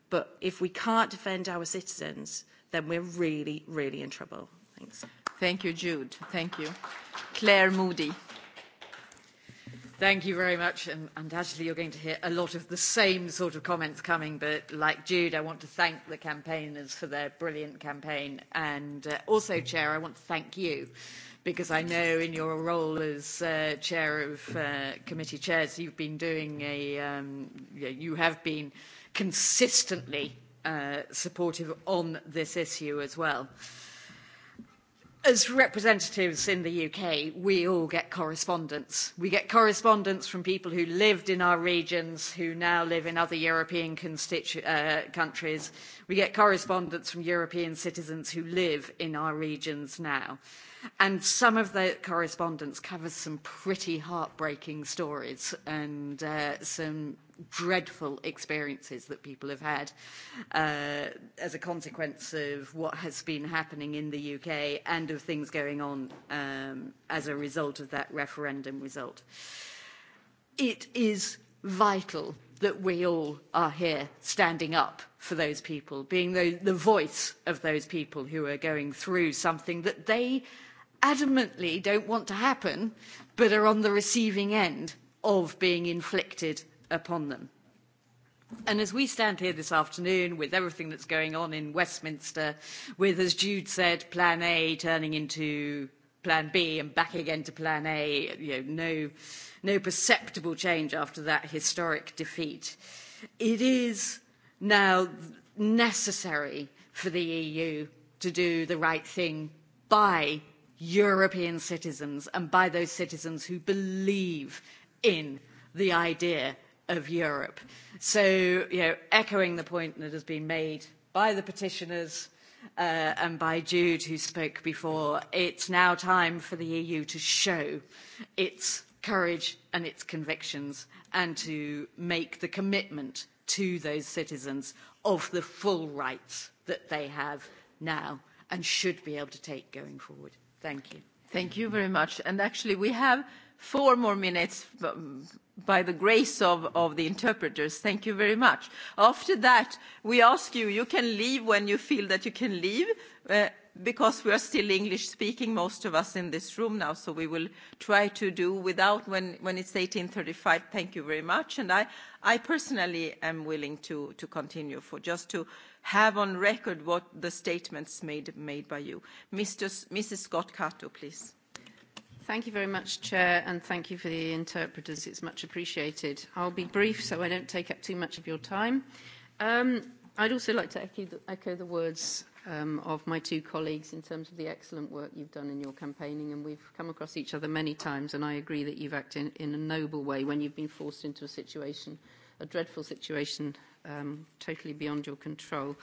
But if we can't defend our citizens, then we're really, really in trouble. Thanks. Thank you, Jude. Thank you. Claire Moody. Thank you very much. And undoubtedly, you're going to hear a lot of the same sort of comments coming. But like Jude, I want to thank the campaigners for their brilliant campaign. And uh, also, Chair, I want to thank you because I know in your role as uh, Chair of uh, Committee Chairs, you've been doing a, um, you have been consistently uh, supportive on this issue as well. Uh, As representatives in the UK, we all get correspondence. We get correspondence from people who lived in our regions, who now live in other European constitu- uh, countries. We get correspondence from European citizens who live in our regions now. And some of the correspondence covers some pretty heartbreaking stories and uh, some dreadful experiences that people have had uh, as a consequence of what has been happening in the UK and of things going on um, as a result of that referendum result. It is vital that we all are here standing up for those people, being the, the voice of those people who are going through something that they adamantly don't want to happen, but are on the receiving end of being inflicted upon them. And as we stand here this afternoon with everything that's going on in Westminster, with, as Jude said, Plan A turning into Plan B and back again to Plan A, you know, no, no perceptible change after that historic defeat, it is now necessary for the EU to do the right thing by European citizens and by those citizens who believe in the idea of Europe. So, you know, echoing the point that has been made by the petitioners uh, and by Jude, who spoke before, it's now time for the EU to show its courage and its convictions and to make the commitment to those citizens of the full rights that they have now and should be able to take going forward. Thank you. Thank you very much. And actually, we have four more minutes by the grace of, of the interpreters. Thank you very much. After that, we ask you, you can leave when you feel that you can leave, uh, because we are still English speaking, most of us in this room now, so we will try to do without when, when it's 18.35. Thank you very much. And I, I personally am willing to, to continue for just to have on record what the statements made, made by you. Mr. S Mrs. Scott-Cato, please. Thank you very much, Chair, and thank you for the interpreters. It's much appreciated. I'll be brief so I don't take up too much of your time. Um, I'd also like to echo the, echo the words um, of my two colleagues in terms of the excellent work you've done in your campaigning, and we've come across each other many times, and I agree that you've acted in, in a noble way when you've been forced into a situation, a dreadful situation, um, totally beyond your control.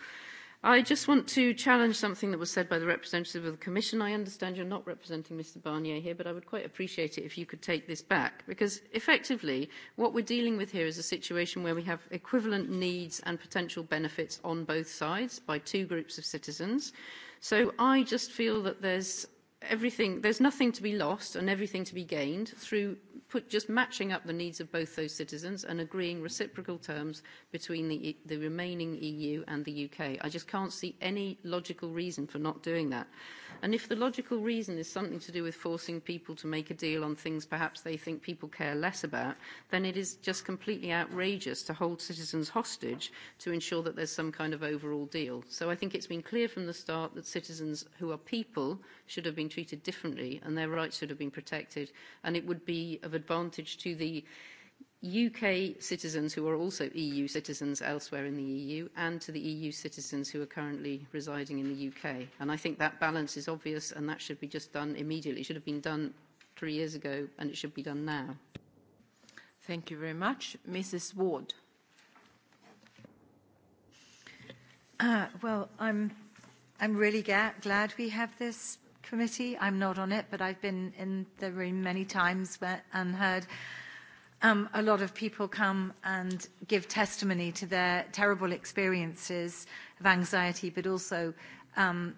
I just want to challenge something that was said by the representative of the Commission. I understand you're not representing Mr Barnier here, but I would quite appreciate it if you could take this back, because effectively what we're dealing with here is a situation where we have equivalent needs and potential benefits on both sides by two groups of citizens. So I just feel that there's everything there's nothing to be lost and everything to be gained through put just matching up the needs of both those citizens and agreeing reciprocal terms between the e, the remaining EU and the UK i just can't see any logical reason for not doing that and if the logical reason is something to do with forcing people to make a deal on things perhaps they think people care less about then it is just completely outrageous to hold citizens hostage to ensure that there's some kind of overall deal so i think it's been clear from the start that citizens who are people should have been been treated differently and their rights should have been protected. And it would be of advantage to the UK citizens who are also EU citizens elsewhere in the EU and to the EU citizens who are currently residing in the UK. And I think that balance is obvious and that should be just done immediately. It should have been done three years ago and it should be done now. Thank you very much. Mrs. Ward. Uh, well, I'm, I'm really glad we have this Committee. I'm not on it, but I've been in the room many times and heard um, a lot of people come and give testimony to their terrible experiences of anxiety, but also um,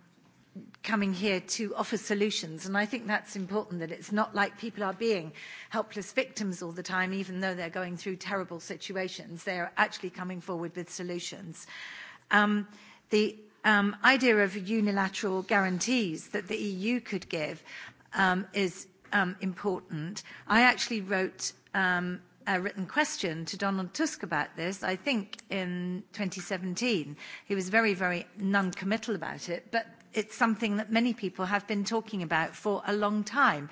coming here to offer solutions. And I think that's important that it's not like people are being helpless victims all the time, even though they're going through terrible situations. They are actually coming forward with solutions. Um, the um, idea of unilateral guarantees that the EU could give um, is um, important. I actually wrote um, a written question to Donald Tusk about this, I think in 2017. He was very, very non-committal about it, but it's something that many people have been talking about for a long time.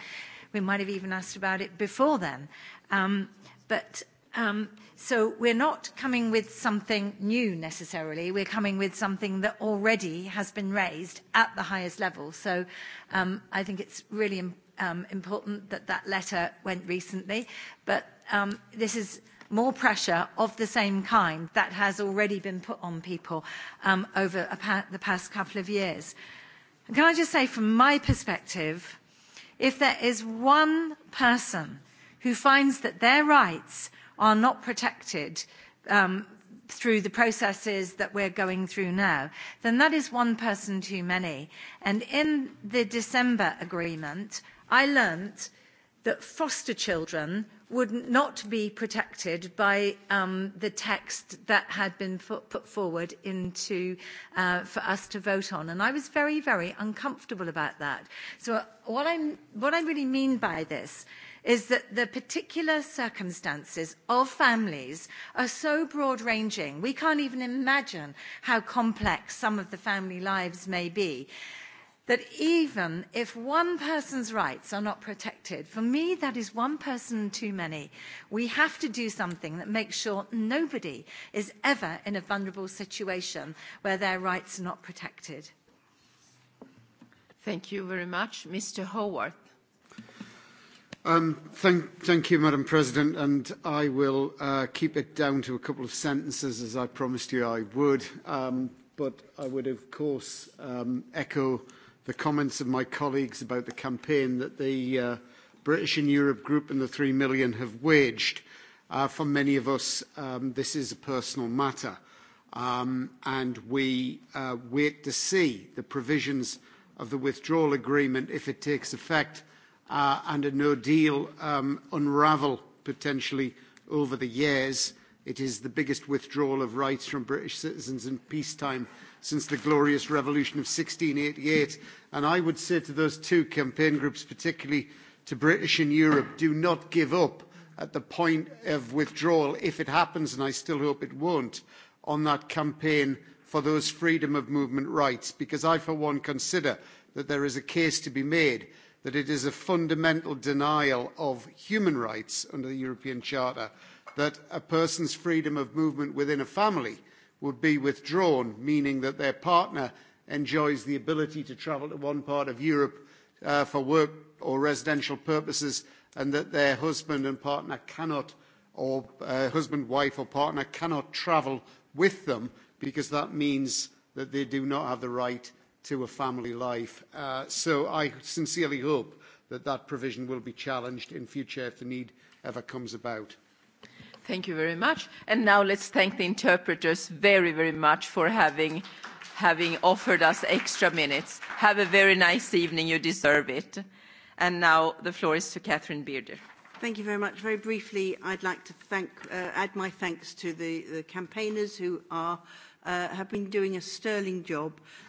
We might have even asked about it before then. Um, but Um, so we're not coming with something new necessarily. We're coming with something that already has been raised at the highest level. So um, I think it's really um, important that that letter went recently. But um, this is more pressure of the same kind that has already been put on people um, over a pa- the past couple of years. And can I just say, from my perspective, if there is one person who finds that their rights are not protected um, through the processes that we're going through now, then that is one person too many. And in the December agreement, I learnt that foster children would not be protected by um, the text that had been put forward into, uh, for us to vote on. And I was very, very uncomfortable about that. So what, I'm, what I really mean by this is that the particular circumstances of families are so broad ranging, we can't even imagine how complex some of the family lives may be that even if one person's rights are not protected, for me, that is one person too many. We have to do something that makes sure nobody is ever in a vulnerable situation where their rights are not protected. Thank you very much. Mr. Howarth. Um, thank, thank you, Madam President, and I will uh, keep it down to a couple of sentences, as I promised you I would. Um, but I would, of course, um, echo the comments of my colleagues about the campaign that the uh, British in Europe group and the three million have waged. Uh, for many of us, um, this is a personal matter, um, and we uh, wait to see the provisions of the withdrawal agreement if it takes effect uh, and a no deal um, unravel potentially over the years. It is the biggest withdrawal of rights from British citizens in peacetime since the glorious revolution of 1688. And I would say to those two campaign groups, particularly to British in Europe, do not give up at the point of withdrawal, if it happens, and I still hope it won't, on that campaign for those freedom of movement rights, because I, for one, consider that there is a case to be made that it is a fundamental denial of human rights under the European Charter that a person's freedom of movement within a family would be withdrawn, meaning that their partner enjoys the ability to travel to one part of Europe uh, for work or residential purposes and that their husband and partner cannot or uh, husband, wife or partner cannot travel with them because that means that they do not have the right to a family life. Uh, so I sincerely hope that that provision will be challenged in future if the need ever comes about. Thank you very much. And now let's thank the interpreters very, very much for having, having offered us extra minutes. Have a very nice evening. You deserve it. And now the floor is to Catherine Bearder. Thank you very much. Very briefly, I'd like to thank, uh, add my thanks to the, the campaigners who are, uh, have been doing a sterling job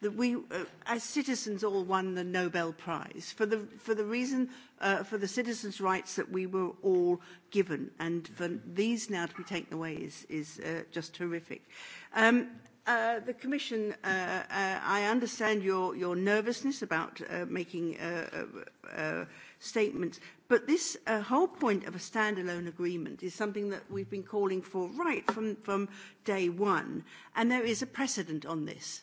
that we, uh, as citizens, all won the Nobel Prize for the, for the reason, uh, for the citizens' rights that we were all given. And for these now to be taken away is, is uh, just horrific. Um, uh, the Commission, uh, uh, I understand your, your nervousness about uh, making uh, uh, uh statements, but this uh, whole point of a standalone agreement is something that we've been calling for right from, from day one, and there is a precedent on this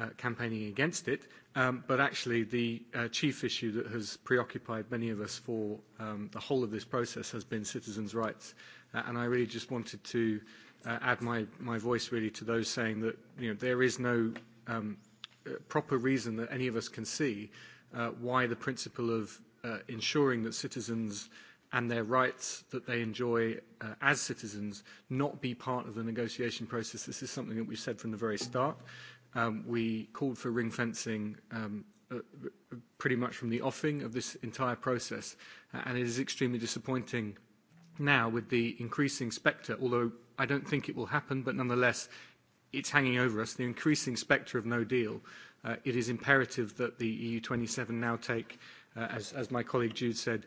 uh, campaigning against it. Um, but actually, the uh, chief issue that has preoccupied many of us for um, the whole of this process has been citizens' rights. Uh, and I really just wanted to uh, add my, my voice really to those saying that you know, there is no um, uh, proper reason that any of us can see uh, why the principle of uh, ensuring that citizens and their rights that they enjoy uh, as citizens not be part of the negotiation process. This is something that we've said from the very start. Um, we called for ring fencing um, uh, pretty much from the offing of this entire process, uh, and it is extremely disappointing now with the increasing spectre, although I don't think it will happen, but nonetheless, it's hanging over us, the increasing spectre of no deal. Uh, it is imperative that the EU 27 now take, uh, as, as my colleague Jude said,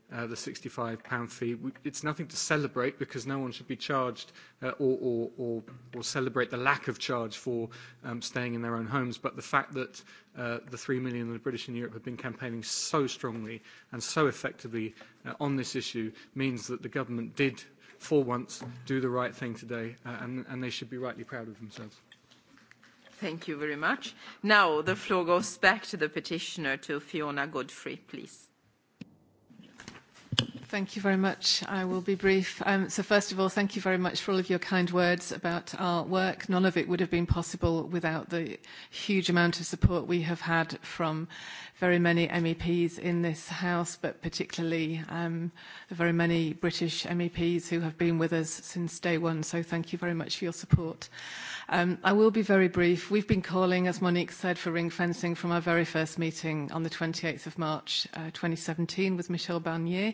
uh, the £65 fee. It's nothing to celebrate because no one should be charged uh, or, or, or, or celebrate the lack of charge for um, staying in their own homes. But the fact that uh, the 3 million of the British in Europe have been campaigning so strongly and so effectively uh, on this issue means that the government did, for once, do the right thing today uh, and, and they should be rightly proud of themselves. Thank you very much. Now the floor goes back to the petitioner, to Fiona Godfrey, please. Thank you very much. I will be brief. Um, so first of all, thank you very much for all of your kind words about our work. None of it would have been possible without the huge amount of support we have had from very many MEPs in this House, but particularly um, the very many British MEPs who have been with us since day one. So thank you very much for your support. Um, I will be very brief. We've been calling, as Monique said, for ring fencing from our very first meeting on the 28th of March uh, 2017 with Michel Barnier.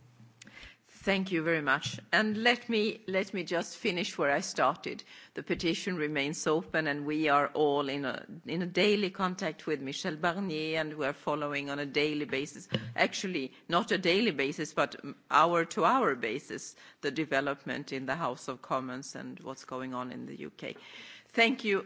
Thank you very much. And let me, let me just finish where I started. The petition remains open, and we are all in a, in a daily contact with Michel Barnier, and we're following on a daily basis, actually, not a daily basis, but hour-to-hour -hour basis, the development in the House of Commons and what's going on in the U.K. Thank you